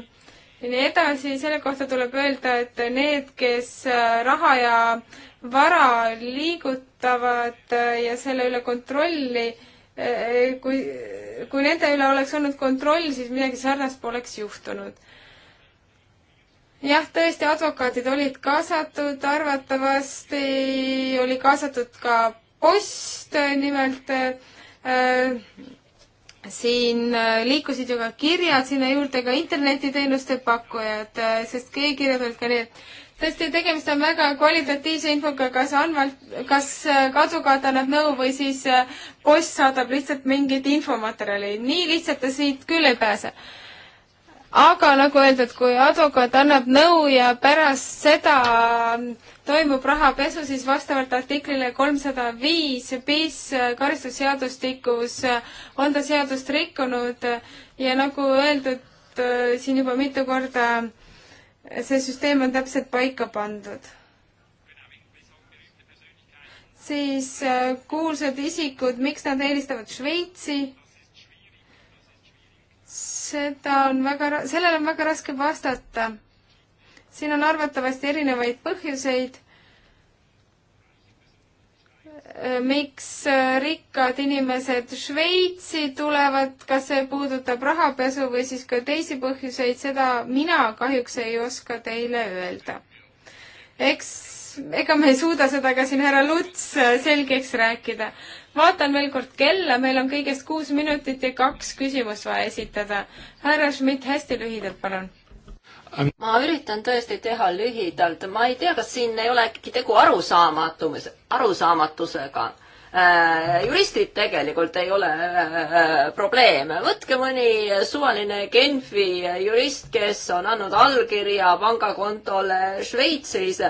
nii edasi, selle kohta tuleb öelda, et need, kes äh, raha ja vara liigutavad äh, ja selle üle kontrolli, äh, kui, kui nende üle oleks olnud kontroll, siis midagi sarnast poleks juhtunud. jah, tõesti, advokaadid olid kaasatud, arvatavasti oli kaasatud ka post, nimelt äh, siin äh, liikusid ju ka kirjad sinna juurde, ka internetiteenuste pakkujad, sest e-kirjad olid ka need, tõesti, tegemist on väga kvalitatiivse infoga, kas andmed, kas äh, kasukaart annab nõu või siis äh, post saadab lihtsalt mingit infomaterjali. nii lihtsalt ta siit küll ei pääse. aga nagu öeldud, kui advokaat annab nõu ja pärast seda ähm, toimub rahapesu, siis vastavalt artiklile kolmsada viis BIS äh, karistusseadustikus on ta seadust rikkunud ja nagu öeldud siin juba mitu korda äh, see süsteem on täpselt paika pandud. siis äh, kuulsad isikud, miks nad eelistavad Šveitsi? seda on väga, sellele on väga raske vastata. siin on arvatavasti erinevaid põhjuseid Äh, miks äh, rikkad inimesed Šveitsi tulevad, kas see puudutab rahapesu või siis ka teisi põhjuseid, seda mina kahjuks ei oska teile öelda. eks, ega me ei suuda seda ka siin härra Luts äh, selgeks rääkida. vaatan veel kord kella, meil on kõigest kuus minutit ja kaks küsimust vaja esitada. härra Schmidt, hästi lühidalt, palun ma üritan tõesti teha lühidalt, ma ei tea, kas siin ei ole äkki tegu arusaamatus, arusaamatusega äh, juristid tegelikult ei ole äh, probleem. võtke mõni suvaline Genfi jurist, kes on andnud allkirja pangakontole Šveitsis.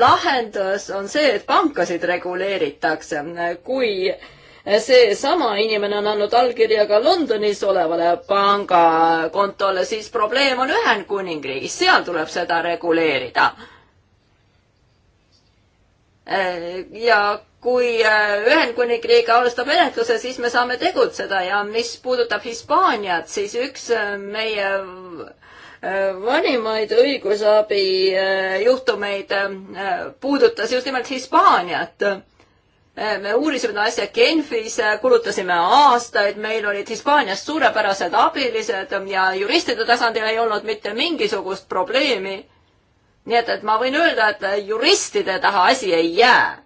lahendus on see, et pankasid reguleeritakse. kui seesama inimene on andnud allkirja ka Londonis olevale pangakontole, siis probleem on Ühendkuningriigis, seal tuleb seda reguleerida. ja kui Ühendkuningriik alustab menetluse, siis me saame tegutseda ja mis puudutab Hispaaniat, siis üks meie vanimaid õigusabi juhtumeid puudutas just nimelt Hispaaniat Eh, me uurisime seda asja Genfis, eh, kulutasime aastaid, meil olid Hispaaniast suurepärased abilised ja juristide tasandil ei olnud mitte mingisugust probleemi. nii et, et ma võin öelda, et eh, juristide taha asi ei jää.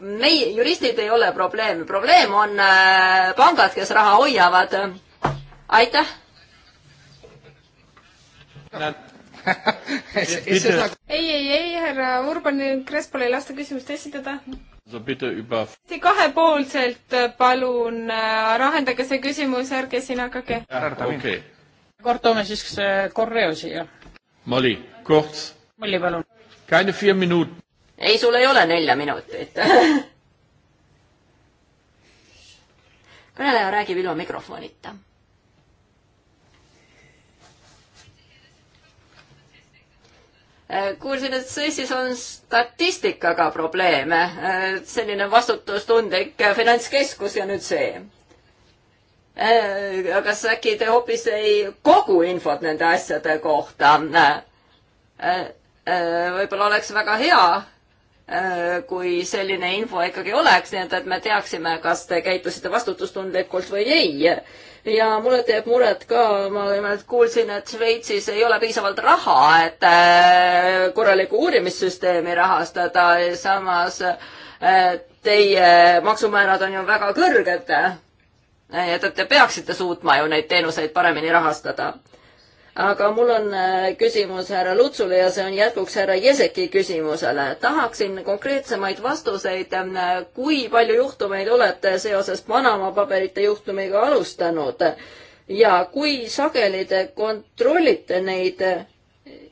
meie, juristid ei ole probleem, probleem on pangad, kes raha hoiavad. aitäh ei, ei, ei, härra Urban Crespol ei lasta küsimust esitada kahepoolselt äh, palun lahendage äh, see küsimus, ärge siin hakake. Okay. kord toome siis äh, Correo siia. Molly, koht. Molly, palun. Keine vier minut-. ei, sul ei ole nelja minutit kõneleja räägib ilma mikrofonita Äh, kuulsin, et Swissis on statistikaga probleeme, äh, selline vastutustundlik finantskeskus ja nüüd see. kas äh, äkki te hoopis ei kogu infot nende asjade kohta? võib-olla oleks väga hea, Äh, kui selline info ikkagi oleks, nii et, et me teaksime, kas te käitusite vastutustundlikult või ei. ja mulle teeb muret ka, ma nimelt kuulsin, et Šveitsis ei ole piisavalt raha, et äh, korralikku uurimissüsteemi rahastada, samas äh, teie maksumäärad on ju väga kõrged. nii et, et te peaksite suutma ju neid teenuseid paremini rahastada aga mul on äh, küsimus härra Lutsule ja see on jätkuks härra Jeseki küsimusele. tahaksin konkreetsemaid vastuseid, äh, kui palju juhtumeid olete seoses Panama paberite juhtumiga alustanud ja kui sageli te kontrollite neid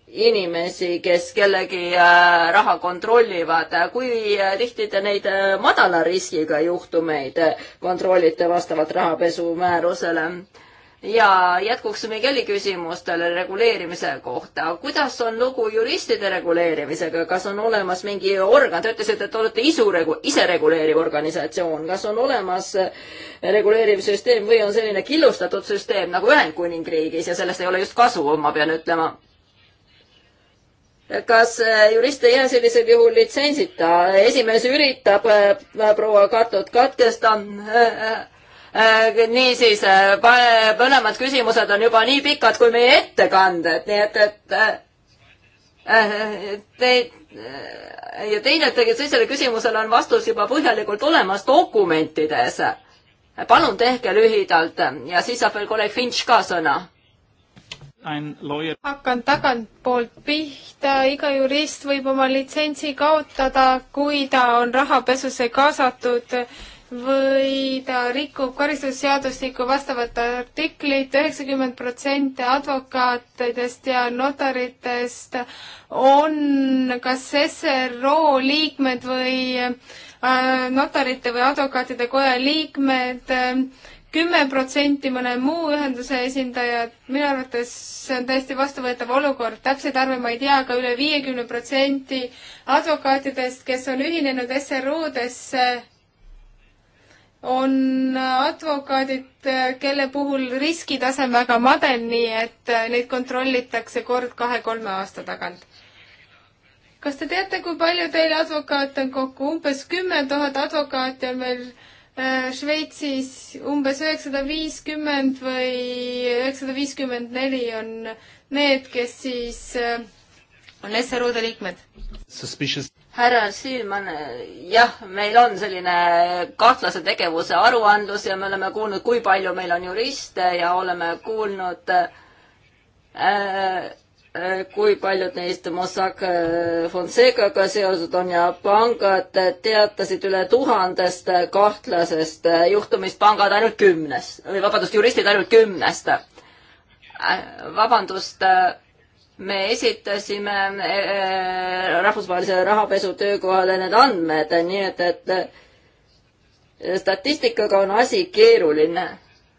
inimesi, kes kellegi äh, raha kontrollivad, kui tihti te neid madala riskiga juhtumeid kontrollite vastavalt rahapesumäärusele? ja jätkuks Migeli küsimustele reguleerimise kohta. kuidas on lugu juristide reguleerimisega, kas on olemas mingi organ, te ütlesite, et olete isu regu-, isereguleeriv organisatsioon, kas on olemas eh, reguleerimissüsteem või on selline killustatud süsteem nagu Ühendkuningriigis ja sellest ei ole just kasu, ma pean ütlema? kas eh, jurist ei jää sellisel juhul litsentsita? esimees üritab eh, proua Katut katkestada Äh, niisiis, äh, põnevad küsimused on juba nii pikad kui meie ettekanded, nii et, et äh, te, ja teine, tegelikult sellisele küsimusele on vastus juba põhjalikult olemas dokumentides. palun tehke lühidalt ja siis saab veel kolleeg Finch ka sõna hakkan tagantpoolt pihta, iga jurist võib oma litsentsi kaotada, kui ta on rahapesusse kaasatud või ta rikub karistusseadustiku vastavat artiklit, üheksakümmend protsenti advokaatidest ja notaritest on kas SRO liikmed või äh, notarite või advokaatide koja liikmed, kümme protsenti mõne muu ühenduse esindajad, minu arvates see on täiesti vastuvõetav olukord, täpseid arve ma ei tea, aga üle viiekümne protsendi advokaatidest, kes on ühinenud SRU-desse, on advokaadid, kelle puhul riskitase on väga madal, nii et äh, neid kontrollitakse kord kahe-kolme aasta tagant. kas te teate, kui palju teil advokaate on kokku? umbes kümme tuhat advokaati on meil äh, Šveitsis äh, umbes üheksasada viiskümmend või üheksasada viiskümmend neli on need, kes siis äh, on SRU-de liikmed. Suspicious härra Siilman, jah, meil on selline kahtlase tegevuse aruandlus ja me oleme kuulnud, kui palju meil on juriste ja oleme kuulnud äh, äh kui paljud neist Mossack äh, Fonsecaga seotud on ja pangad teatasid üle tuhandest kahtlasest äh, juhtumist, pangad ainult kümnest või vabandust, juristid ainult kümnest. vabandust me esitasime eh, rahvusvahelisele rahapesu töökohale need andmed, nii et, et eh, statistikaga on asi keeruline,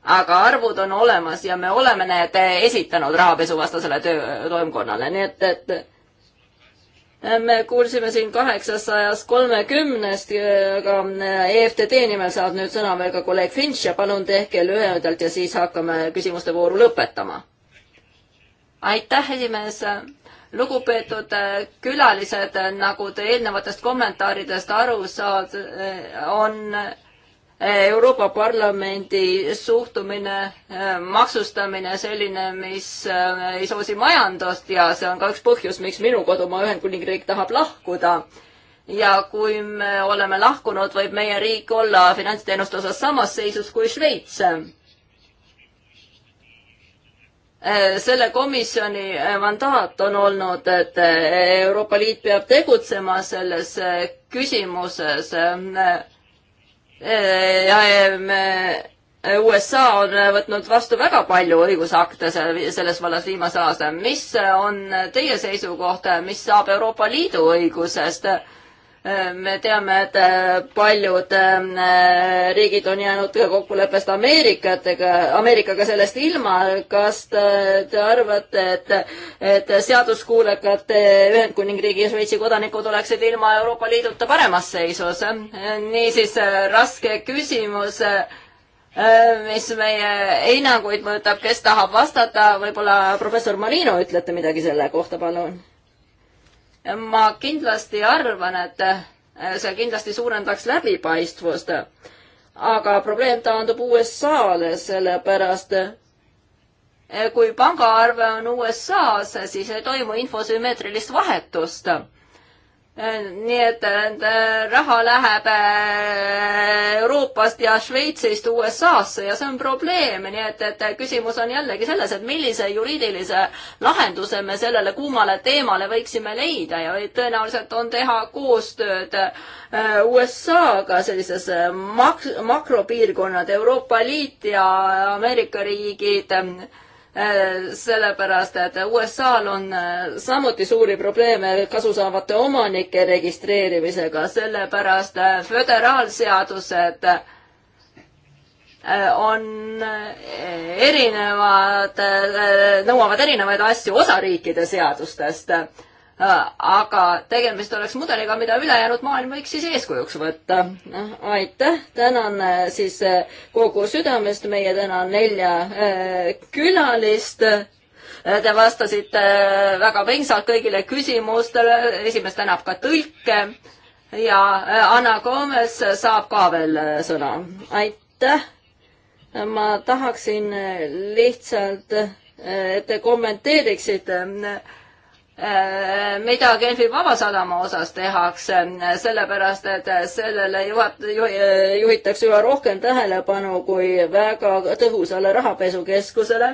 aga arvud on olemas ja me oleme need esitanud rahapesuvastasele töö, toimkonnale, nii et, et eh, me kuulsime siin kaheksasajast kolmekümnest, aga EFTD e nimel saab nüüd sõna veel ka kolleeg Finch ja palun tehke lühedalt ja siis hakkame küsimuste vooru lõpetama aitäh, esimees. lugupeetud äh, külalised, äh, nagu te eelnevatest kommentaaridest aru saate, äh, on Euroopa Parlamendi suhtumine, maksustamine selline, mis ei soosi majandust ja see on ka üks põhjus, miks minu kodumaa Ühendkuningriik tahab lahkuda. ja kui me oleme lahkunud, võib meie riik olla finantsteenuste osas samas seisus kui Šveits Äh, selle komisjoni äh, mandaat on olnud, et äh, Euroopa Liit peab tegutsema selles küsimuses. ja me, USA on võtnud vastu väga palju õigusakte selles vallas viimase aasta. mis on teie seisukoht, mis saab Euroopa Liidu õigusest? me teame, et äh, paljud äh, riigid on jäänud kokkuleppest Ameerikatega, Ameerikaga sellest ilma. kas te arvate, et, et seaduskuulekad Ühendkuningriigi ja Šveitsi kodanikud oleksid ilma Euroopa Liiduta paremas seisus? niisiis äh, raske küsimus mis meie hinnanguid mõjutab, kes tahab vastata, võib-olla professor Marino ütlete midagi selle kohta, palun ma kindlasti arvan, et äh, see kindlasti suurendaks läbipaistvust. aga probleem taandub USA-le, sellepärast äh, kui pangaarve on USA-s, siis ei toimu infosümmeetrilist vahetust Äh, nii et äh, raha läheb äh, Euroopast ja Šveitsist USA-sse ja see on probleem, nii et, et küsimus on jällegi selles, et millise juriidilise lahenduse me sellele kuumale teemale võiksime leida ja tõenäoliselt on teha koostööd USA-ga sellises mak-, makropiirkonnad, Euroopa Liit ja Ameerika riigid Äh, sellepärast et USA-l on äh, samuti suuri probleeme kasu saavate omanike registreerimisega, sellepärast äh, föderaalseadused on erinevad, nõuavad erinevaid asju osariikide seadustest Äh, aga tegemist oleks mudeliga, mida ülejäänud maailm võiks siis eeskujuks võtta. Äh, aitäh, tänan äh, siis kogu südamest meie täna nelja külalist. Te vastasite väga pingsalt kõigile küsimustele, esimees tänab ka tõlke ja Anna Koomes saab ka veel sõna. aitäh. ma tahaksin lihtsalt, et te kommenteeriksite Äh, mida Genfi Vabasadama osas tehakse, sellepärast et sellele juhat-, juhitakse üha rohkem tähelepanu kui väga tõhusale rahapesukeskusele.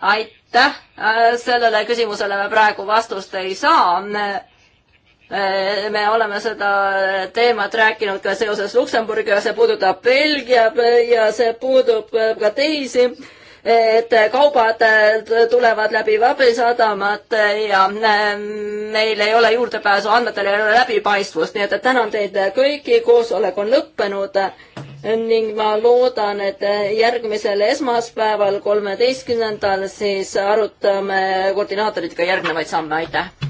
aitäh, äh, sellele küsimusele me praegu vastust ei saa. Äh, me oleme seda teemat rääkinud ka seoses Luksemburgiga, see puudutab Belgia ja see puudub ka teisi et kaubad äh, tulevad läbi vabrisadamate ja äh, meil ei ole juurdepääsu andmetele, ei ole läbipaistvust, nii et, et tänan teid kõiki, koosolek on lõppenud ning ma loodan, et järgmisel esmaspäeval, kolmeteistkümnendal, siis arutame koordinaatoritega järgnevaid samme, aitäh!